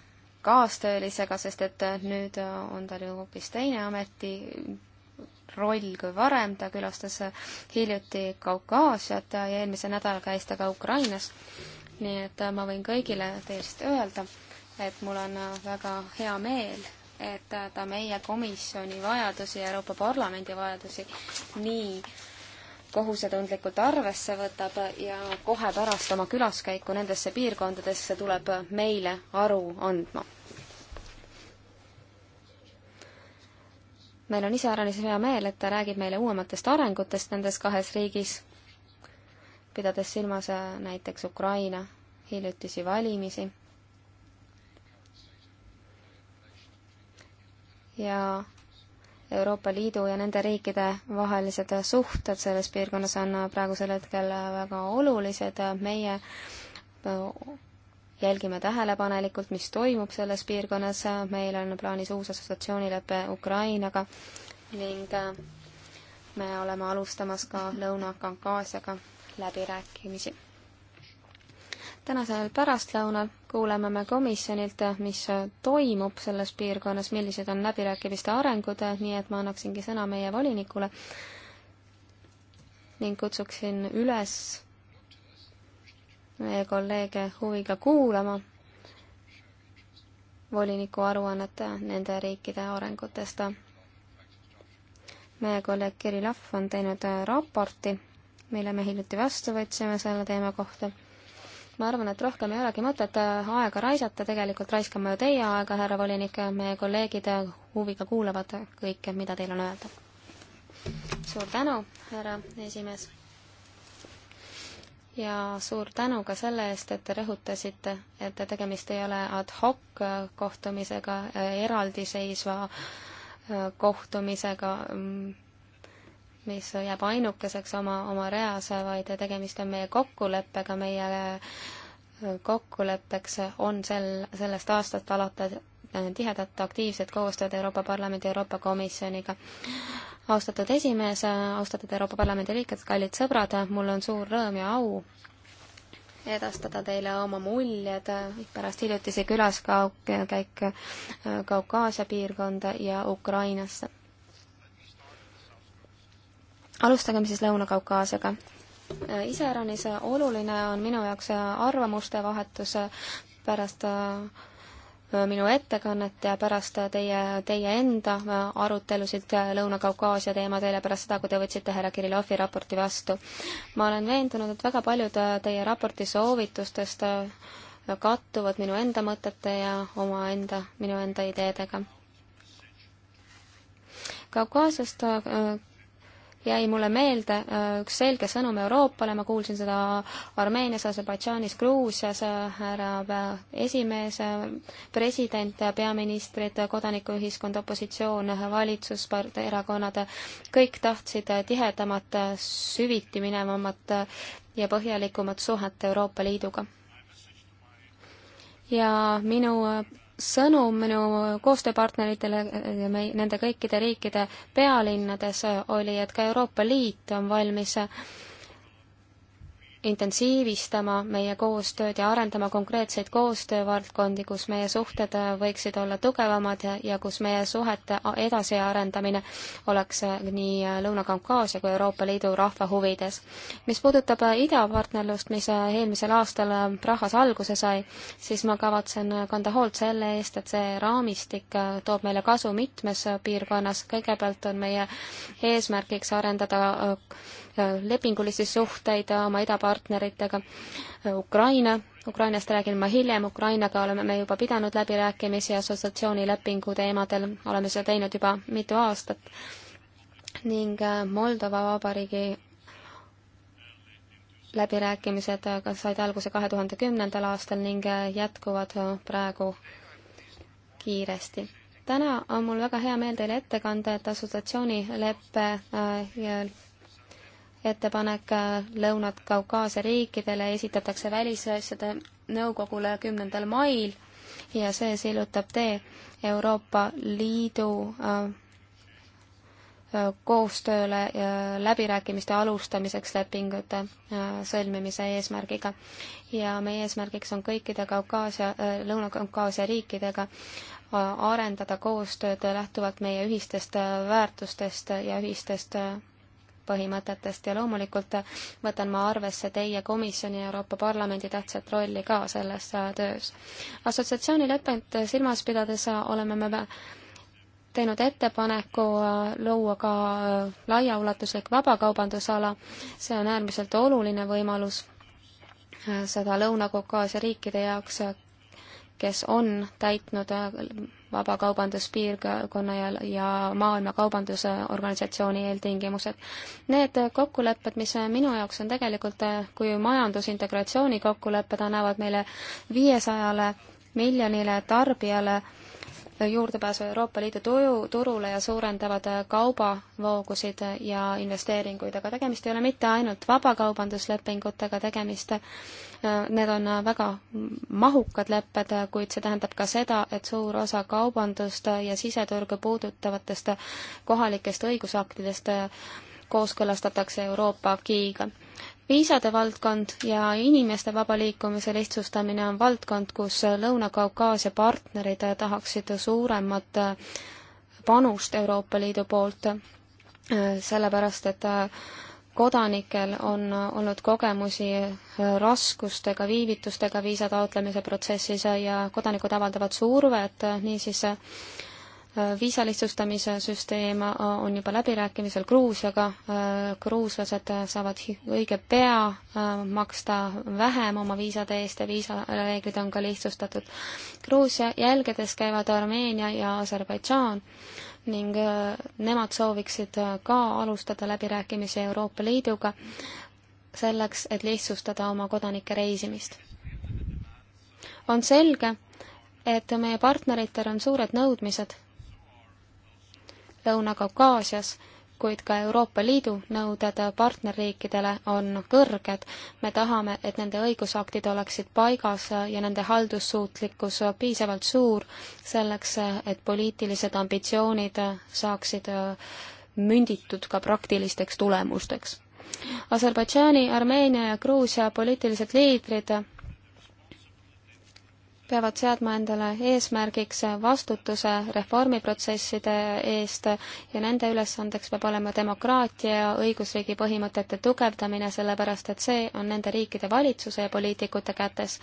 kaastöölisega, sest et nüüd on tal ju hoopis teine ameti roll kui varem, ta külastas hiljuti Kaukaasiat ja eelmisel nädalal käis ta ka Ukrainas. nii et ma võin kõigile teist öelda, et mul on väga hea meel, et ta meie komisjoni vajadusi, Euroopa Parlamendi vajadusi nii kohusetundlikult arvesse võtab ja kohe pärast oma külaskäiku nendesse piirkondadesse tuleb meile aru andma meil on iseäranis hea meel, et ta räägib meile uuematest arengutest nendes kahes riigis, pidades silmas äh, näiteks Ukraina hiljutisi valimisi. ja Euroopa Liidu ja nende riikide vahelised suhted selles piirkonnas on äh, praegusel hetkel äh, väga olulised, meie jälgime tähelepanelikult, mis toimub selles piirkonnas, meil on plaanis uus assotsiatsioonilepe Ukrainaga ning äh, me oleme alustamas ka Lõuna-Kaukaasiaga läbirääkimisi. tänasel pärastlõunal kuuleme me komisjonilt, mis toimub selles piirkonnas, millised on läbirääkimiste arengud, nii et ma annaksingi sõna meie volinikule ning kutsuksin üles meie kolleege huviga kuulama voliniku aruannet nende riikide arengutest. meie kolleeg Kirillov on teinud raporti, mille me hiljuti vastu võtsime selle teema kohta. ma arvan, et rohkem ei olegi mõtet aega raisata, tegelikult raiskame ju teie aega, härra volinik, meie kolleegid huviga kuulavad kõike, mida teil on öelda. suur tänu, härra esimees ja suur tänu ka selle eest, et te rõhutasite, et tegemist ei ole ad hoc äh, kohtumisega, äh, eraldiseisva äh, kohtumisega, mm, mis jääb ainukeseks oma, oma reas, vaid tegemist on meie kokkuleppega, meie kokkuleppeks on sel, sellest aastast alates Äh, tihedat aktiivset koostööd Euroopa Parlamendi ja Euroopa Komisjoniga. austatud esimees, äh, austatud Euroopa Parlamendi liikmed, kallid sõbrad, mul on suur rõõm ja au edastada teile oma muljed äh, pärast hiljutisi külaskäike Kaukaasia piirkonda ja Ukrainasse. alustagem siis Lõuna-Kaukaasiaga iseäranis oluline on minu jaoks arvamuste vahetus pärast minu ettekannet ja pärast teie, teie enda arutelusid Lõuna-Kaukaasia teemadel ja pärast seda, kui te võtsite härra Kirillovi raporti vastu. ma olen veendunud, et väga paljud teie raporti soovitustest kattuvad minu enda mõtete ja omaenda, minu enda ideedega. Kaukaasiast jäi mulle meelde äh, üks selge sõnum Euroopale, ma kuulsin seda Armeenias, Aserbaidžaanis, Gruusias, äh, härra äh, esimees, president, peaministrid, kodanikuühiskond, opositsioon, valitsuspartei, erakonnad, kõik tahtsid tihedamat, süviti minevamat ja põhjalikumat suhet Euroopa Liiduga ja minu sõnum minu koostööpartneritele ja mei-, nende kõikide riikide pealinnades oli, et ka Euroopa Liit on valmis intensiivistama meie koostööd ja arendama konkreetseid koostöövaldkondi, kus meie suhted äh, võiksid olla tugevamad ja, ja kus meie suhete edasiarendamine oleks äh, nii äh, Lõuna-Kaukaasia kui Euroopa Liidu rahva huvides. mis puudutab idapartnerlust, mis eelmisel aastal Prahas alguse sai, siis ma kavatsen kanda hoolt selle eest, et see raamistik toob meile kasu mitmes piirkonnas, kõigepealt on meie eesmärgiks arendada lepingulisi suhteid oma idapartnerlusega, partneritega. Ukraina, Ukrainast räägin ma hiljem, Ukrainaga oleme me juba pidanud läbirääkimisi assotsiatsioonilepingu teemadel, oleme seda teinud juba mitu aastat. ning äh, Moldova Vabariigi läbirääkimised äh, said alguse kahe tuhande kümnendal aastal ning äh, jätkuvad praegu kiiresti täna on mul väga hea meel teile ette kanda, et assotsiatsioonileppe ettepanek äh, Lõunat-Kaukaasia riikidele esitatakse välisasjade nõukogule kümnendal mail ja see sillutab tee Euroopa Liidu äh, äh, koostööle ja läbirääkimiste alustamiseks lepingute sõlmimise eesmärgiga. ja meie eesmärgiks on kõikide Kaukaasia, Lõuna-Kaukaasia riikidega arendada koostööd lähtuvalt meie ühistest väärtustest ja ühistest põhimõtetest ja loomulikult võtan ma arvesse teie komisjoni ja Euroopa Parlamendi tähtsat rolli ka selles äh, töös. assotsiatsioonilepet silmas pidades äh, oleme me teinud ettepaneku äh, luua ka laiaulatuslik vabakaubandusala, see on äärmiselt oluline võimalus seda Lõuna-Kaukaasia riikide jaoks, kes on täitnud vabakaubanduspiirkonna ja, ja Maailma Kaubandusorganisatsiooni eeltingimused. Need kokkulepped, mis minu jaoks on tegelikult kui majandusintegratsiooni kokkulepped, annavad meile viiesajale miljonile tarbijale äh, juurdepääsu Euroopa Liidu tuju, turule ja suurendavad kaubavoogusid ja investeeringuid, aga tegemist ei ole mitte ainult vabakaubanduslepingutega, tegemist, äh, need on väga mahukad lepped, kuid see tähendab ka seda, et suur osa kaubandust ja siseturgu puudutavatest kohalikest õigusaktidest äh, kooskõlastatakse Euroopa akiiga viisade valdkond ja inimeste vaba liikumise lihtsustamine on valdkond, kus Lõuna-Kaukaasia partnerid tahaksid suuremat panust Euroopa Liidu poolt, sellepärast et kodanikel on olnud kogemusi raskustega, viivitustega viisa taotlemise protsessis ja kodanikud avaldavad survet, niisiis viisalihtsustamise süsteem äh, on juba läbirääkimisel Gruusiaga, äh, gruuslased saavad õige pea äh, maksta vähem oma viisade eest ja viisareeglid on ka lihtsustatud. Gruusia jälgedes käivad Armeenia ja Aserbaidžaan ning nemad sooviksid ka alustada läbirääkimisi Euroopa Liiduga selleks, et lihtsustada oma kodanike reisimist. on selge, et meie partneritel on suured nõudmised Lõuna-Kaukaasias, kuid ka Euroopa Liidu nõuded partnerriikidele on kõrged. me tahame, et nende õigusaktid oleksid paigas ja nende haldussuutlikkus piisavalt suur selleks, et poliitilised ambitsioonid saaksid münditud ka praktilisteks tulemusteks. Aserbaidžaani, Armeenia ja Gruusia poliitilised liidrid peavad seadma endale eesmärgiks vastutuse reformiprotsesside eest ja nende ülesandeks peab olema demokraatia ja õigusriigi põhimõtete tugevdamine, sellepärast et see on nende riikide valitsuse ja poliitikute kätes.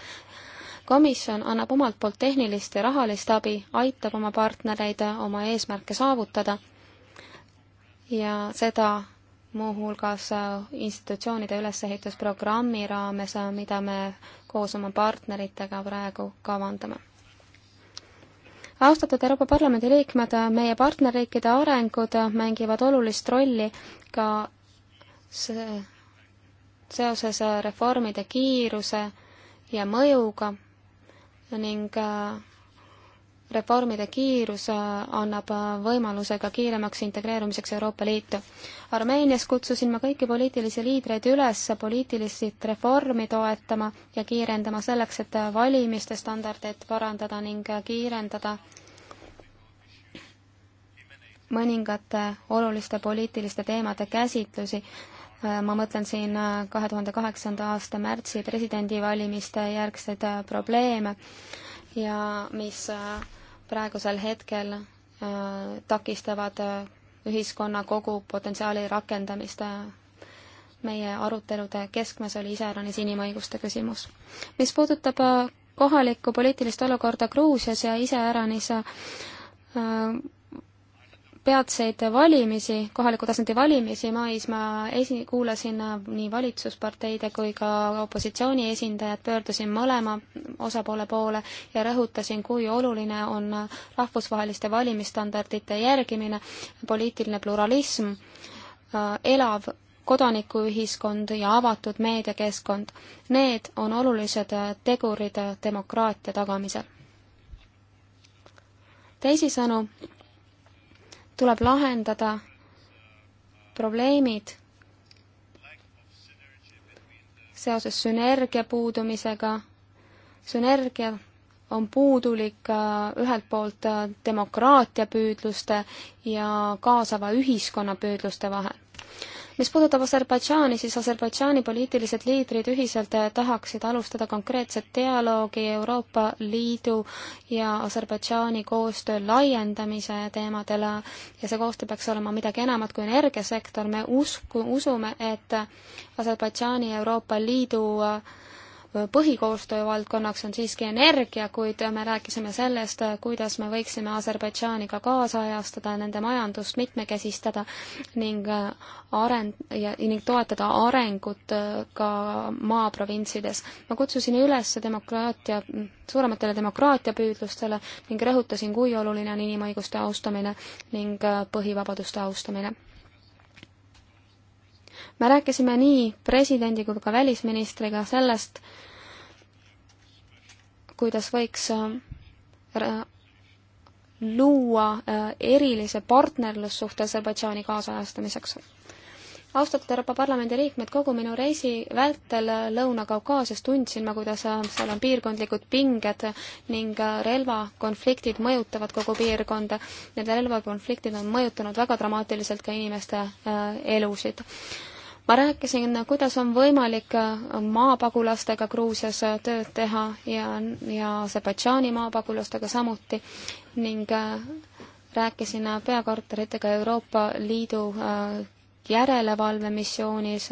komisjon annab omalt poolt tehnilist ja rahalist abi, aitab oma partnereid oma eesmärke saavutada ja seda muuhulgas äh, institutsioonide ülesehitusprogrammi raames, äh, mida me koos oma partneritega praegu kavandame. austatud Euroopa Parlamendi liikmed, äh, meie partnerriikide arengud mängivad olulist rolli ka seoses reformide kiiruse ja mõjuga ning reformide kiirus äh, annab äh, võimaluse ka kiiremaks integreerumiseks Euroopa Liitu. Armeenias kutsusin ma kõiki poliitilisi liidreid üles poliitilist reformi toetama ja kiirendama selleks, et äh, valimiste standardeid parandada ning kiirendada mõningate oluliste poliitiliste teemade käsitlusi. ma mõtlen siin kahe tuhande kaheksanda aasta märtsi presidendivalimiste järgseid probleeme ja mis praegusel hetkel äh, takistavad äh, ühiskonna kogu potentsiaali rakendamist. Äh, meie arutelude keskmes oli iseäranis inimõiguste küsimus. mis puudutab kohalikku poliitilist olukorda Gruusias ja iseäranis peatseid valimisi, kohaliku tasandi valimisi mais ma esi-, kuulasin äh, nii valitsusparteide kui ka opositsiooni esindajad, pöördusin mõlema osapoole poole ja rõhutasin, kui oluline on äh, rahvusvaheliste valimisstandardite järgimine, poliitiline pluralism, äh, elav kodanikuühiskond ja avatud meediakeskkond. Need on olulised tegurid demokraatia tagamisel. teisisõnu, tuleb lahendada probleemid seoses sünergia puudumisega. sünergia on puudulik äh, ühelt poolt äh, demokraatia püüdluste ja kaasava ühiskonna püüdluste vahel mis puudutab Aserbaidžaani, siis Aserbaidžaani poliitilised liidrid ühiselt eh, tahaksid alustada konkreetset dialoogi Euroopa Liidu ja Aserbaidžaani koostöö laiendamise teemadel ja see koostöö peaks olema midagi enamat kui energiasektor, me usku, usume, et Aserbaidžaani ja Euroopa Liidu äh, põhikoostöö valdkonnaks on siiski energia, kuid me rääkisime sellest, kuidas me võiksime Aserbaidžaaniga kaasajastada, nende majandust mitmekesistada ning arend- ja ning toetada arengut äh, ka maaprovintsides. ma kutsusin üles demokraatia, suurematele demokraatiapüüdlustele ning rõhutasin, kui oluline on inimõiguste austamine ning äh, põhivabaduste austamine me rääkisime nii presidendi kui ka välisministriga sellest, kuidas võiks äh, luua äh, erilise partnerlussuhte Aserbaidžaani kaasajastamiseks. austatud Euroopa Parlamendi liikmed, kogu minu reisi vältel Lõuna-Kaukaasias tundsin ma, kuidas äh, seal on piirkondlikud pinged ning relvakonfliktid mõjutavad kogu piirkonda. Need relvakonfliktid on mõjutanud väga dramaatiliselt ka inimeste elusid ma rääkisin, kuidas on võimalik maapagulastega Gruusias tööd teha ja, ja Aserbaidžaani maapagulastega samuti ning äh, rääkisin äh, peakorteritega Euroopa Liidu äh, järelevalvemissioonis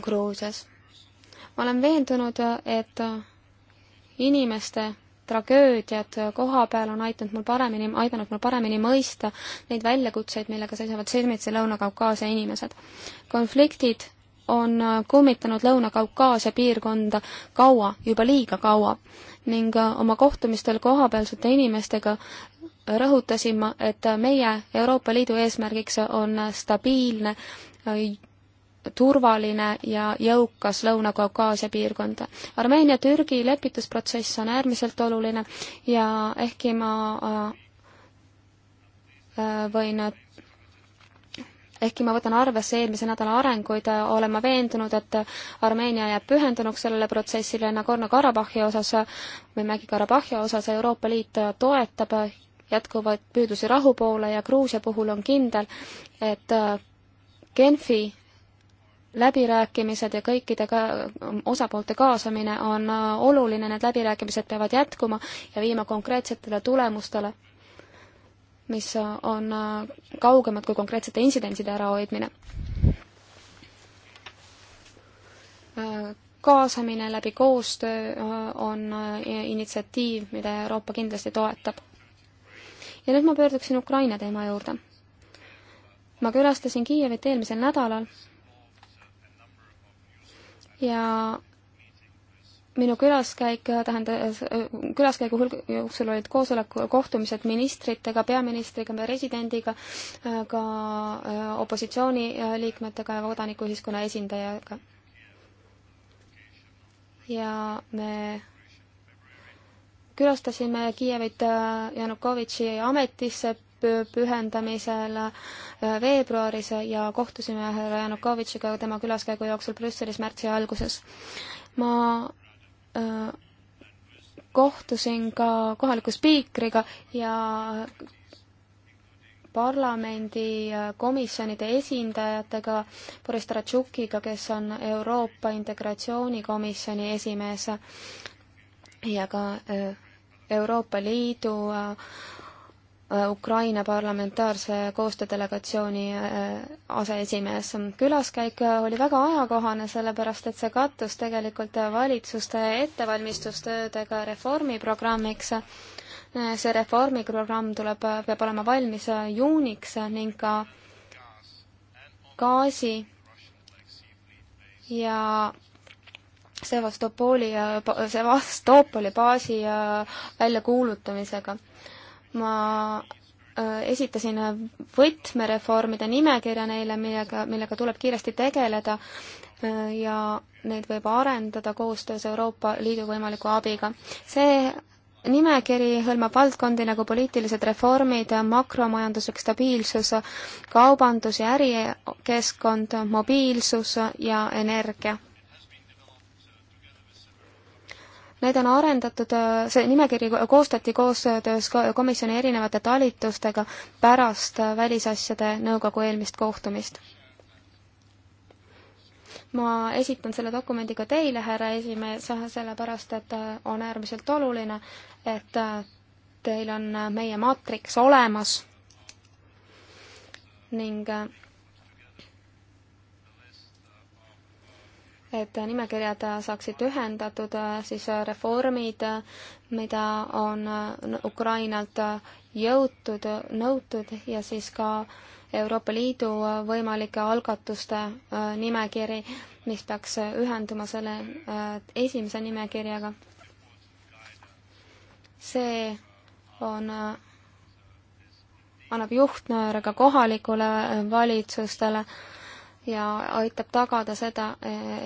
Gruusias. ma olen veendunud, et inimeste tragöödiad koha peal on aidanud mul paremini, aidanud mul paremini mõista neid väljakutseid, millega seisavad silmitsi Lõuna-Kaukaasia inimesed. konfliktid on kummitanud Lõuna-Kaukaasia piirkonda kaua, juba liiga kaua ning oma kohtumistel kohapealsete inimestega rõhutasin ma, et meie Euroopa Liidu eesmärgiks on stabiilne turvaline ja jõukas Lõuna-Kaukaasia piirkond. Armeenia-Türgi lepitusprotsess on äärmiselt oluline ja ehkki ma äh, äh, võin ehkki ma võtan arvesse eelmise nädala arenguid, äh, olen ma veendunud, et Armeenia jääb pühendunuks sellele protsessile Nagorno-Karabahhi osas või Mägi-Karabahhi osas Euroopa Liit toetab jätkuvaid püüdlusi rahu poole ja Gruusia puhul on kindel, et Genfi läbirääkimised ja kõikide ka, osapoolte kaasamine on äh, oluline, need läbirääkimised peavad jätkuma ja viima konkreetsetele tulemustele, mis äh, on äh, kaugemad kui konkreetsete intsidentide ärahoidmine. kaasamine läbi koostöö on initsiatiiv, mida Euroopa kindlasti toetab. ja nüüd ma pöörduksin Ukraina teema juurde. ma külastasin Kiievit eelmisel nädalal ja minu külaskäik tähendas, külaskäigu hulg-, jooksul olid koosoleku, kohtumised ministritega, peaministriga, presidendiga, ka äh, opositsiooniliikmetega ja kodanikuühiskonna esindajaga. ja me külastasime Kiievit äh, Janukovitši ametisse pühendamisel äh, veebruaris ja kohtusime härra Janukovitšiga tema külaskäigu jooksul Brüsselis märtsi alguses. ma äh, kohtusin ka kohaliku spiikriga ja parlamendi äh, komisjonide esindajatega, Boris Taratšukiga, kes on Euroopa Integratsioonikomisjoni esimees ja ka Euroopa Liidu Äh, Ukraina parlamentaarse koostöödelegatsiooni äh, aseesimees. külaskäik äh, oli väga ajakohane, sellepärast et see kattus tegelikult valitsuste ettevalmistustöödega reformiprogrammiks. see reformiprogramm tuleb, peab olema valmis juuniks ning ka gaasi ja Sevastopoli ja Sevastopoli baasi väljakuulutamisega ma äh, esitasin võtmereformide nimekirja neile, millega, millega tuleb kiiresti tegeleda äh, ja neid võib arendada koostöös Euroopa Liidu võimaliku abiga. see nimekiri hõlmab valdkondi nagu poliitilised reformid, makromajanduslik stabiilsus, kaubandus ja ärikeskkond, mobiilsus ja energia Need on arendatud, see nimekiri koostati koostöös komisjoni erinevate talitustega pärast Välisasjade Nõukogu eelmist kohtumist. ma esitan selle dokumendi ka teile, härra esimees, sellepärast et on äärmiselt oluline, et teil on meie maatriks olemas ning et nimekirjad saaksid ühendatud, äh, siis äh, reformid, äh, mida on Ukrainalt jõutud, nõutud ja siis ka Euroopa Liidu võimalike algatuste nimekiri, mis peaks ühenduma selle esimese nimekirjaga. see on, annab juhtnööre ka kohalikule valitsustele ja aitab tagada seda,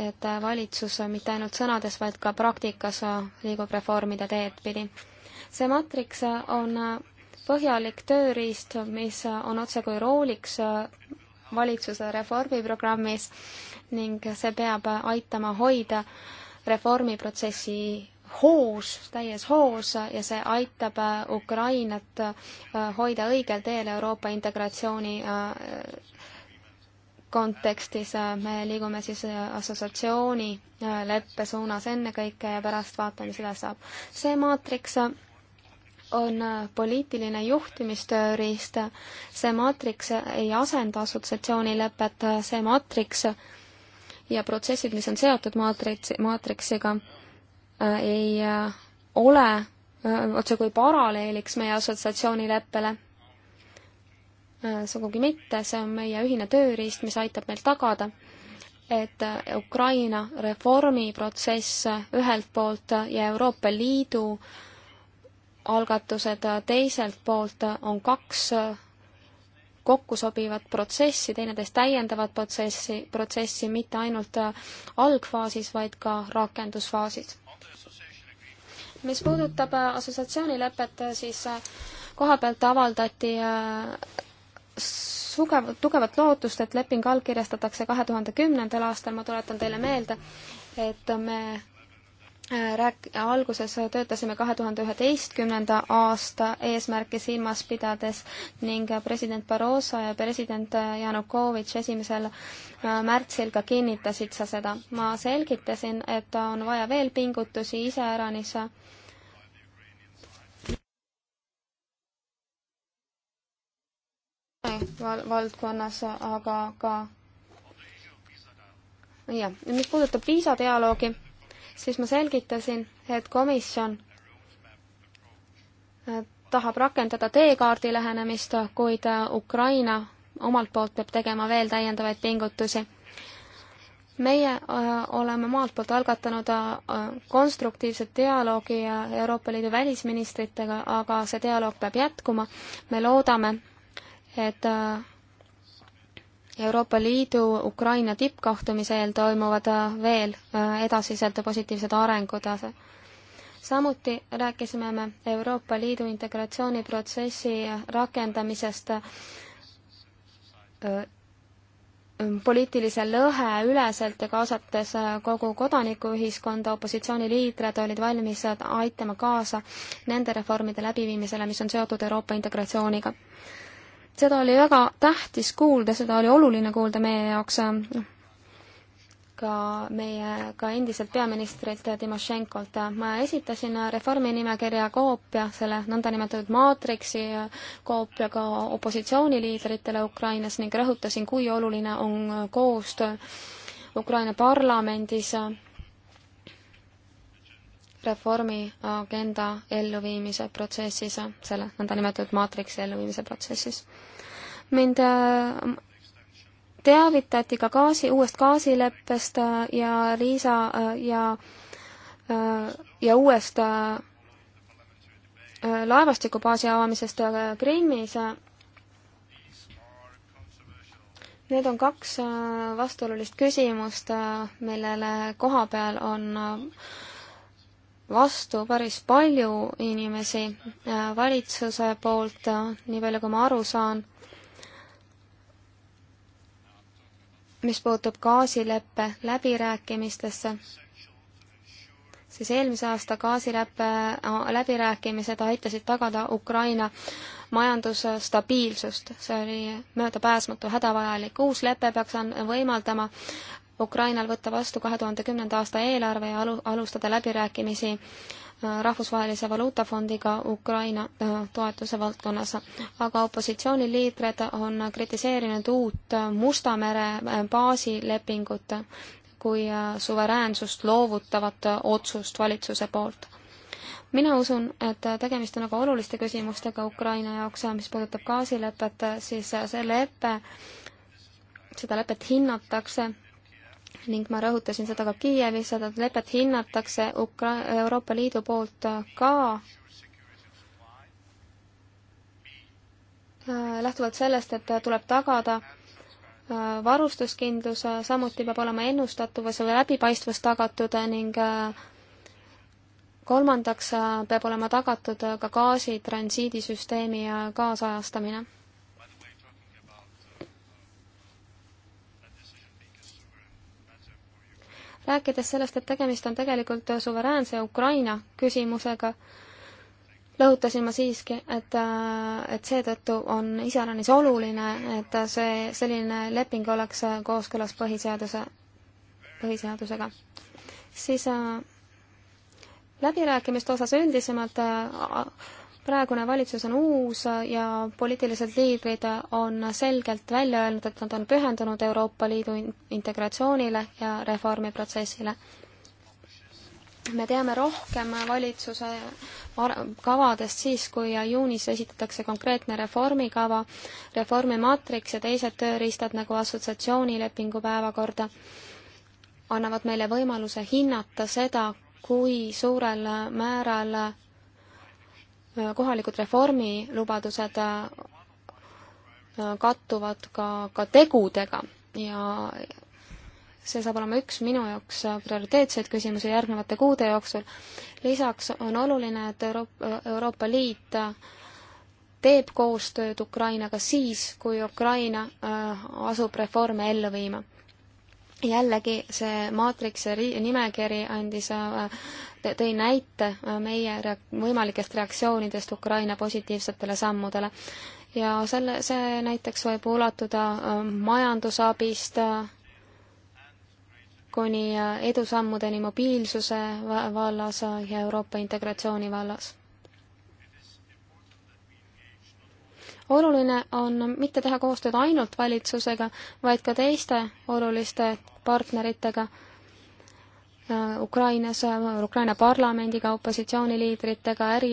et valitsus mitte ainult sõnades, vaid ka praktikas liigub reformide teed pidi. see maatriks on põhjalik tööriist, mis on otsekui rooliks valitsuse reformiprogrammis ning see peab aitama hoida reformiprotsessi hoos, täies hoos ja see aitab Ukrainat hoida õigel teel Euroopa integratsiooni kontekstis äh, me liigume siis äh, assotsiatsiooni äh, leppe suunas ennekõike ja pärast vaatame, mis edasi saab. see maatriks on poliitiline juhtimistööriist, see maatriks ei asenda assotsiatsioonilepet, see maatriks ja protsessid, mis on seotud maatriks, maatriksiga, ei ole otsekui paralleeliks meie assotsiatsioonileppele Äh, sugugi mitte, see on meie ühine tööriist, mis aitab meil tagada, et äh, Ukraina reformiprotsess äh, ühelt poolt ja Euroopa Liidu algatused teiselt poolt on kaks kokkusobivat protsessi, teineteist täiendavat protsessi, protsessi mitte ainult algfaasis, vaid ka rakendusfaasis. mis puudutab assotsiatsioonilepet, siis koha pealt avaldati sugev, tugevat lootust, et leping allkirjastatakse kahe tuhande kümnendal aastal, ma tuletan teile meelde, et me äh, rääk-, alguses töötasime kahe tuhande üheteistkümnenda aasta eesmärke silmas pidades ning president Barroso ja president Janukovitš esimesel äh, märtsil ka kinnitasid sa seda. ma selgitasin, et on vaja veel pingutusi iseäranis val valdkonnas, aga ka jah, mis puudutab Piisa dialoogi, siis ma selgitasin, et komisjon äh, tahab rakendada teekaardi lähenemist, kuid äh, Ukraina omalt poolt peab tegema veel täiendavaid pingutusi meie äh, oleme maalt poolt algatanud konstruktiivset dialoogi Euroopa Liidu välisministritega, aga see dialoog peab jätkuma. me loodame, et äh, Euroopa Liidu Ukraina tippkohtumise eel toimuvad äh, veel äh, edasised positiivsed arengud. samuti rääkisime me Euroopa Liidu integratsiooniprotsessi rakendamisest poliitilise lõhe üleselt ja kaasates kogu kodanikuühiskonda, opositsiooniliidrid olid valmis aitama kaasa nende reformide läbiviimisele, mis on seotud Euroopa integratsiooniga seda oli väga tähtis kuulda, seda oli oluline kuulda meie jaoks äh, ka meie, ka endiselt peaministrilt Timošenkolt. ma esitasin reformi nimekirja koopia, selle nõndanimetatud maatriksi koopia ka opositsiooniliidritele Ukrainas ning rõhutasin, kui oluline on koostöö Ukraina parlamendis reformi agenda elluviimise protsessis, selle nõndanimetatud maatriksi elluviimise protsessis. mind äh, teavitati ka gaasi, uuest gaasileppest äh, ja Liisa äh, ja ja uuest laevastikubaasi avamisest Krimmis. Need on kaks vastuolulist küsimust, millele koha peal on vastu päris palju inimesi äh, valitsuse poolt, äh, nii palju kui ma aru saan. mis puutub gaasileppe läbirääkimistesse, siis eelmise aasta gaasileppe äh, läbirääkimised aitasid tagada Ukraina majandusstabiilsust, see oli möödapääsmatu, hädavajalik. uus lepe peaks võimaldama Ukrainal võtta vastu kahe tuhande kümnenda aasta eelarve ja alu-, alustada läbirääkimisi äh, Rahvusvahelise Valuutafondiga Ukraina äh, toetuse valdkonnas. aga opositsiooniliidrid on kritiseerinud uut äh, Musta mere baasilepingut kui suveräänsust loovutavat otsust valitsuse poolt mina usun, et tegemist on väga oluliste küsimustega Ukraina jaoks, mis puudutab gaasilepet, siis see lepe, seda lepet hinnatakse ning ma rõhutasin seda ka Kiievis, seda lepet hinnatakse Ukra-, Euroopa Liidu poolt ka äh, lähtuvalt sellest, et tuleb tagada äh, varustuskindlus, äh, samuti peab olema ennustatavus või läbipaistvus tagatud ning kolmandaks peab olema tagatud ka gaasi transiidisüsteemi kaasajastamine rääkides sellest, et tegemist on tegelikult suveräänse Ukraina küsimusega, lõhutasin ma siiski, et, et seetõttu on iseäranis oluline, et see, selline leping oleks kooskõlas põhiseaduse, põhiseadusega. siis äh, läbirääkimiste osas üldisemalt äh, praegune valitsus on uus ja poliitilised liidrid on selgelt välja öelnud, et nad on pühendunud Euroopa Liidu integratsioonile ja reformiprotsessile. me teame rohkem valitsuse kavadest siis, kui juunis esitatakse konkreetne reformikava, reformimaatriks ja teised tööriistad nagu assotsiatsioonilepingu päevakorda annavad meile võimaluse hinnata seda, kui suurel määral kohalikud reformilubadused äh, kattuvad ka, ka tegudega ja see saab olema üks minu jaoks prioriteetseid küsimusi järgnevate kuude jooksul. lisaks on oluline, et Euroopa, Euroopa Liit äh, teeb koostööd Ukrainaga siis, kui Ukraina äh, asub reforme ellu viima jällegi see maatrikse nimekiri andis, äh, tõi näite äh, meie reak-, võimalikest reaktsioonidest Ukraina positiivsetele sammudele. ja selle, see näiteks võib ulatuda äh, majandusabist kuni edusammudeni mobiilsuse vallas ja Euroopa integratsiooni vallas oluline on mitte teha koostööd ainult valitsusega, vaid ka teiste oluliste partneritega äh, Ukrainas, Ukraina parlamendiga, opositsiooniliidritega, äri,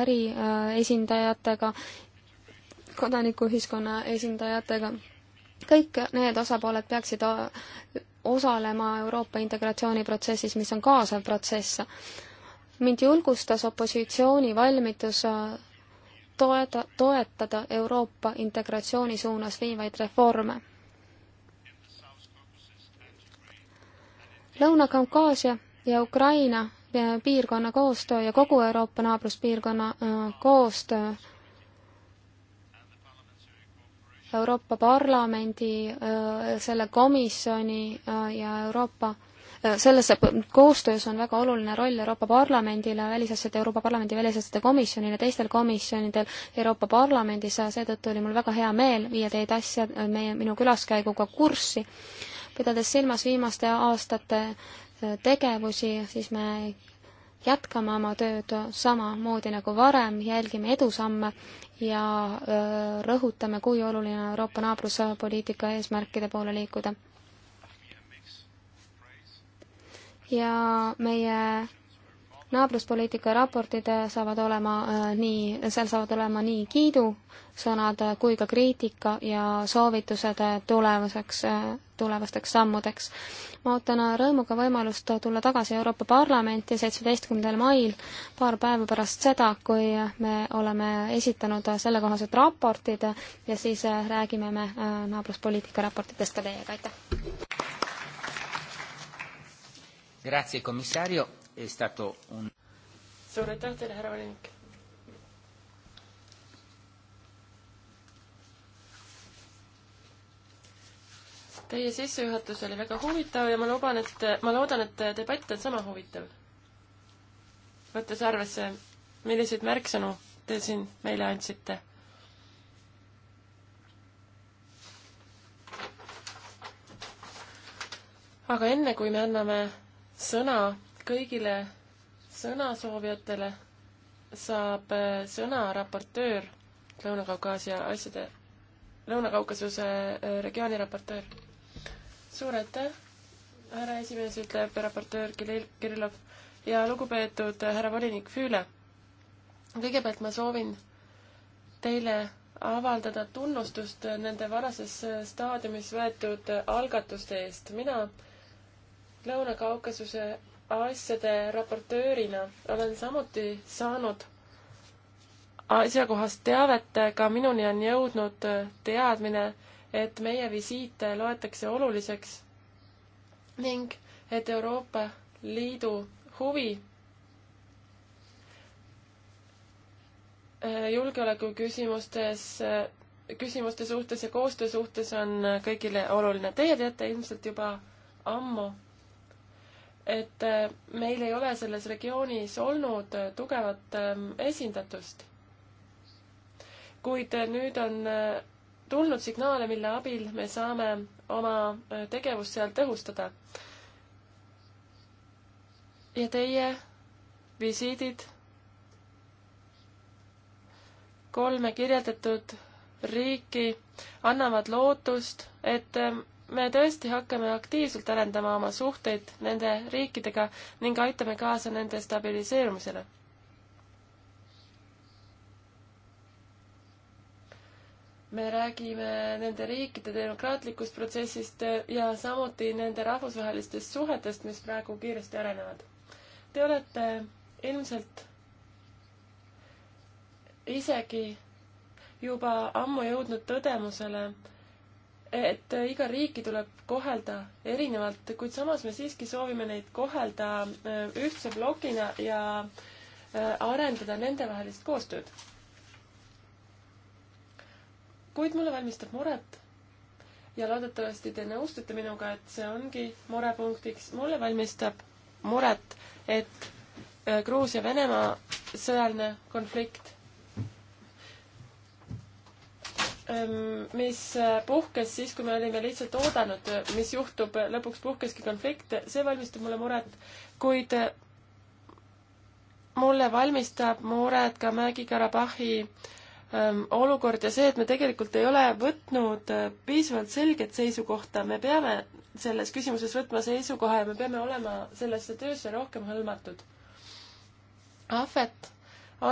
äriesindajatega, äh, kodanikuühiskonna esindajatega. kõik need osapooled peaksid osalema Euroopa integratsiooniprotsessis, mis on kaasav protsess. mind julgustas opositsiooni valmidus äh, toeda, toetada Euroopa integratsiooni suunas viivaid reforme. Lõuna-Kaukaasia ja Ukraina eh, piirkonna koostöö ja kogu Euroopa naabruspiirkonna eh, koostöö Euroopa Parlamendi, eh, selle komisjoni ja Euroopa Äh, selles koostöös on väga oluline roll Euroopa Parlamendile, välisasjade, Euroopa Parlamendi välisasjade komisjonile, teistel komisjonidel Euroopa Parlamendis, seetõttu oli mul väga hea meel viia teid asja äh, meie, minu külaskäiguga kurssi. pidades silmas viimaste aastate äh, tegevusi, siis me jätkame oma tööd samamoodi nagu varem, jälgime edusamme ja rõhutame, kui oluline on Euroopa naabruspoliitika eesmärkide poole liikuda ja meie naabruspoliitika raportid äh, saavad olema äh, nii, seal saavad olema nii kiidusõnad äh, kui ka kriitika ja soovitused tulevaseks, tulevasteks sammudeks. ma ootan rõõmuga võimalust tulla tagasi Euroopa Parlamenti seitsmeteistkümnendal mail, paar päeva pärast seda, kui me oleme esitanud sellekohased raportid ja siis räägime me naabruspoliitika raportitest ka teiega, aitäh! Grazie, komissario, è stato un. suur aitäh teile, härra volinik. Teie sissejuhatus oli väga huvitav ja ma luban, et, ma loodan, et debatt on sama huvitav. võttes arvesse, milliseid märksõnu te siin meile andsite. aga enne, kui me anname sõna kõigile sõnasoovijatele saab äh, sõna raportöör Lõuna-Kaukaasia asjade, Lõuna-Kaukasuse äh, regiooni raportöör. suur aitäh, härra esimees, ütleb raportöör Kirill, Kirillov ja lugupeetud äh, härra volinik Füüle. kõigepealt ma soovin teile avaldada tunnustust nende varases staadiumis võetud algatuste eest. mina äh, Lõuna-Kaukasuse asjade raportöörina olen samuti saanud asjakohast teavet, ka minuni on jõudnud teadmine, et meie visiite loetakse oluliseks ning et Euroopa Liidu huvi äh, julgeoleku küsimustes, äh, küsimuste suhtes ja koostöö suhtes on kõigile oluline. Teie teate ilmselt juba ammu et äh, meil ei ole selles regioonis olnud äh, tugevat ähm, esindatust. kuid äh, nüüd on tulnud signaale, mille abil me saame oma tegevust seal tõhustada. ja teie visiidid kolme kirjeldatud riiki annavad lootust, et ähm, me tõesti hakkame aktiivselt arendama oma suhteid nende riikidega ning aitame kaasa nende stabiliseerumisele. me räägime nende riikide demokraatlikust protsessist ja samuti nende rahvusvahelistest suhetest, mis praegu kiiresti arenevad. Te olete ilmselt isegi juba ammu jõudnud tõdemusele, et iga riiki tuleb kohelda erinevalt, kuid samas me siiski soovime neid kohelda äh, ühtse plokina ja äh, arendada nendevahelist koostööd. kuid mulle valmistab muret ja loodetavasti te nõustute minuga, et see ongi murepunktiks. mulle valmistab muret, et äh, Gruusia-Venemaa sõjaline konflikt Ehm, mis puhkes siis, kui me olime lihtsalt oodanud, mis juhtub, lõpuks puhkeski konflikt, see valmistab mulle muret, kuid mulle valmistab muret ka Mägi-Karabahhi ehm, olukord ja see, et me tegelikult ei ole võtnud piisavalt selget seisukohta, me peame selles küsimuses võtma seisukoha ja me peame olema sellesse töösse rohkem hõlmatud. ahvet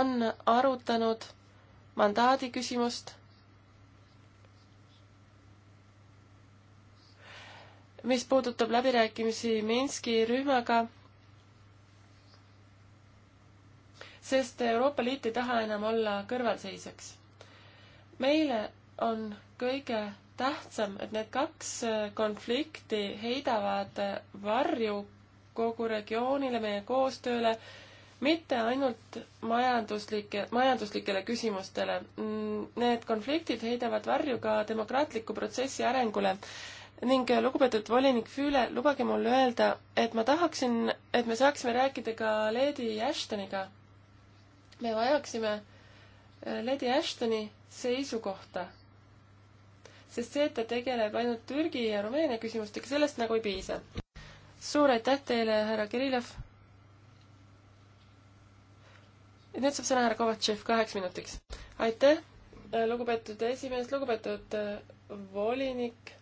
on arutanud mandaadi küsimust mis puudutab läbirääkimisi Minski rühmaga, sest Euroopa Liit ei taha enam olla kõrvalseisjaks. meile on kõige tähtsam, et need kaks konflikti heidavad varju kogu regioonile, meie koostööle, mitte ainult majanduslike, majanduslikele küsimustele. Need konfliktid heidavad varju ka demokraatliku protsessi arengule ning äh, lugupeetud volinik Füüle, lubage mul öelda, et ma tahaksin, et me saaksime rääkida ka Lady Ashtoniga. me vajaksime äh, Lady Ashtoni seisukohta. sest see, et ta tegeleb ainult Türgi ja Rumeenia küsimustega, sellest nagu ei piisa. suur aitäh teile, härra Kirillov. nüüd saab sõna härra Kovatšev kaheks minutiks. aitäh, äh, lugupeetud esimees, lugupeetud volinik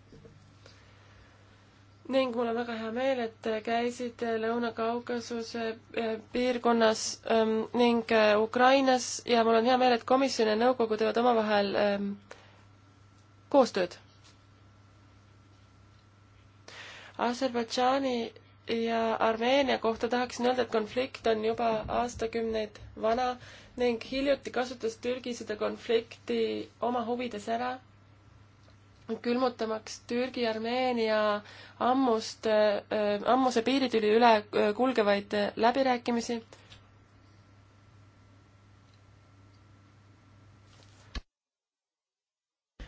ning mul on väga hea meel, et te käisite Lõuna-Kaukasuse eh, piirkonnas ehm, ning eh, Ukrainas ja mul on hea meel, et komisjon ja nõukogu teevad omavahel ehm, koostööd. Aserbaidžaani ja Armeenia kohta tahaksin öelda, et konflikt on juba aastakümneid vana ning hiljuti kasutas Türgi seda konflikti oma huvides ära külmutamaks Türgi-Armeenia ammust, äh, ammuse piiritüli üle äh, kulgevaid äh, läbirääkimisi.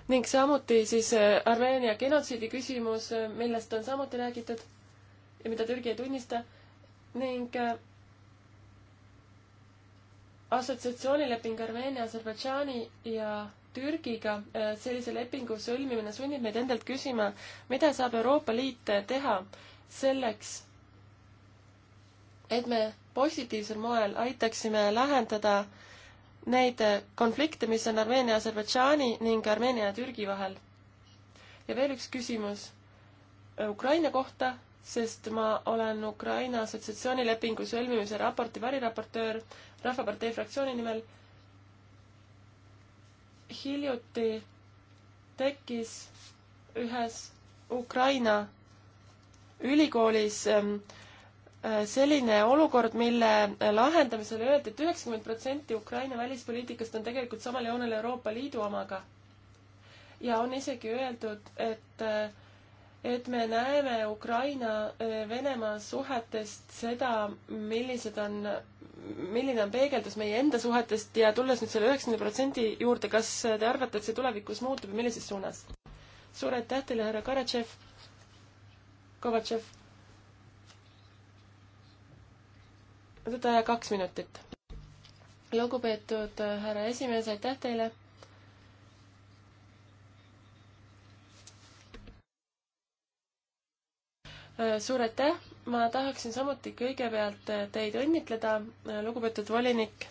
ning samuti siis Armeenia genotsiidi küsimus, millest on samuti räägitud ja mida Türgi ei tunnista ning assotsiatsioonileping Armeenia, Aserbaidžaani ja Türgiga äh, sellise lepingu sõlmimine sunnib meid endalt küsima, mida saab Euroopa Liit äh, teha selleks, et me positiivsel moel aitaksime lahendada neid äh, konflikte, mis on Armeenia ja Aserbaidžaani ning Armeenia ja Türgi vahel. ja veel üks küsimus Ukraina kohta, sest ma olen Ukraina assotsiatsioonilepingu sõlmimise raporti variraportöör Rahvapartei fraktsiooni nimel hiljuti tekkis ühes Ukraina ülikoolis ähm, äh, selline olukord, mille lahendamisel öeldi et, et üheksakümmend protsenti Ukraina välispoliitikast on tegelikult samal joonel Euroopa Liidu omaga. ja on isegi öeldud, et, äh, et me näeme Ukraina-Venemaa äh, suhetest seda, millised on milline on peegeldus meie enda suhetest ja tulles nüüd selle üheksakümne protsendi juurde, kas te arvate, et see tulevikus muutub ja millises suunas? suur aitäh teile, härra Karatšev, Kovatšev. võtate kaks minutit. lugupeetud äh, härra esimees, aitäh teile äh, suur aitäh ma tahaksin samuti kõigepealt teid õnnitleda, lugupeetud volinik,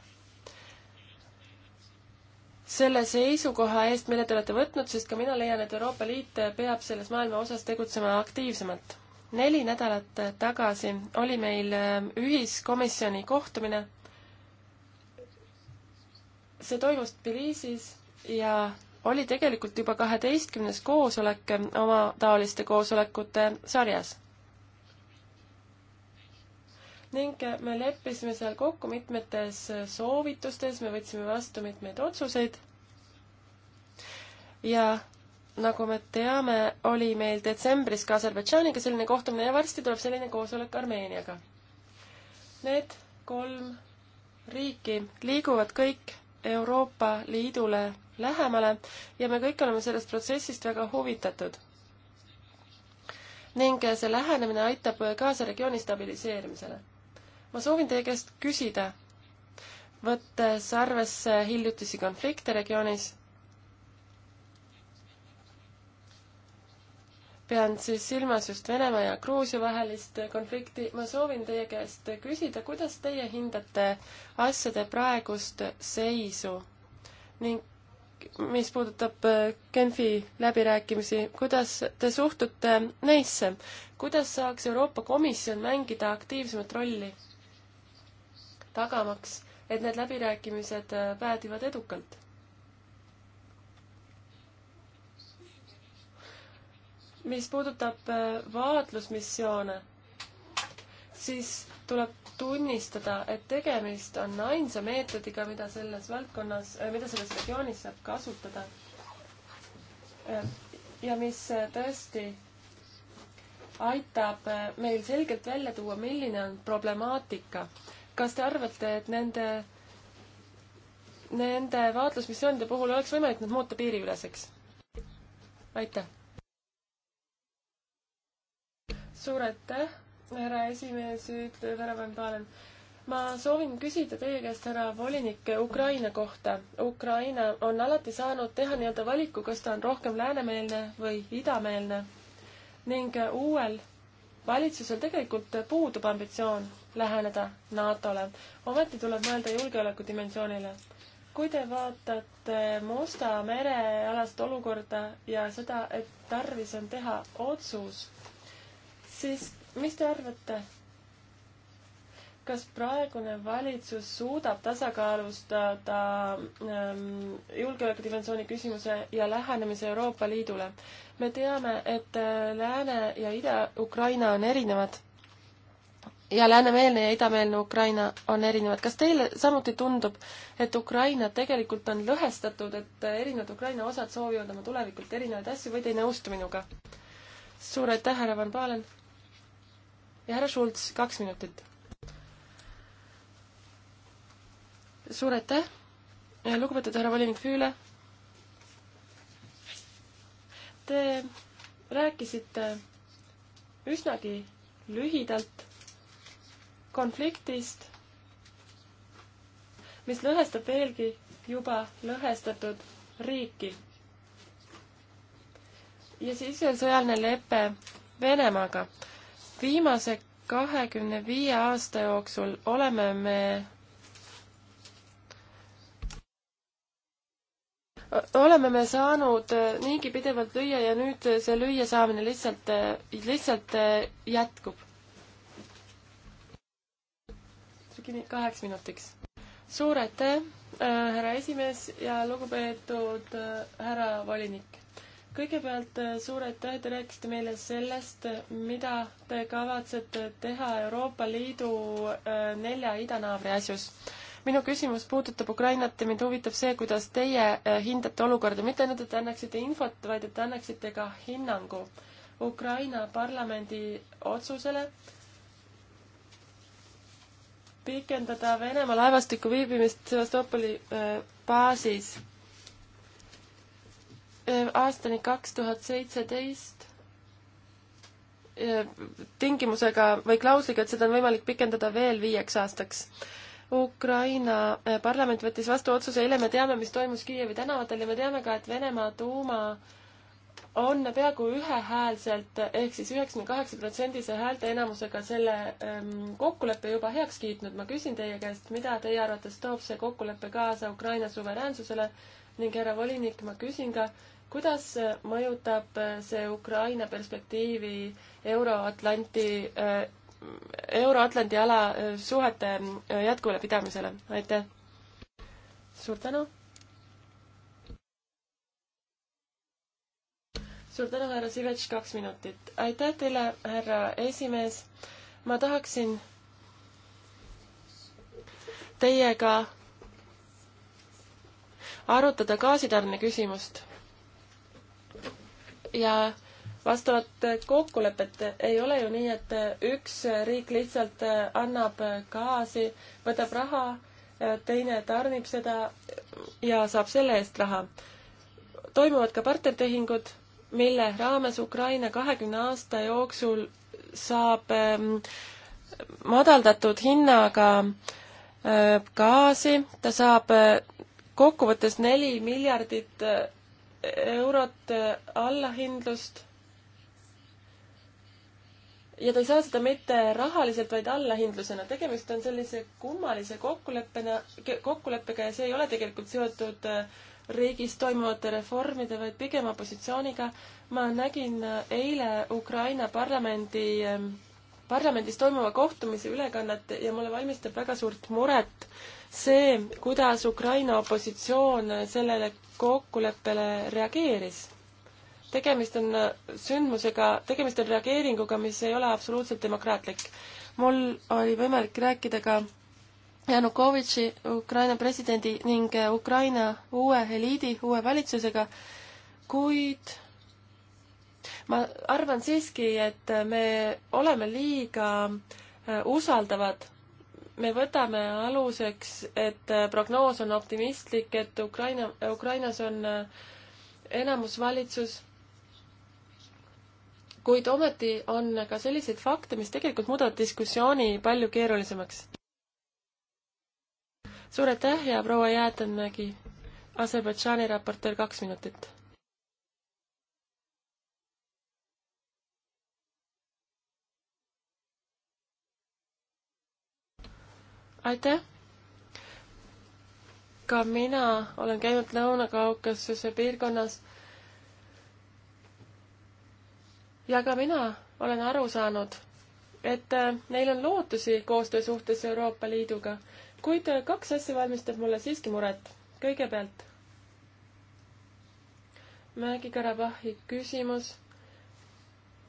selle seisukoha eest, mille te olete võtnud, sest ka mina leian, et Euroopa Liit peab selles maailma osas tegutsema aktiivsemalt. neli nädalat tagasi oli meil ühiskomisjoni kohtumine. see toimus Tbilisis ja oli tegelikult juba kaheteistkümnes koosolek oma taoliste koosolekute sarjas ning me leppisime seal kokku mitmetes soovitustes, me võtsime vastu mitmeid otsuseid. ja nagu me teame, oli meil detsembris ka Aserbaidžaaniga selline kohtumine ja varsti tuleb selline koosolek Armeeniaga. Need kolm riiki liiguvad kõik Euroopa Liidule lähemale ja me kõik oleme sellest protsessist väga huvitatud. ning see lähenemine aitab kaasa regiooni stabiliseerimisele ma soovin teie käest küsida, võttes arvesse hiljutisi konflikte regioonis, pean siis silmas just Venemaa ja Gruusia vahelist konflikti. ma soovin teie käest küsida, kuidas teie hindate asjade praegust seisu ning mis puudutab Genfi läbirääkimisi, kuidas te suhtute neisse? kuidas saaks Euroopa Komisjon mängida aktiivsemat rolli? tagamaks, et need läbirääkimised äh, päädivad edukalt. mis puudutab äh, vaatlusmissioone, siis tuleb tunnistada, et tegemist on ainsa meetodiga, mida selles valdkonnas, äh, mida selles regioonis saab kasutada. ja mis tõesti aitab meil selgelt välja tuua, milline on problemaatika kas te arvate, et nende, nende vaatlusmissioonide puhul oleks võimalik nad muuta piiriüleseks? aitäh! suur aitäh, härra esimees, ütleb härra Van Palen. ma soovin küsida teie käest, härra volinik, Ukraina kohta. Ukraina on alati saanud teha nii-öelda valiku, kas ta on rohkem läänemeelne või idameelne ning uuel valitsusel tegelikult puudub ambitsioon läheneda NATO-le. ometi tuleb mõelda julgeolekudimensioonile. kui te vaatate Musta mere alast olukorda ja seda, et tarvis on teha otsus, siis mis te arvate, kas praegune valitsus suudab tasakaalustada ähm, julgeolekudimensiooni küsimuse ja lähenemise Euroopa Liidule? me teame, et äh, Lääne- ja Ida-Ukraina on erinevad ja läänemeelne ja idameelne Ukraina on erinevad. kas teile samuti tundub, et Ukraina tegelikult on lõhestatud, et erinevad Ukraina osad soovivad oma tulevikult erinevaid asju või te ei nõustu minuga? suur aitäh, härra Van Palen! ja härra Schulz, kaks minutit. suur aitäh, lugupeetud härra volinik Füüle! Te rääkisite üsnagi lühidalt konfliktist, mis lõhestab veelgi juba lõhestatud riiki. ja siis veel sõjaline lepe Venemaaga. viimase kahekümne viie aasta jooksul oleme me oleme me saanud niigi pidevalt lüüa ja nüüd see lüüasaamine lihtsalt, lihtsalt jätkub. kaheks minutiks. suur aitäh, äh, härra esimees ja lugupeetud äh, härra volinik. kõigepealt äh, suur aitäh, te rääkisite meile sellest, mida te kavatsete teha Euroopa Liidu nelja idanaabri asjus minu küsimus puudutab Ukrainat ja mind huvitab see, kuidas teie hindate olukorda, mitte ainult, et annaksite infot, vaid et annaksite ka hinnangu Ukraina parlamendi otsusele, pikendada Venemaa laevastiku viibimist Sevastopoli äh, baasis äh, aastani kaks tuhat seitseteist äh, tingimusega või klausliga, et seda on võimalik pikendada veel viieks aastaks. Ukraina parlament võttis vastu otsuse, eile me teame, mis toimus Kiievi tänavatel ja me teame ka, et Venemaa tuuma äh, on peaaegu ühehäälselt ehk siis üheksakümne kaheksa protsendise häälteenamusega selle ähm, kokkuleppe juba heaks kiitnud. ma küsin teie käest, mida teie arvates toob see kokkulepe kaasa Ukraina suveräänsusele ning härra volinik, ma küsin ka, kuidas mõjutab äh, see Ukraina perspektiivi Euro-Atlanti äh,, Euro-Atlandi ala äh, suhete äh, jätkuvale pidamisele? aitäh! suur tänu! suur tänu, härra Sivetš, kaks minutit. aitäh teile, härra esimees. ma tahaksin teiega arutada gaasitarne küsimust. ja vastavat kokkulepet ei ole ju nii, et üks riik lihtsalt annab gaasi, võtab raha, teine tarnib seda ja saab selle eest raha. toimuvad ka partnertehingud mille raames Ukraina kahekümne aasta jooksul saab ähm, madaldatud hinnaga äh, gaasi, ta saab äh, kokkuvõttes neli miljardit äh, eurot allahindlust ja ta ei saa seda mitte rahaliselt, vaid allahindlusena. tegemist on sellise kummalise kokkuleppena, kokkuleppega ja see ei ole tegelikult seotud riigis toimuvate reformide, vaid pigem opositsiooniga. ma nägin eile Ukraina parlamendi, parlamendis toimuva kohtumise ülekannet ja mulle valmistab väga suurt muret see, kuidas Ukraina opositsioon sellele kokkuleppele reageeris. tegemist on sündmusega, tegemist on reageeringuga, mis ei ole absoluutselt demokraatlik. mul oli võimalik rääkida ka Janukovitši, Ukraina presidendi ning eh, Ukraina uue eliidi, uue valitsusega, kuid ma arvan siiski, et me oleme liiga eh, usaldavad. me võtame aluseks, et eh, prognoos on optimistlik, et Ukraina, Ukrainas on enamusvalitsus kuid ometi on ka selliseid fakte, mis tegelikult muudavad diskussiooni palju keerulisemaks suur aitäh ja proua Jäätemägi, Aserbaidžaani raportöör, kaks minutit. aitäh! ka mina olen käinud Lõuna-Kaukasuse piirkonnas ja ka mina olen aru saanud, et äh, neil on lootusi koostöö suhtes Euroopa Liiduga kuid äh, kaks asja valmistab mulle siiski muret. kõigepealt Mägi-Karabahhi küsimus.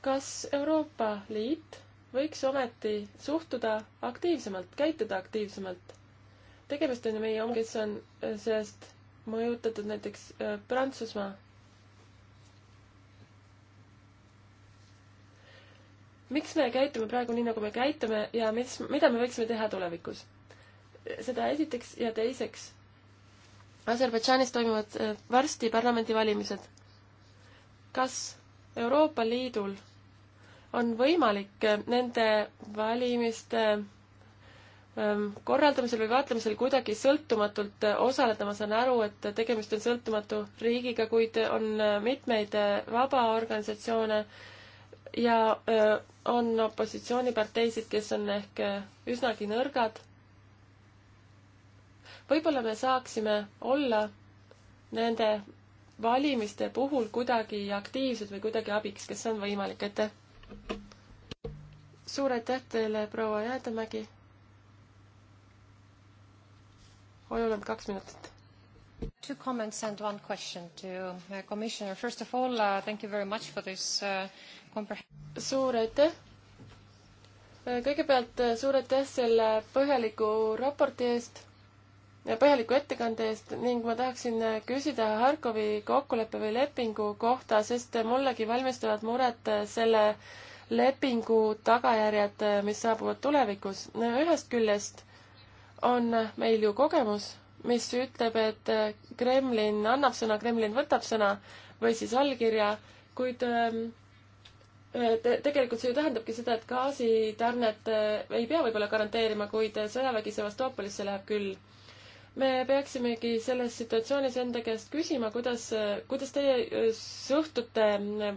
kas Euroopa Liit võiks ometi suhtuda aktiivsemalt, käituda aktiivsemalt? tegemist on ju meie oma, kes on äh, sellest mõjutatud näiteks äh, Prantsusmaa. miks me käitume praegu nii, nagu me käitume ja mis, mida me võiksime teha tulevikus? seda esiteks ja teiseks, Aserbaidžaanis toimuvad äh, varsti parlamendivalimised. kas Euroopa Liidul on võimalik äh, nende valimiste ähm, korraldamisel või vaatlemisel kuidagi sõltumatult äh, osaleda, ma saan aru, et tegemist on sõltumatu riigiga, kuid on mitmeid vabaorganisatsioone ja on opositsiooniparteisid, kes on ehk üsnagi nõrgad võib-olla me saaksime olla nende valimiste puhul kuidagi aktiivsed või kuidagi abiks, kas on võimalik, aitäh! suur aitäh teile, proua Jäätemägi! ainult kaks minutit. Two comments and one question to uh, Commissioner. First of all uh,, thank you very much for this uh, compre-. suur aitäh! Uh, kõigepealt uh, suur aitäh selle põhjaliku raporti eest põhjaliku ettekande eest ning ma tahaksin küsida Harkovi kokkuleppe või lepingu kohta, sest mullegi valmistavad muret selle lepingu tagajärjed, mis saabuvad tulevikus. ühest küljest on meil ju kogemus, mis ütleb, et Kremlin annab sõna, Kremlin võtab sõna või siis allkirja, kuid ähm, te, tegelikult see ju tähendabki seda, et gaasitarnet äh, ei pea võib-olla garanteerima, kuid sõjavägi Sevastopolisse läheb küll me peaksimegi selles situatsioonis enda käest küsima, kuidas, kuidas teie äh, suhtute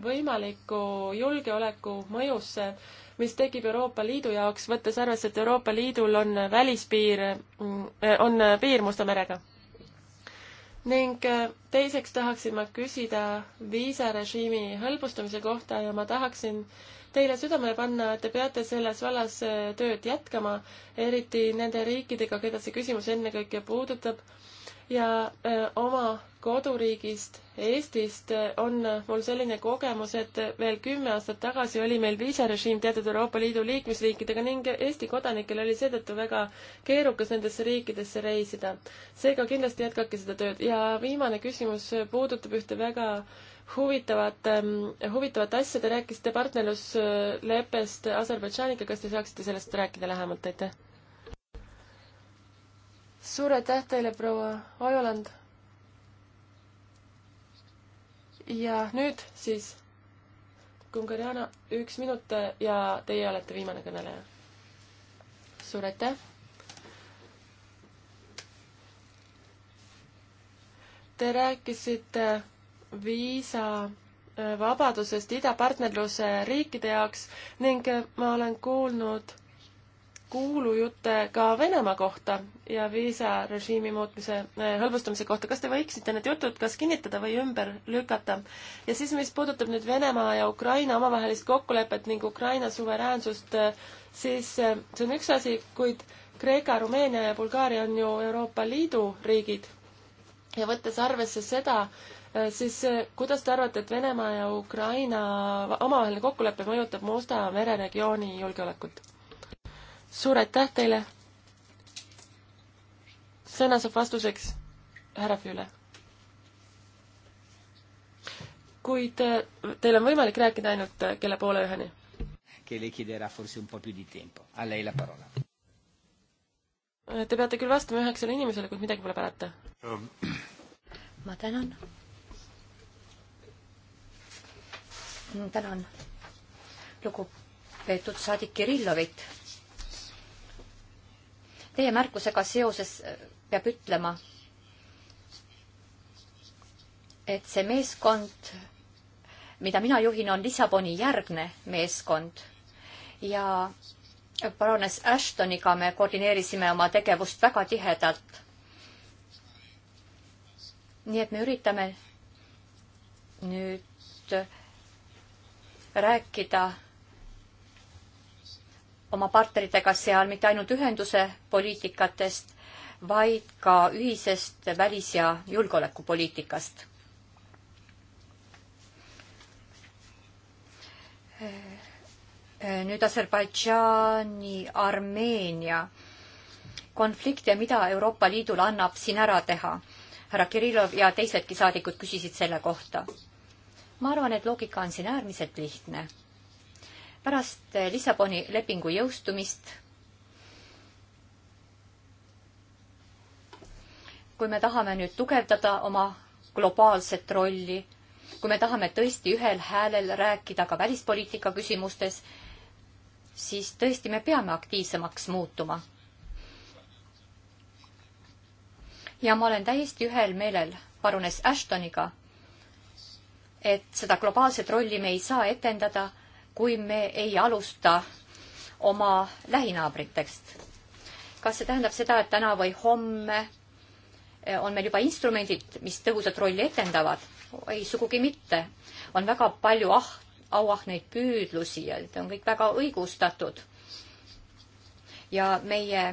võimalikku julgeoleku mõjusse, mis tekib Euroopa Liidu jaoks, võttes arvesse, et Euroopa Liidul on välispiir, äh, on piir Musta merega? ning äh, teiseks tahaksin ma küsida viisarežiimi hõlbustamise kohta ja ma tahaksin äh, teile südamele panna, et te peate selles vallas äh, tööd jätkama, eriti nende riikidega, keda see küsimus ennekõike puudutab. ja öö, äh, oma koduriigist, Eestist äh, on mul selline kogemus, et veel kümme aastat tagasi oli meil viisarežiim teatud Euroopa Liidu liikmesriikidega ning Eesti kodanikel oli seetõttu väga keerukas nendesse riikidesse reisida. seega kindlasti jätkake seda tööd ja viimane küsimus puudutab ühte väga äh, huvitavate, ähm, huvitavate asja, te rääkisite partnerlusleppest Aserbaidžaaniga, kas te saaksite sellest rääkida lähemalt, aitäh? suur aitäh teile, proua Ojuland! ja nüüd siis Kungariana, üks minut ja teie olete viimane kõneleja. suur aitäh! Te rääkisite viisa äh, vabadusest idapartnerluse riikide jaoks ning äh, ma olen kuulnud kuulujutte ka Venemaa kohta ja viisarežiimi muutmise äh, hõlbustamise kohta. kas te võiksite need jutud kas kinnitada või ümber lükata? ja siis, mis puudutab nüüd Venemaa ja Ukraina omavahelist kokkulepet ning Ukraina suveräänsust, siis see on üks asi, kuid Kreeka, Rumeenia ja Bulgaaria on ju Euroopa Liidu riigid ja võttes arvesse seda, Äh, siis äh, kuidas te arvate, et Venemaa ja Ukraina omavaheline kokkulepe mõjutab Musta mere regiooni julgeolekut? suur aitäh teile! sõna saab vastuseks härra Füüle. kuid te, äh, teil on võimalik rääkida ainult kella poole üheni. Te peate küll vastama üheksale inimesele, kuid midagi pole parata. Um, ma tänan Mm, tänan lugupeetud saadik Kirillovit. Teie märkusega seoses äh, peab ütlema, et see meeskond, mida mina juhin, on Lissaboni järgne meeskond ja paranes Ashtoniga me koordineerisime oma tegevust väga tihedalt. nii et me üritame nüüd rääkida oma partneritega seal mitte ainult ühenduse poliitikatest, vaid ka ühisest välis- ja julgeolekupoliitikast. nüüd Aserbaidžaani, Armeenia konflikt ja mida Euroopa Liidul annab siin ära teha? härra Kirillov ja teisedki saadikud küsisid selle kohta ma arvan, et loogika on siin äärmiselt lihtne. pärast Lissaboni lepingu jõustumist, kui me tahame nüüd tugevdada oma globaalset rolli, kui me tahame tõesti ühel häälel rääkida ka välispoliitika küsimustes, siis tõesti me peame aktiivsemaks muutuma. ja ma olen täiesti ühel meelel parunes Ashtoniga et seda globaalset rolli me ei saa etendada, kui me ei alusta oma lähinaabritest. kas see tähendab seda, et täna või homme eh, on meil juba instrumendid, mis tõhusat rolli etendavad? ei, sugugi mitte. on väga palju ah, auahneid püüdlusi ja need on kõik väga õigustatud. ja meie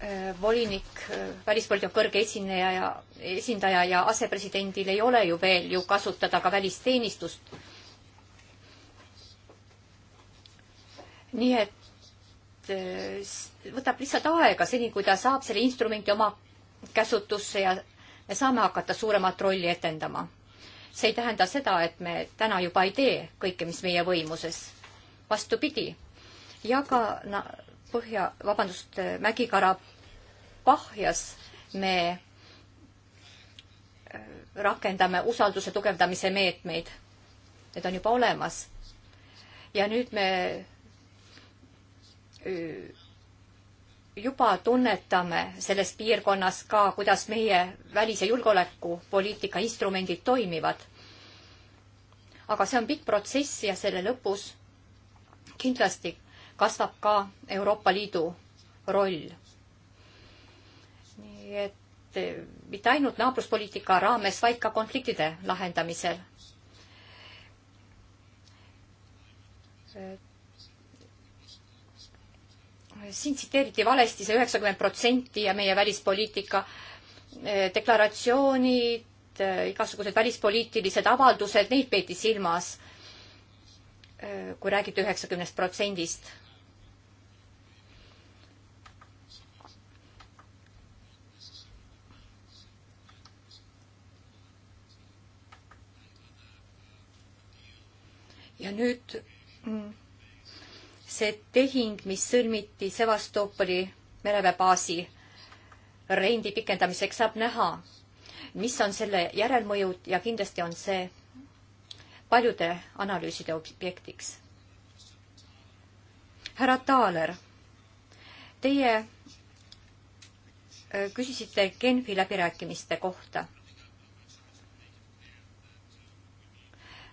Äh, volinik, äh, välispoliitika kõrge esineja ja esindaja ja asepresidendil ei ole ju veel ju kasutada ka välisteenistust. nii et äh, võtab lihtsalt aega seni, kui ta saab selle instrumendi oma käsutusse ja me saame hakata suuremat rolli etendama. see ei tähenda seda, et me täna juba ei tee kõike, mis meie võimuses. vastupidi, jaga na, Põhja, vabandust, Mägi-Karabahjas me äh, rakendame usalduse tugevdamise meetmeid. Need on juba olemas. ja nüüd me äh, juba tunnetame selles piirkonnas ka, kuidas meie välis- ja julgeolekupoliitika instrumendid toimivad. aga see on pikk protsess ja selle lõpus kindlasti kasvab ka Euroopa Liidu roll. nii et eh, mitte ainult naabruspoliitika raames, vaid ka konfliktide lahendamisel. Eh, siin tsiteeriti valesti see üheksakümmend protsenti ja meie välispoliitika eh, deklaratsioonid, igasugused välispoliitilised avaldused, neid peeti silmas, kui räägiti üheksakümnest protsendist ja nüüd mm, see tehing, mis sõlmiti Sevastopoli mereväebaasi rendi pikendamiseks, saab näha, mis on selle järelmõjud ja kindlasti on see paljude analüüside objektiks. härra Taaler, teie äh, küsisite Genfi läbirääkimiste kohta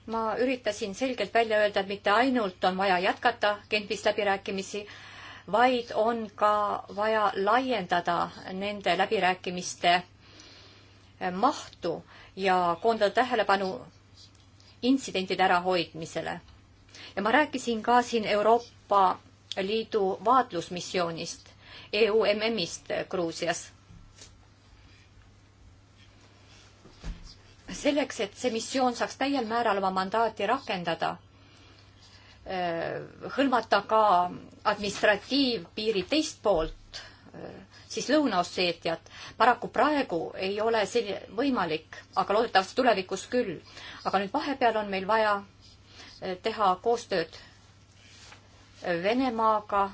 ma üritasin selgelt välja öelda, et mitte ainult on vaja jätkata Genfis läbirääkimisi, vaid on ka vaja laiendada nende läbirääkimiste eh, mahtu ja koondada tähelepanu intsidentide ärahoidmisele. ja ma rääkisin ka siin Euroopa Liidu vaatlusmissioonist, EUMM-ist Gruusias. selleks, et see missioon saaks täiel määral oma mandaati rakendada, äh, hõlmata ka administratiivpiiri teist poolt, äh, siis Lõuna-Osseetiat. paraku praegu ei ole see võimalik, aga loodetavasti tulevikus küll. aga nüüd vahepeal on meil vaja äh, teha koostööd Venemaaga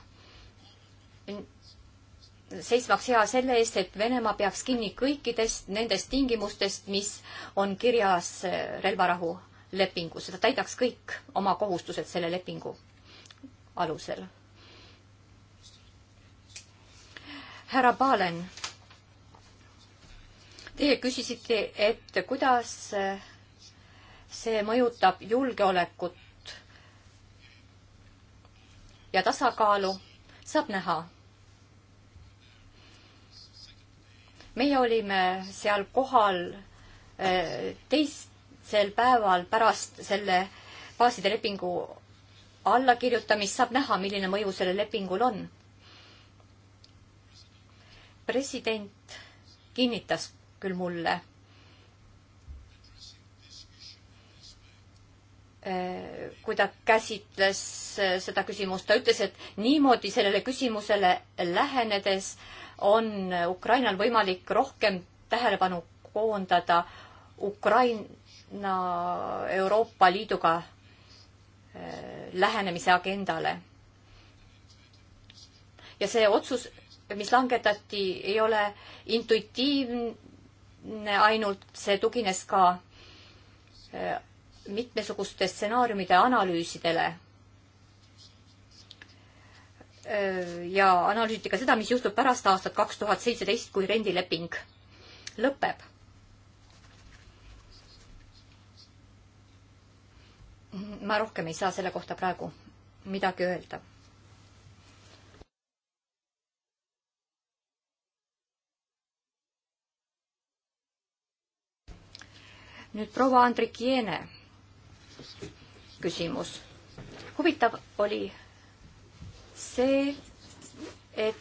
seismaks hea selle eest, et Venemaa peaks kinni kõikidest nendest tingimustest, mis on kirjas äh, relvarahu lepingus, et ta täidaks kõik oma kohustused selle lepingu alusel. härra Palen, teie küsisite, et kuidas äh, see mõjutab julgeolekut ja tasakaalu, saab näha meie olime seal kohal äh, teisel päeval pärast selle baaside lepingu allakirjutamist, saab näha, milline mõju sellel lepingul on. president kinnitas küll mulle äh, kui ta käsitles äh, seda küsimust, ta ütles, et niimoodi sellele küsimusele lähenedes on Ukrainal võimalik rohkem tähelepanu koondada Ukraina Euroopa Liiduga eh, lähenemise agendale. ja see otsus, mis langetati, ei ole intuitiivne ainult, see tugines ka eh, mitmesuguste stsenaariumide analüüsidele ja analüüsiti ka seda, mis juhtub pärast aastat kaks tuhat seitseteist, kui rendileping lõpeb. ma rohkem ei saa selle kohta praegu midagi öelda nüüd proua Andrik Jeene küsimus. huvitav oli see, et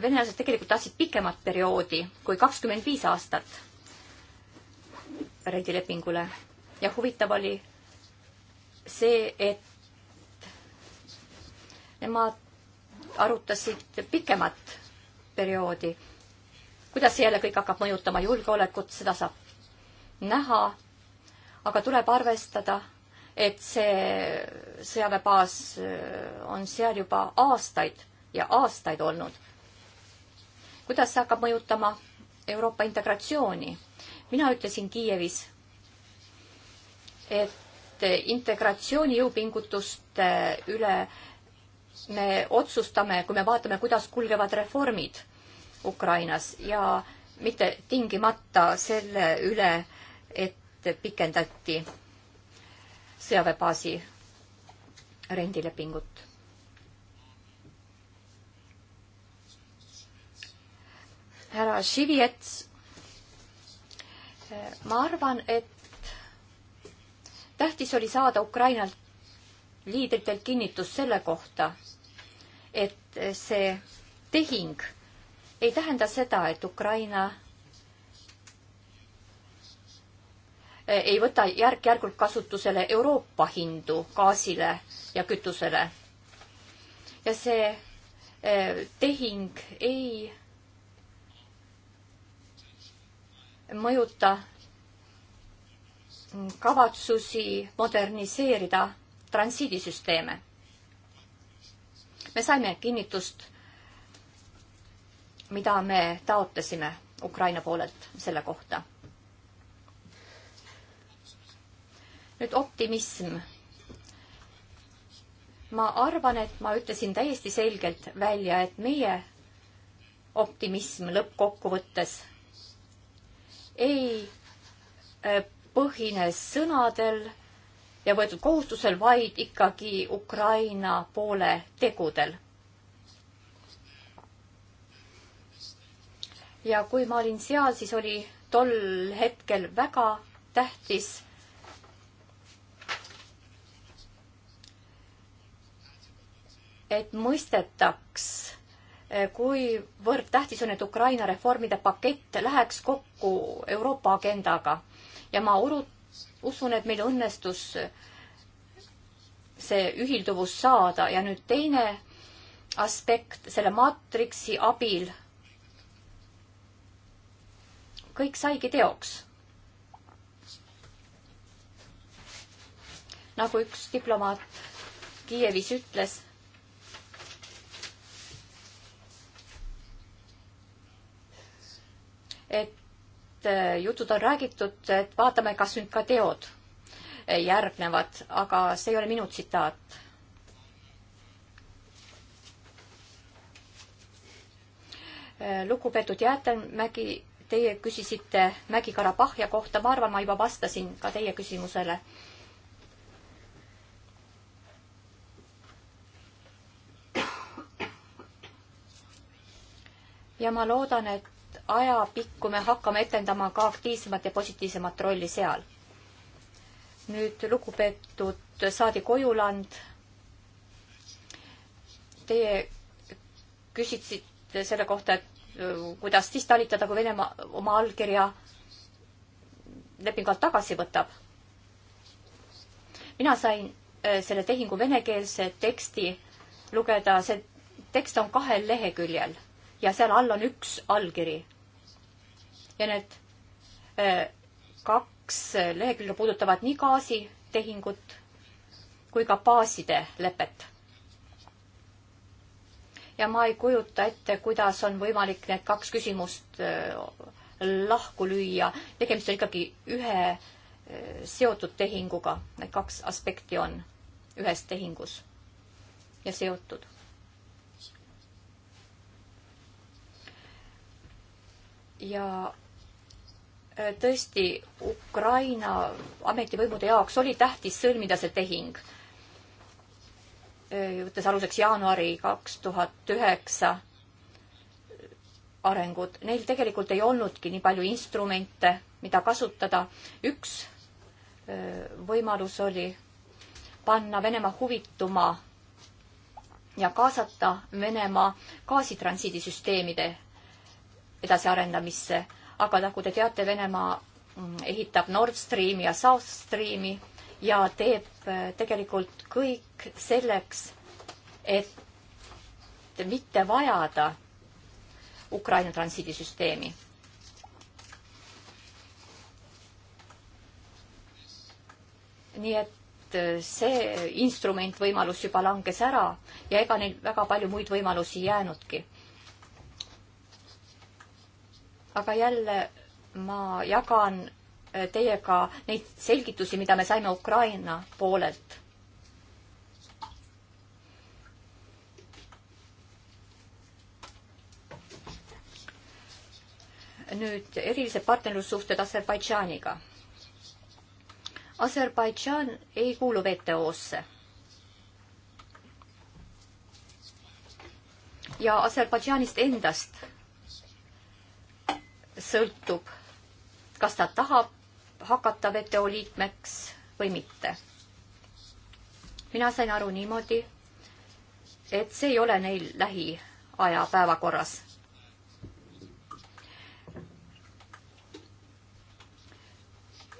venelased tegelikult tahtsid pikemat perioodi kui kakskümmend viis aastat rendilepingule ja huvitav oli see, et nemad arutasid pikemat perioodi. kuidas see jälle kõik hakkab mõjutama julgeolekut, seda saab näha, aga tuleb arvestada et see sõjaväebaas äh, on seal juba aastaid ja aastaid olnud. kuidas see hakkab mõjutama Euroopa integratsiooni? mina ütlesin Kiievis, et integratsiooni jõupingutuste üle me otsustame, kui me vaatame, kuidas kulgevad reformid Ukrainas ja mitte tingimata selle üle, et pikendati sõjaväebaasi rendilepingut. härra Šiviets, ma arvan, et tähtis oli saada Ukrainalt liidritelt kinnitust selle kohta, et see tehing ei tähenda seda, et Ukraina Eh, ei võta järk-järgult kasutusele Euroopa hindu gaasile ja kütusele. ja see eh, tehing ei mõjuta kavatsusi moderniseerida transiidisüsteeme. me saime kinnitust, mida me taotlesime Ukraina poolelt selle kohta nüüd optimism. ma arvan, et ma ütlesin täiesti selgelt välja, et meie optimism lõppkokkuvõttes ei äh, põhine sõnadel ja võetud kohustusel, vaid ikkagi Ukraina poole tegudel. ja kui ma olin seal, siis oli tol hetkel väga tähtis et mõistetaks, eh, kuivõrd tähtis on, et Ukraina reformide pakett läheks kokku Euroopa agendaga ja ma uru-, usun, et meil õnnestus see ühilduvus saada ja nüüd teine aspekt selle maatriksi abil. kõik saigi teoks. nagu üks diplomaat Kiievis ütles et äh, jutud on räägitud, et vaatame, kas nüüd ka teod äh, järgnevad, aga see ei ole minu tsitaat. Äh, lugupeetud Jäätemägi, teie küsisite Mägi-Karabahhia kohta, ma arvan, ma juba vastasin ka teie küsimusele ja ma loodan, et ajapikku me hakkame etendama ka aktiivsemat ja positiivsemat rolli seal. nüüd lugupeetud saadik Ojuland, teie küsisite selle kohta, et äh, kuidas siis talitada, kui Venemaa oma allkirja lepingult tagasi võtab. mina sain äh, selle tehingu venekeelse teksti lugeda, see tekst on kahel leheküljel ja seal all on üks allkiri ja need äh, kaks lehekülge puudutavad nii gaasitehingut kui ka baaside lepet. ja ma ei kujuta ette, kuidas on võimalik need kaks küsimust äh, lahku lüüa, tegemist on ikkagi ühe äh, seotud tehinguga, need kaks aspekti on ühes tehingus ja seotud. ja tõesti Ukraina ametivõimude jaoks oli tähtis sõlmida see tehing, võttes aluseks jaanuari kaks tuhat üheksa arengud. Neil tegelikult ei olnudki nii palju instrumente, mida kasutada. üks võimalus oli panna Venemaa huvituma ja kaasata Venemaa gaasitransiidisüsteemide edasiarendamisse aga nagu te teate, Venemaa mm, ehitab Nord Streami ja South Streami ja teeb äh, tegelikult kõik selleks, et mitte vajada Ukraina transiidisüsteemi. nii et äh, see instrument, võimalus juba langes ära ja ega neil väga palju muid võimalusi ei jäänudki aga jälle ma jagan äh, teiega neid selgitusi, mida me saime Ukraina poolelt. nüüd erilised partnerlussuhted Aserbaidžaaniga. Aserbaidžaan ei kuulu WTO-sse ja Aserbaidžaanist endast sõltub, kas ta tahab hakata WTO liikmeks või mitte. mina sain aru niimoodi, et see ei ole neil lähiaja päevakorras.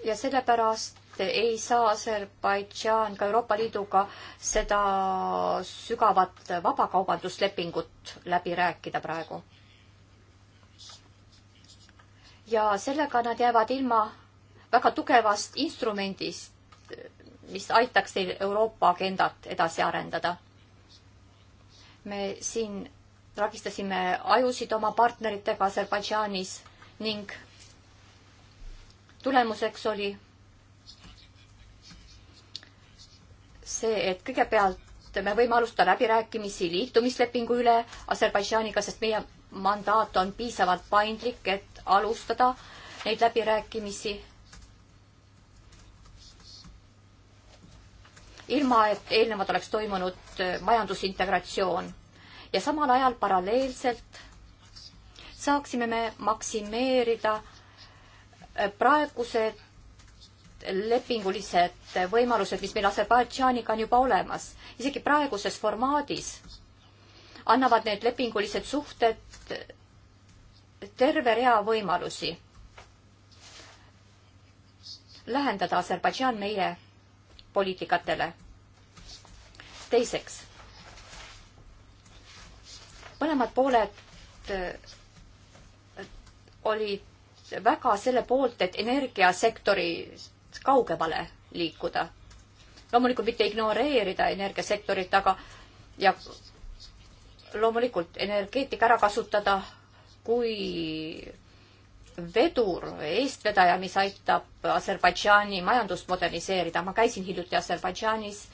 ja sellepärast ei saa Aserbaidžaan ka Euroopa Liiduga seda sügavat vabakaubanduslepingut läbi rääkida praegu ja sellega nad jäävad ilma väga tugevast instrumendist, mis aitaks teil Euroopa agendat edasi arendada. me siin ragistasime ajusid oma partneritega Aserbaidžaanis ning tulemuseks oli see, et kõigepealt me võime alustada läbirääkimisi liitumislepingu üle Aserbaidžaaniga, sest meie mandaat on piisavalt paindlik, et alustada neid läbirääkimisi. ilma, et eelnevalt oleks toimunud äh, majandusintegratsioon ja samal ajal paralleelselt saaksime me maksimeerida äh, praegused lepingulised võimalused, mis meil Aserbaidžaaniga on juba olemas. isegi praeguses formaadis annavad need lepingulised suhted terve rea võimalusi lähendada Aserbaidžaan meie poliitikatele. teiseks, mõlemad pooled äh, olid väga selle poolt, et energiasektori kaugemale liikuda. loomulikult mitte ignoreerida energiasektorit, aga ja loomulikult energeetika ära kasutada kui vedur, eestvedaja, mis aitab Aserbaidžaani majandust moderniseerida. ma käisin hiljuti Aserbaidžaanis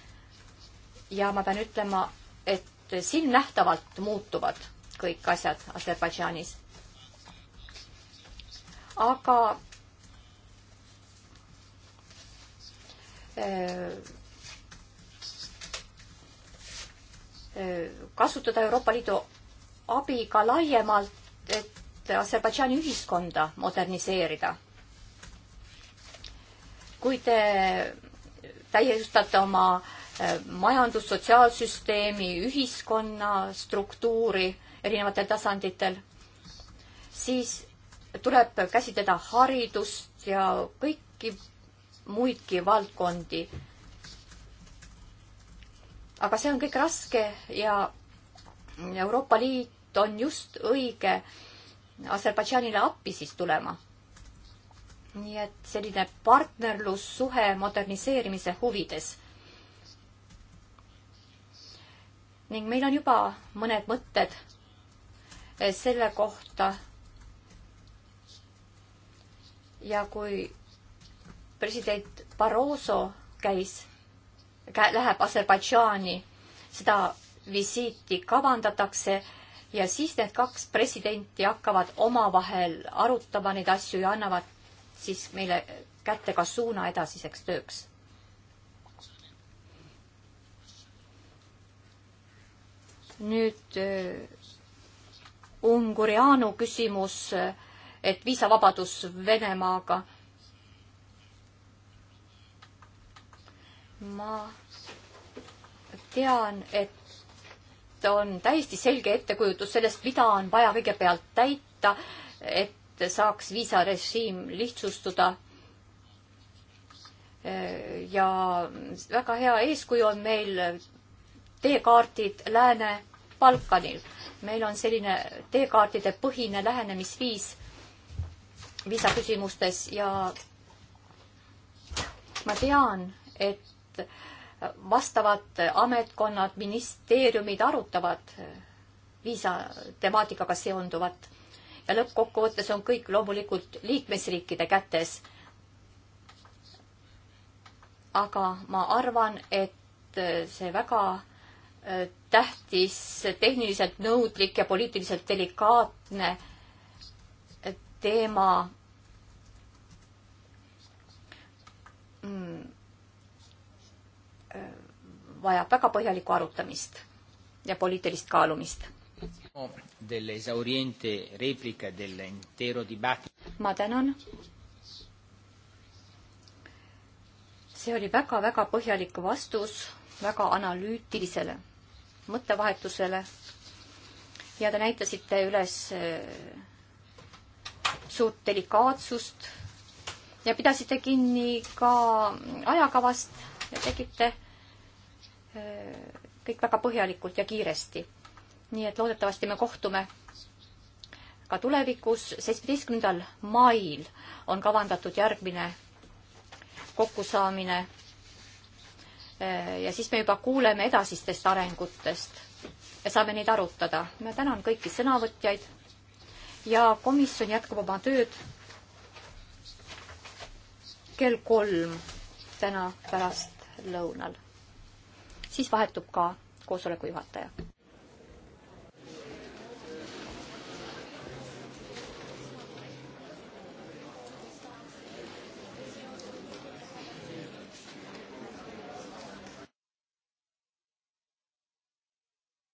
ja ma pean ütlema, et silmnähtavalt muutuvad kõik asjad Aserbaidžaanis. aga äh, äh, kasutada Euroopa Liidu abi ka laiemalt et Aserbaidžaani ühiskonda moderniseerida. kui te täiustate oma äh, majandus, sotsiaalsüsteemi, ühiskonna struktuuri erinevatel tasanditel, siis tuleb käsitleda haridust ja kõiki muidki valdkondi. aga see on kõik raske ja Euroopa Liit on just õige Aserbaidžaanile appi siis tulema. nii et selline partnerlussuhe moderniseerimise huvides. ning meil on juba mõned mõtted eh, selle kohta. ja kui president Barroso käis, läheb Aserbaidžaani, seda visiiti kavandatakse ja siis need kaks presidenti hakkavad omavahel arutama neid asju ja annavad siis meile kätte ka suuna edasiseks tööks. nüüd äh, Ungurianu küsimus, äh, et viisavabadus Venemaaga. ma tean, et on täiesti selge ettekujutus sellest, mida on vaja kõigepealt täita, et saaks viisarežiim lihtsustuda. ja väga hea eeskuju on meil teekaardid Lääne-Balkanil. meil on selline teekaardide põhine lähenemisviis viisaküsimustes ja ma tean, et vastavad ametkonnad, ministeeriumid arutavad viisa temaatikaga seonduvat ja lõppkokkuvõttes on kõik loomulikult liikmesriikide kätes. aga ma arvan, et see väga äh, tähtis, tehniliselt nõudlik ja poliitiliselt delikaatne teema vajab väga põhjalikku arutamist ja poliitilist kaalumist. ma tänan. see oli väga-väga põhjalik vastus väga analüütilisele mõttevahetusele ja te näitasite üles äh, suurt delikaatsust ja pidasite kinni ka ajakavast ja tegite Äh, kõik väga põhjalikult ja kiiresti. nii et loodetavasti me kohtume ka tulevikus. seitsmeteistkümnendal mail on kavandatud järgmine kokkusaamine. Äh, ja siis me juba kuuleme edasistest arengutest ja saame neid arutada. ma tänan kõiki sõnavõtjaid ja komisjon jätkab oma tööd kell kolm täna pärastlõunal siis vahetub ka koosoleku juhataja.